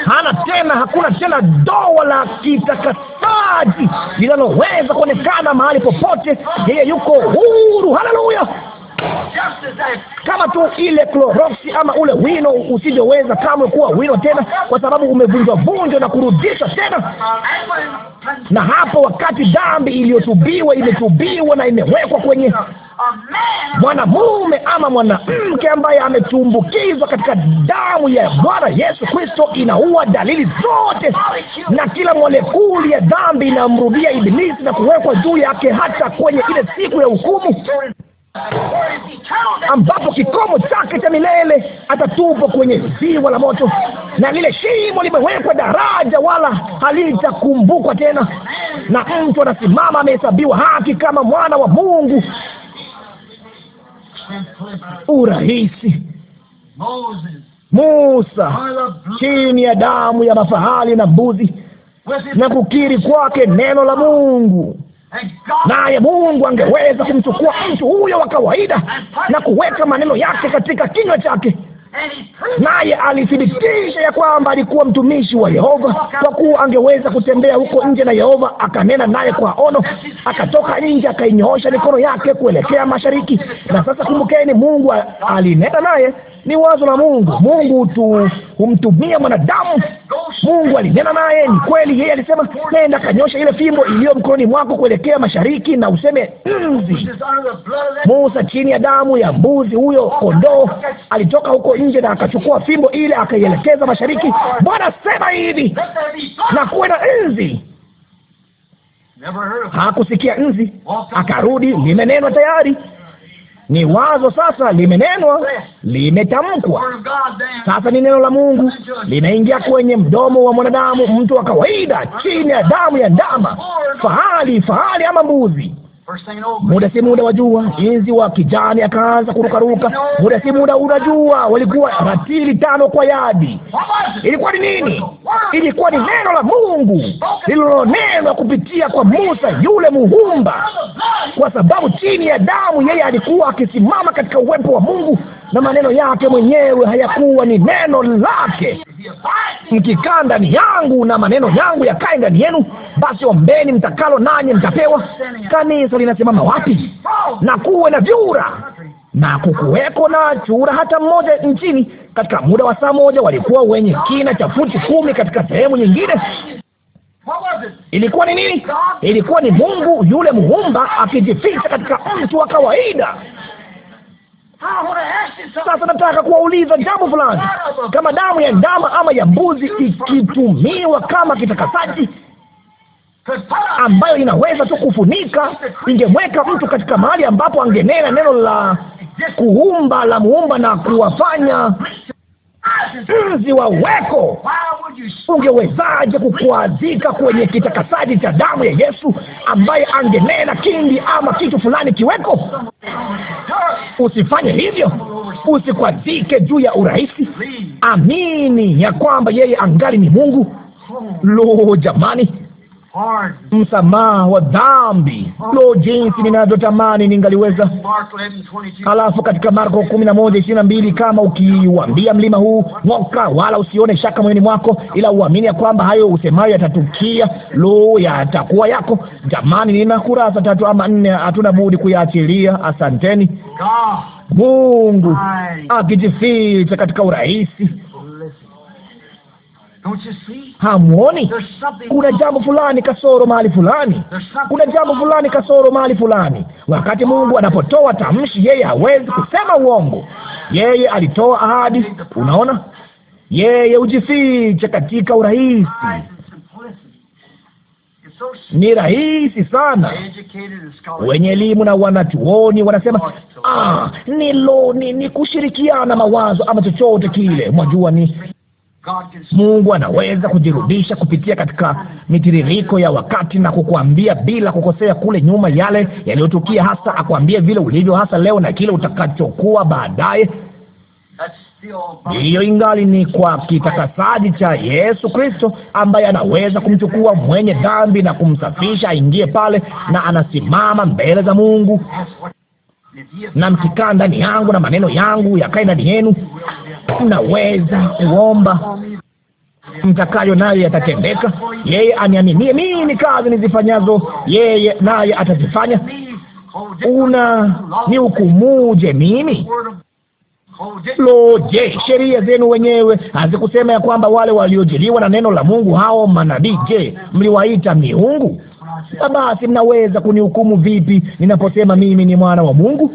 hana tena, hakuna tena doa la kitakasaji linaloweza kuonekana mahali popote. Yeye yuko huru. Haleluya! kama tu ile kloroksi ama ule wino usivyoweza kamwe kuwa wino tena, kwa sababu umevunjwa vunjwa na kurudishwa tena. Na hapo wakati dhambi iliyotubiwa imetubiwa na imewekwa kwenye mwanamume ama mwanamke ambaye ametumbukizwa katika damu ya Bwana Yesu Kristo, inaua dalili zote na kila molekuli ya dhambi inamrudia Ibilisi na kuwekwa juu yake hata kwenye ile siku ya hukumu ambapo kikomo chake cha milele atatupwa kwenye ziwa la moto, na lile shimo limewekwa daraja, wala halitakumbukwa tena. Na mtu anasimama amehesabiwa haki kama mwana wa Mungu. Urahisi. Musa chini ya damu ya mafahali na mbuzi na kukiri kwake neno la Mungu naye Mungu angeweza kumchukua mtu huyo wa kawaida na kuweka maneno yake katika kinywa chake naye alithibitisha ya kwamba alikuwa mtumishi wa Yehova, kwa kuwa angeweza kutembea huko nje na Yehova akanena naye kwa ono. Akatoka nje akainyoosha mikono yake kuelekea mashariki. Na sasa kumbukeni, Mungu alinena naye ni wazo la Mungu. Mungu tu humtumia mwanadamu. Mungu alinena naye, ni kweli. Yeye alisema, nenda kanyosha ile fimbo iliyo mkononi mwako kuelekea mashariki na useme nzi. Musa, chini ya damu ya mbuzi huyo kondoo, alitoka huko nje na akachukua fimbo ile akaielekeza mashariki. Bwana sema hivi, na kuwe na nzi. Hakusikia nzi, akarudi, limenenwa tayari. Ni wazo sasa, limenenwa, limetamkwa. Sasa ni neno la Mungu linaingia kwenye mdomo wa mwanadamu, mtu wa kawaida, chini ya damu ya ndama, fahali, fahali ama mbuzi muda si muda wajua inzi wa kijani akaanza kurukaruka. Muda si muda unajua, walikuwa ratili tano kwa yadi. Ilikuwa ni nini? Ilikuwa ni neno la Mungu lililonenwa kupitia kwa Musa yule muhumba, kwa sababu chini ya damu yeye alikuwa akisimama katika uwepo wa Mungu na maneno yake mwenyewe hayakuwa ni neno lake mkikaa ndani yangu na maneno yangu yakae ndani yenu, basi ombeni mtakalo, nanyi mtapewa. Kanisa linasimama wapi? Na kuwe na vyura na kukuweko na chura hata mmoja nchini. Katika muda wa saa moja walikuwa wenye kina cha futi kumi katika sehemu nyingine. Ilikuwa ni nini? Ilikuwa ni Mungu yule muumba akijificha katika mtu wa kawaida. Sasa nataka kuwauliza jambo fulani. Kama damu ya ndama ama ya mbuzi ikitumiwa kama kitakasaji ambayo inaweza tu kufunika, ingemweka mtu katika mahali ambapo angenena neno la kuumba la muumba na kuwafanya mzi wa weko. Ungewezaje kukwazika kwenye kitakasaji cha damu ya Yesu ambaye angenena kindi ama kitu fulani kiweko? Usifanye hivyo, usikwazike juu ya urahisi. Amini ya kwamba yeye angali ni Mungu. Lo, jamani! msamaha wa dhambi. Lo, jinsi ninavyotamani ningaliweza. Alafu katika Marko kumi na moja ishirini na mbili kama ukiuambia mlima huu ng'oka, wala usione shaka moyoni mwako, ila uamini ya kwamba hayo usemayo yatatukia, lo, yatakuwa yako. Jamani, nina kurasa tatu ama nne, hatuna budi kuyaachilia. Asanteni Mungu akijificha katika urahisi Hamwoni kuna jambo fulani kasoro mahali fulani, kuna jambo fulani kasoro mahali fulani. Wakati Mungu anapotoa tamshi, yeye hawezi kusema uongo. Yeye alitoa ahadi. Unaona, yeye hujificha katika urahisi. Ni rahisi sana. Wenye elimu na wanachuoni wanasema ah, ni loni ni kushirikiana mawazo ama chochote kile. Mwajua ni Mungu anaweza kujirudisha kupitia katika mitiririko ya wakati na kukuambia bila kukosea kule nyuma yale yaliyotukia, hasa akwambie vile ulivyo hasa leo na kile utakachokuwa baadaye. Hiyo ingali ni kwa kitakasaji cha Yesu Kristo, ambaye anaweza kumchukua mwenye dhambi na kumsafisha aingie pale, na anasimama mbele za Mungu. Na mkikaa ndani yangu na maneno yangu yakae ndani yenu mnaweza kuomba mtakayo, naye yatatendeka. Yeye aniaminie mimi, kazi nizifanyazo yeye naye atazifanya. Una nihukumuje mimi? Lo, je, sheria zenu wenyewe hazikusema ya kwamba wale waliojiliwa na neno la Mungu, hao manabii, je, mliwaita miungu? Na basi mnaweza kunihukumu vipi ninaposema mimi ni mwana wa Mungu?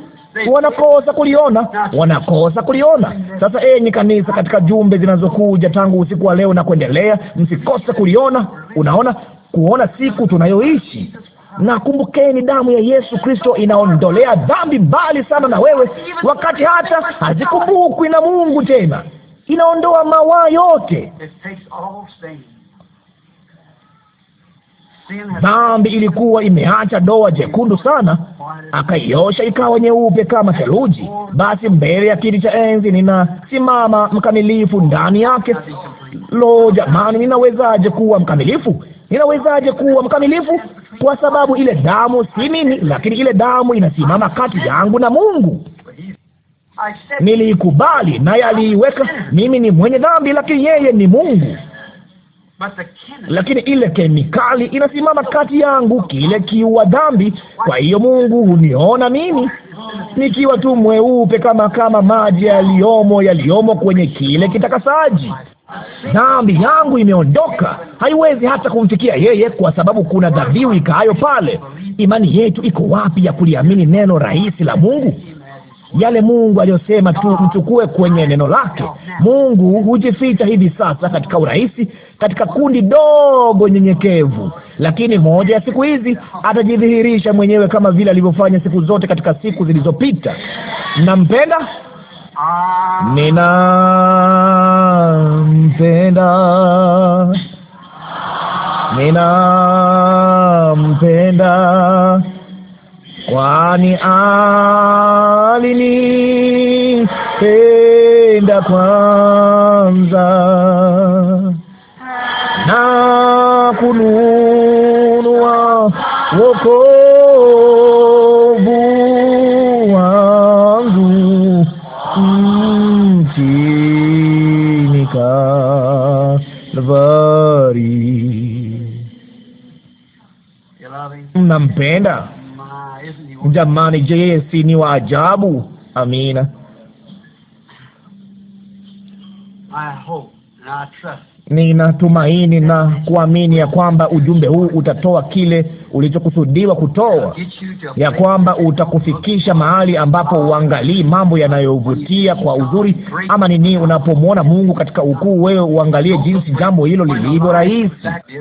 wanakosa kuliona, wanakosa kuliona. Sasa enyi eh, kanisa, katika jumbe zinazokuja tangu usiku wa leo na kuendelea, msikose kuliona. Unaona, kuona siku tunayoishi na kumbukeni, damu ya Yesu Kristo inaondolea dhambi mbali sana na wewe, wakati hata hazikumbukwi na Mungu tena, inaondoa mawaa yote. Dhambi ilikuwa imeacha doa jekundu sana, akaiosha ikawa nyeupe kama theluji. Basi mbele ya kiti cha enzi ninasimama mkamilifu ndani yake. Lo, jamani, ninawezaje kuwa mkamilifu? Ninawezaje kuwa mkamilifu? Kwa sababu ile damu si mimi, lakini ile damu inasimama kati yangu na Mungu. Niliikubali naye aliiweka. Mimi ni mwenye dhambi, lakini yeye ni Mungu lakini ile kemikali inasimama kati yangu, kile kiua dhambi. Kwa hiyo Mungu huniona mimi nikiwa tu mweupe kama kama maji yaliyomo yaliyomo kwenye kile kitakasaji. Dhambi yangu imeondoka, haiwezi hata kumfikia yeye, kwa sababu kuna dhabihu ikaayo pale. Imani yetu iko wapi ya kuliamini neno rahisi la Mungu? yale Mungu aliyosema tu, mchukue kwenye neno lake. Mungu hujificha hivi sasa katika urahisi, katika kundi dogo nyenyekevu, lakini moja ya siku hizi atajidhihirisha mwenyewe kama vile alivyofanya siku zote katika siku zilizopita. Nampenda, ninampenda, ninampenda kwani alinipenda kwanza na kununua wokovu wangu mchini Kalvari. Mnampenda Jamani, je, si ni wa ajabu? Amina. Ninatumaini na kuamini ya kwamba ujumbe huu utatoa kile ulichokusudiwa kutoa, ya kwamba utakufikisha mahali ambapo uangalii mambo yanayovutia kwa uzuri ama nini. Unapomwona Mungu katika ukuu, wewe uangalie jinsi jambo hilo lilivyo rahisi,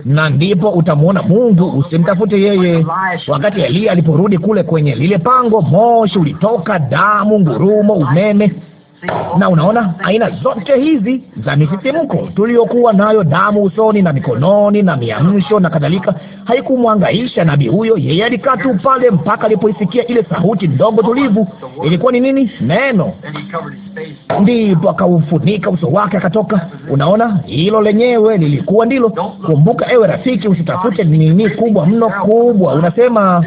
na ndipo utamwona Mungu. Usimtafute yeye. Wakati eliya aliporudi kule kwenye lile pango, moshi ulitoka, damu, ngurumo, umeme na unaona aina zote hizi za misisimko tuliokuwa nayo, damu usoni na mikononi na miamsho na kadhalika, haikumwangaisha nabii huyo. Yeye alikaa tu pale mpaka alipoisikia ile sauti ndogo tulivu. Ilikuwa ni nini? Neno. Ndipo akaufunika uso wake akatoka. Unaona, hilo lenyewe lilikuwa ndilo. Kumbuka ewe rafiki, usitafute nini kubwa mno, kubwa unasema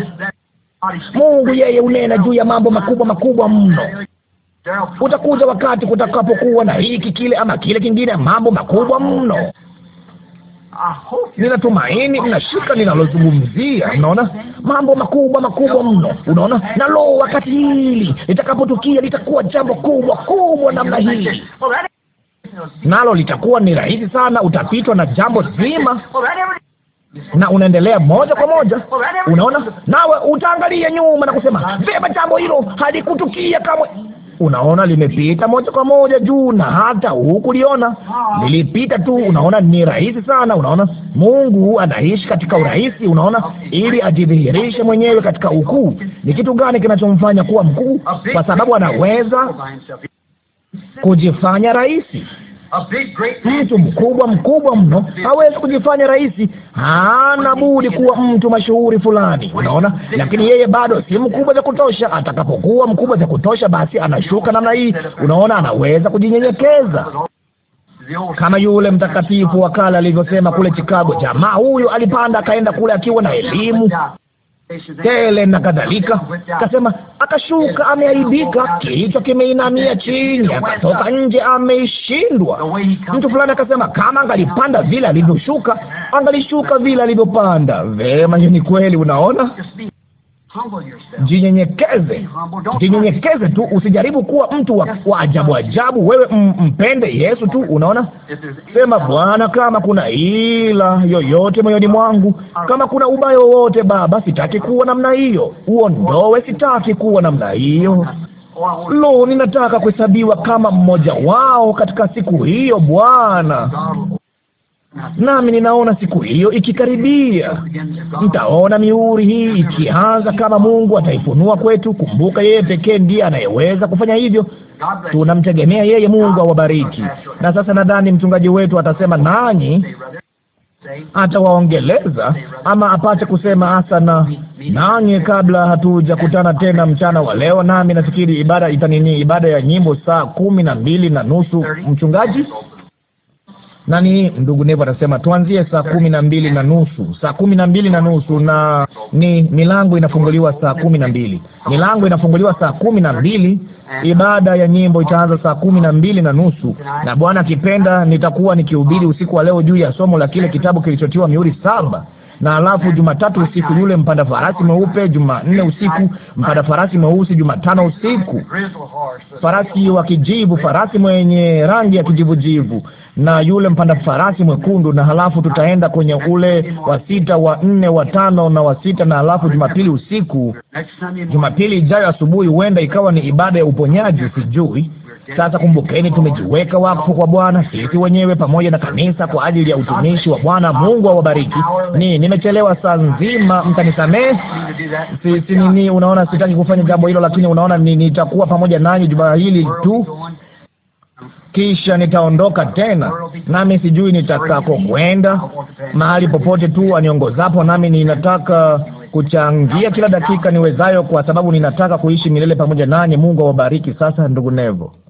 Mungu yeye unena juu ya mambo makubwa makubwa mno. Utakuja wakati kutakapokuwa na hiki kile ama kile kingine, mambo makubwa mno. Ninatumaini mnashika ninalozungumzia. Unaona, mambo makubwa makubwa mno. Unaona, lo, wakati hili litakapotukia litakuwa jambo kubwa kubwa namna hii, nalo litakuwa ni rahisi sana, utapitwa na jambo zima na unaendelea moja kwa moja, unaona, nawe utaangalia nyuma na kusema vema, jambo hilo halikutukia kamwe. Unaona, limepita moja kwa moja juu na hata hukuliona, lilipita tu. Unaona, ni rahisi sana. Unaona, Mungu anaishi katika urahisi. Unaona, ili ajidhihirishe mwenyewe katika ukuu. Ni kitu gani kinachomfanya kuwa mkuu? Kwa sababu anaweza kujifanya rahisi. Mtu mkubwa mkubwa mno hawezi kujifanya rahisi, hana budi kuwa mtu mashuhuri fulani, unaona. Lakini yeye bado si mkubwa za kutosha. Atakapokuwa mkubwa za kutosha, basi anashuka namna hii, unaona, anaweza kujinyenyekeza kama yule mtakatifu wa kale alivyosema kule Chicago. Jamaa huyu alipanda akaenda kule akiwa na elimu tele na kadhalika. Kasema akashuka, ameaibika, kichwa kimeinamia chini, akatoka nje, ameshindwa. Mtu fulani akasema kama angalipanda vile alivyoshuka, angalishuka vile alivyopanda. Vema, hiyo ni kweli, unaona Jinyenyekeze, jinyenyekeze tu, usijaribu kuwa mtu wa, wa ajabu ajabu. Wewe mpende Yesu tu. Unaona, sema Bwana, kama kuna ila yoyote moyoni mwangu, kama kuna ubaya wowote, Baba, sitaki kuwa namna hiyo, uondoe Sitaki kuwa namna hiyo. Lo, ninataka kuhesabiwa kama mmoja wao katika siku hiyo, Bwana. Nami ninaona siku hiyo ikikaribia. Mtaona mihuri hii ikianza, kama Mungu ataifunua kwetu. Kumbuka, yeye pekee ndiye anayeweza kufanya hivyo. Tunamtegemea yeye. Mungu awabariki. Na sasa nadhani mchungaji wetu atasema nanyi atawaongeleza ama apate kusema hasa na nanyi, kabla hatujakutana tena mchana wa leo. Nami nafikiri ibada itanini, ibada ya nyimbo saa kumi na mbili na nusu, mchungaji nani, ndugu Nevo atasema tuanzie saa kumi na mbili na nusu, saa kumi na mbili na nusu na ni milango inafunguliwa saa kumi na mbili milango inafunguliwa saa kumi na mbili Ibada ya nyimbo itaanza saa kumi na mbili na nusu na Bwana akipenda nitakuwa nikihubiri usiku wa leo juu ya somo la kile kitabu kilichotiwa mihuri saba na alafu Jumatatu usiku yule mpanda farasi mweupe, Jumanne usiku mpanda farasi mweusi, Jumatano usiku farasi wa kijivu, farasi mwenye rangi ya kijivujivu, na yule mpanda farasi mwekundu, na halafu tutaenda kwenye ule wa sita, wa nne, wa tano na wa sita, na halafu Jumapili usiku, Jumapili ijayo asubuhi, huenda ikawa ni ibada ya uponyaji, sijui. Sasa kumbukeni, tumejiweka wakfu kwa Bwana sisi wenyewe pamoja na kanisa kwa ajili ya utumishi wa Bwana. Mungu awabariki. Ni nimechelewa saa nzima, mtanisamehe. Si, si nini, unaona sitaki kufanya jambo hilo, lakini unaona nitakuwa pamoja nanyi juma hili tu kisha nitaondoka tena, nami sijui nitakako kwenda. Mahali popote tu aniongozapo, nami ninataka kuchangia kila dakika niwezayo, kwa sababu ninataka kuishi milele pamoja nanyi. Mungu awabariki. Sasa ndugu Nevo.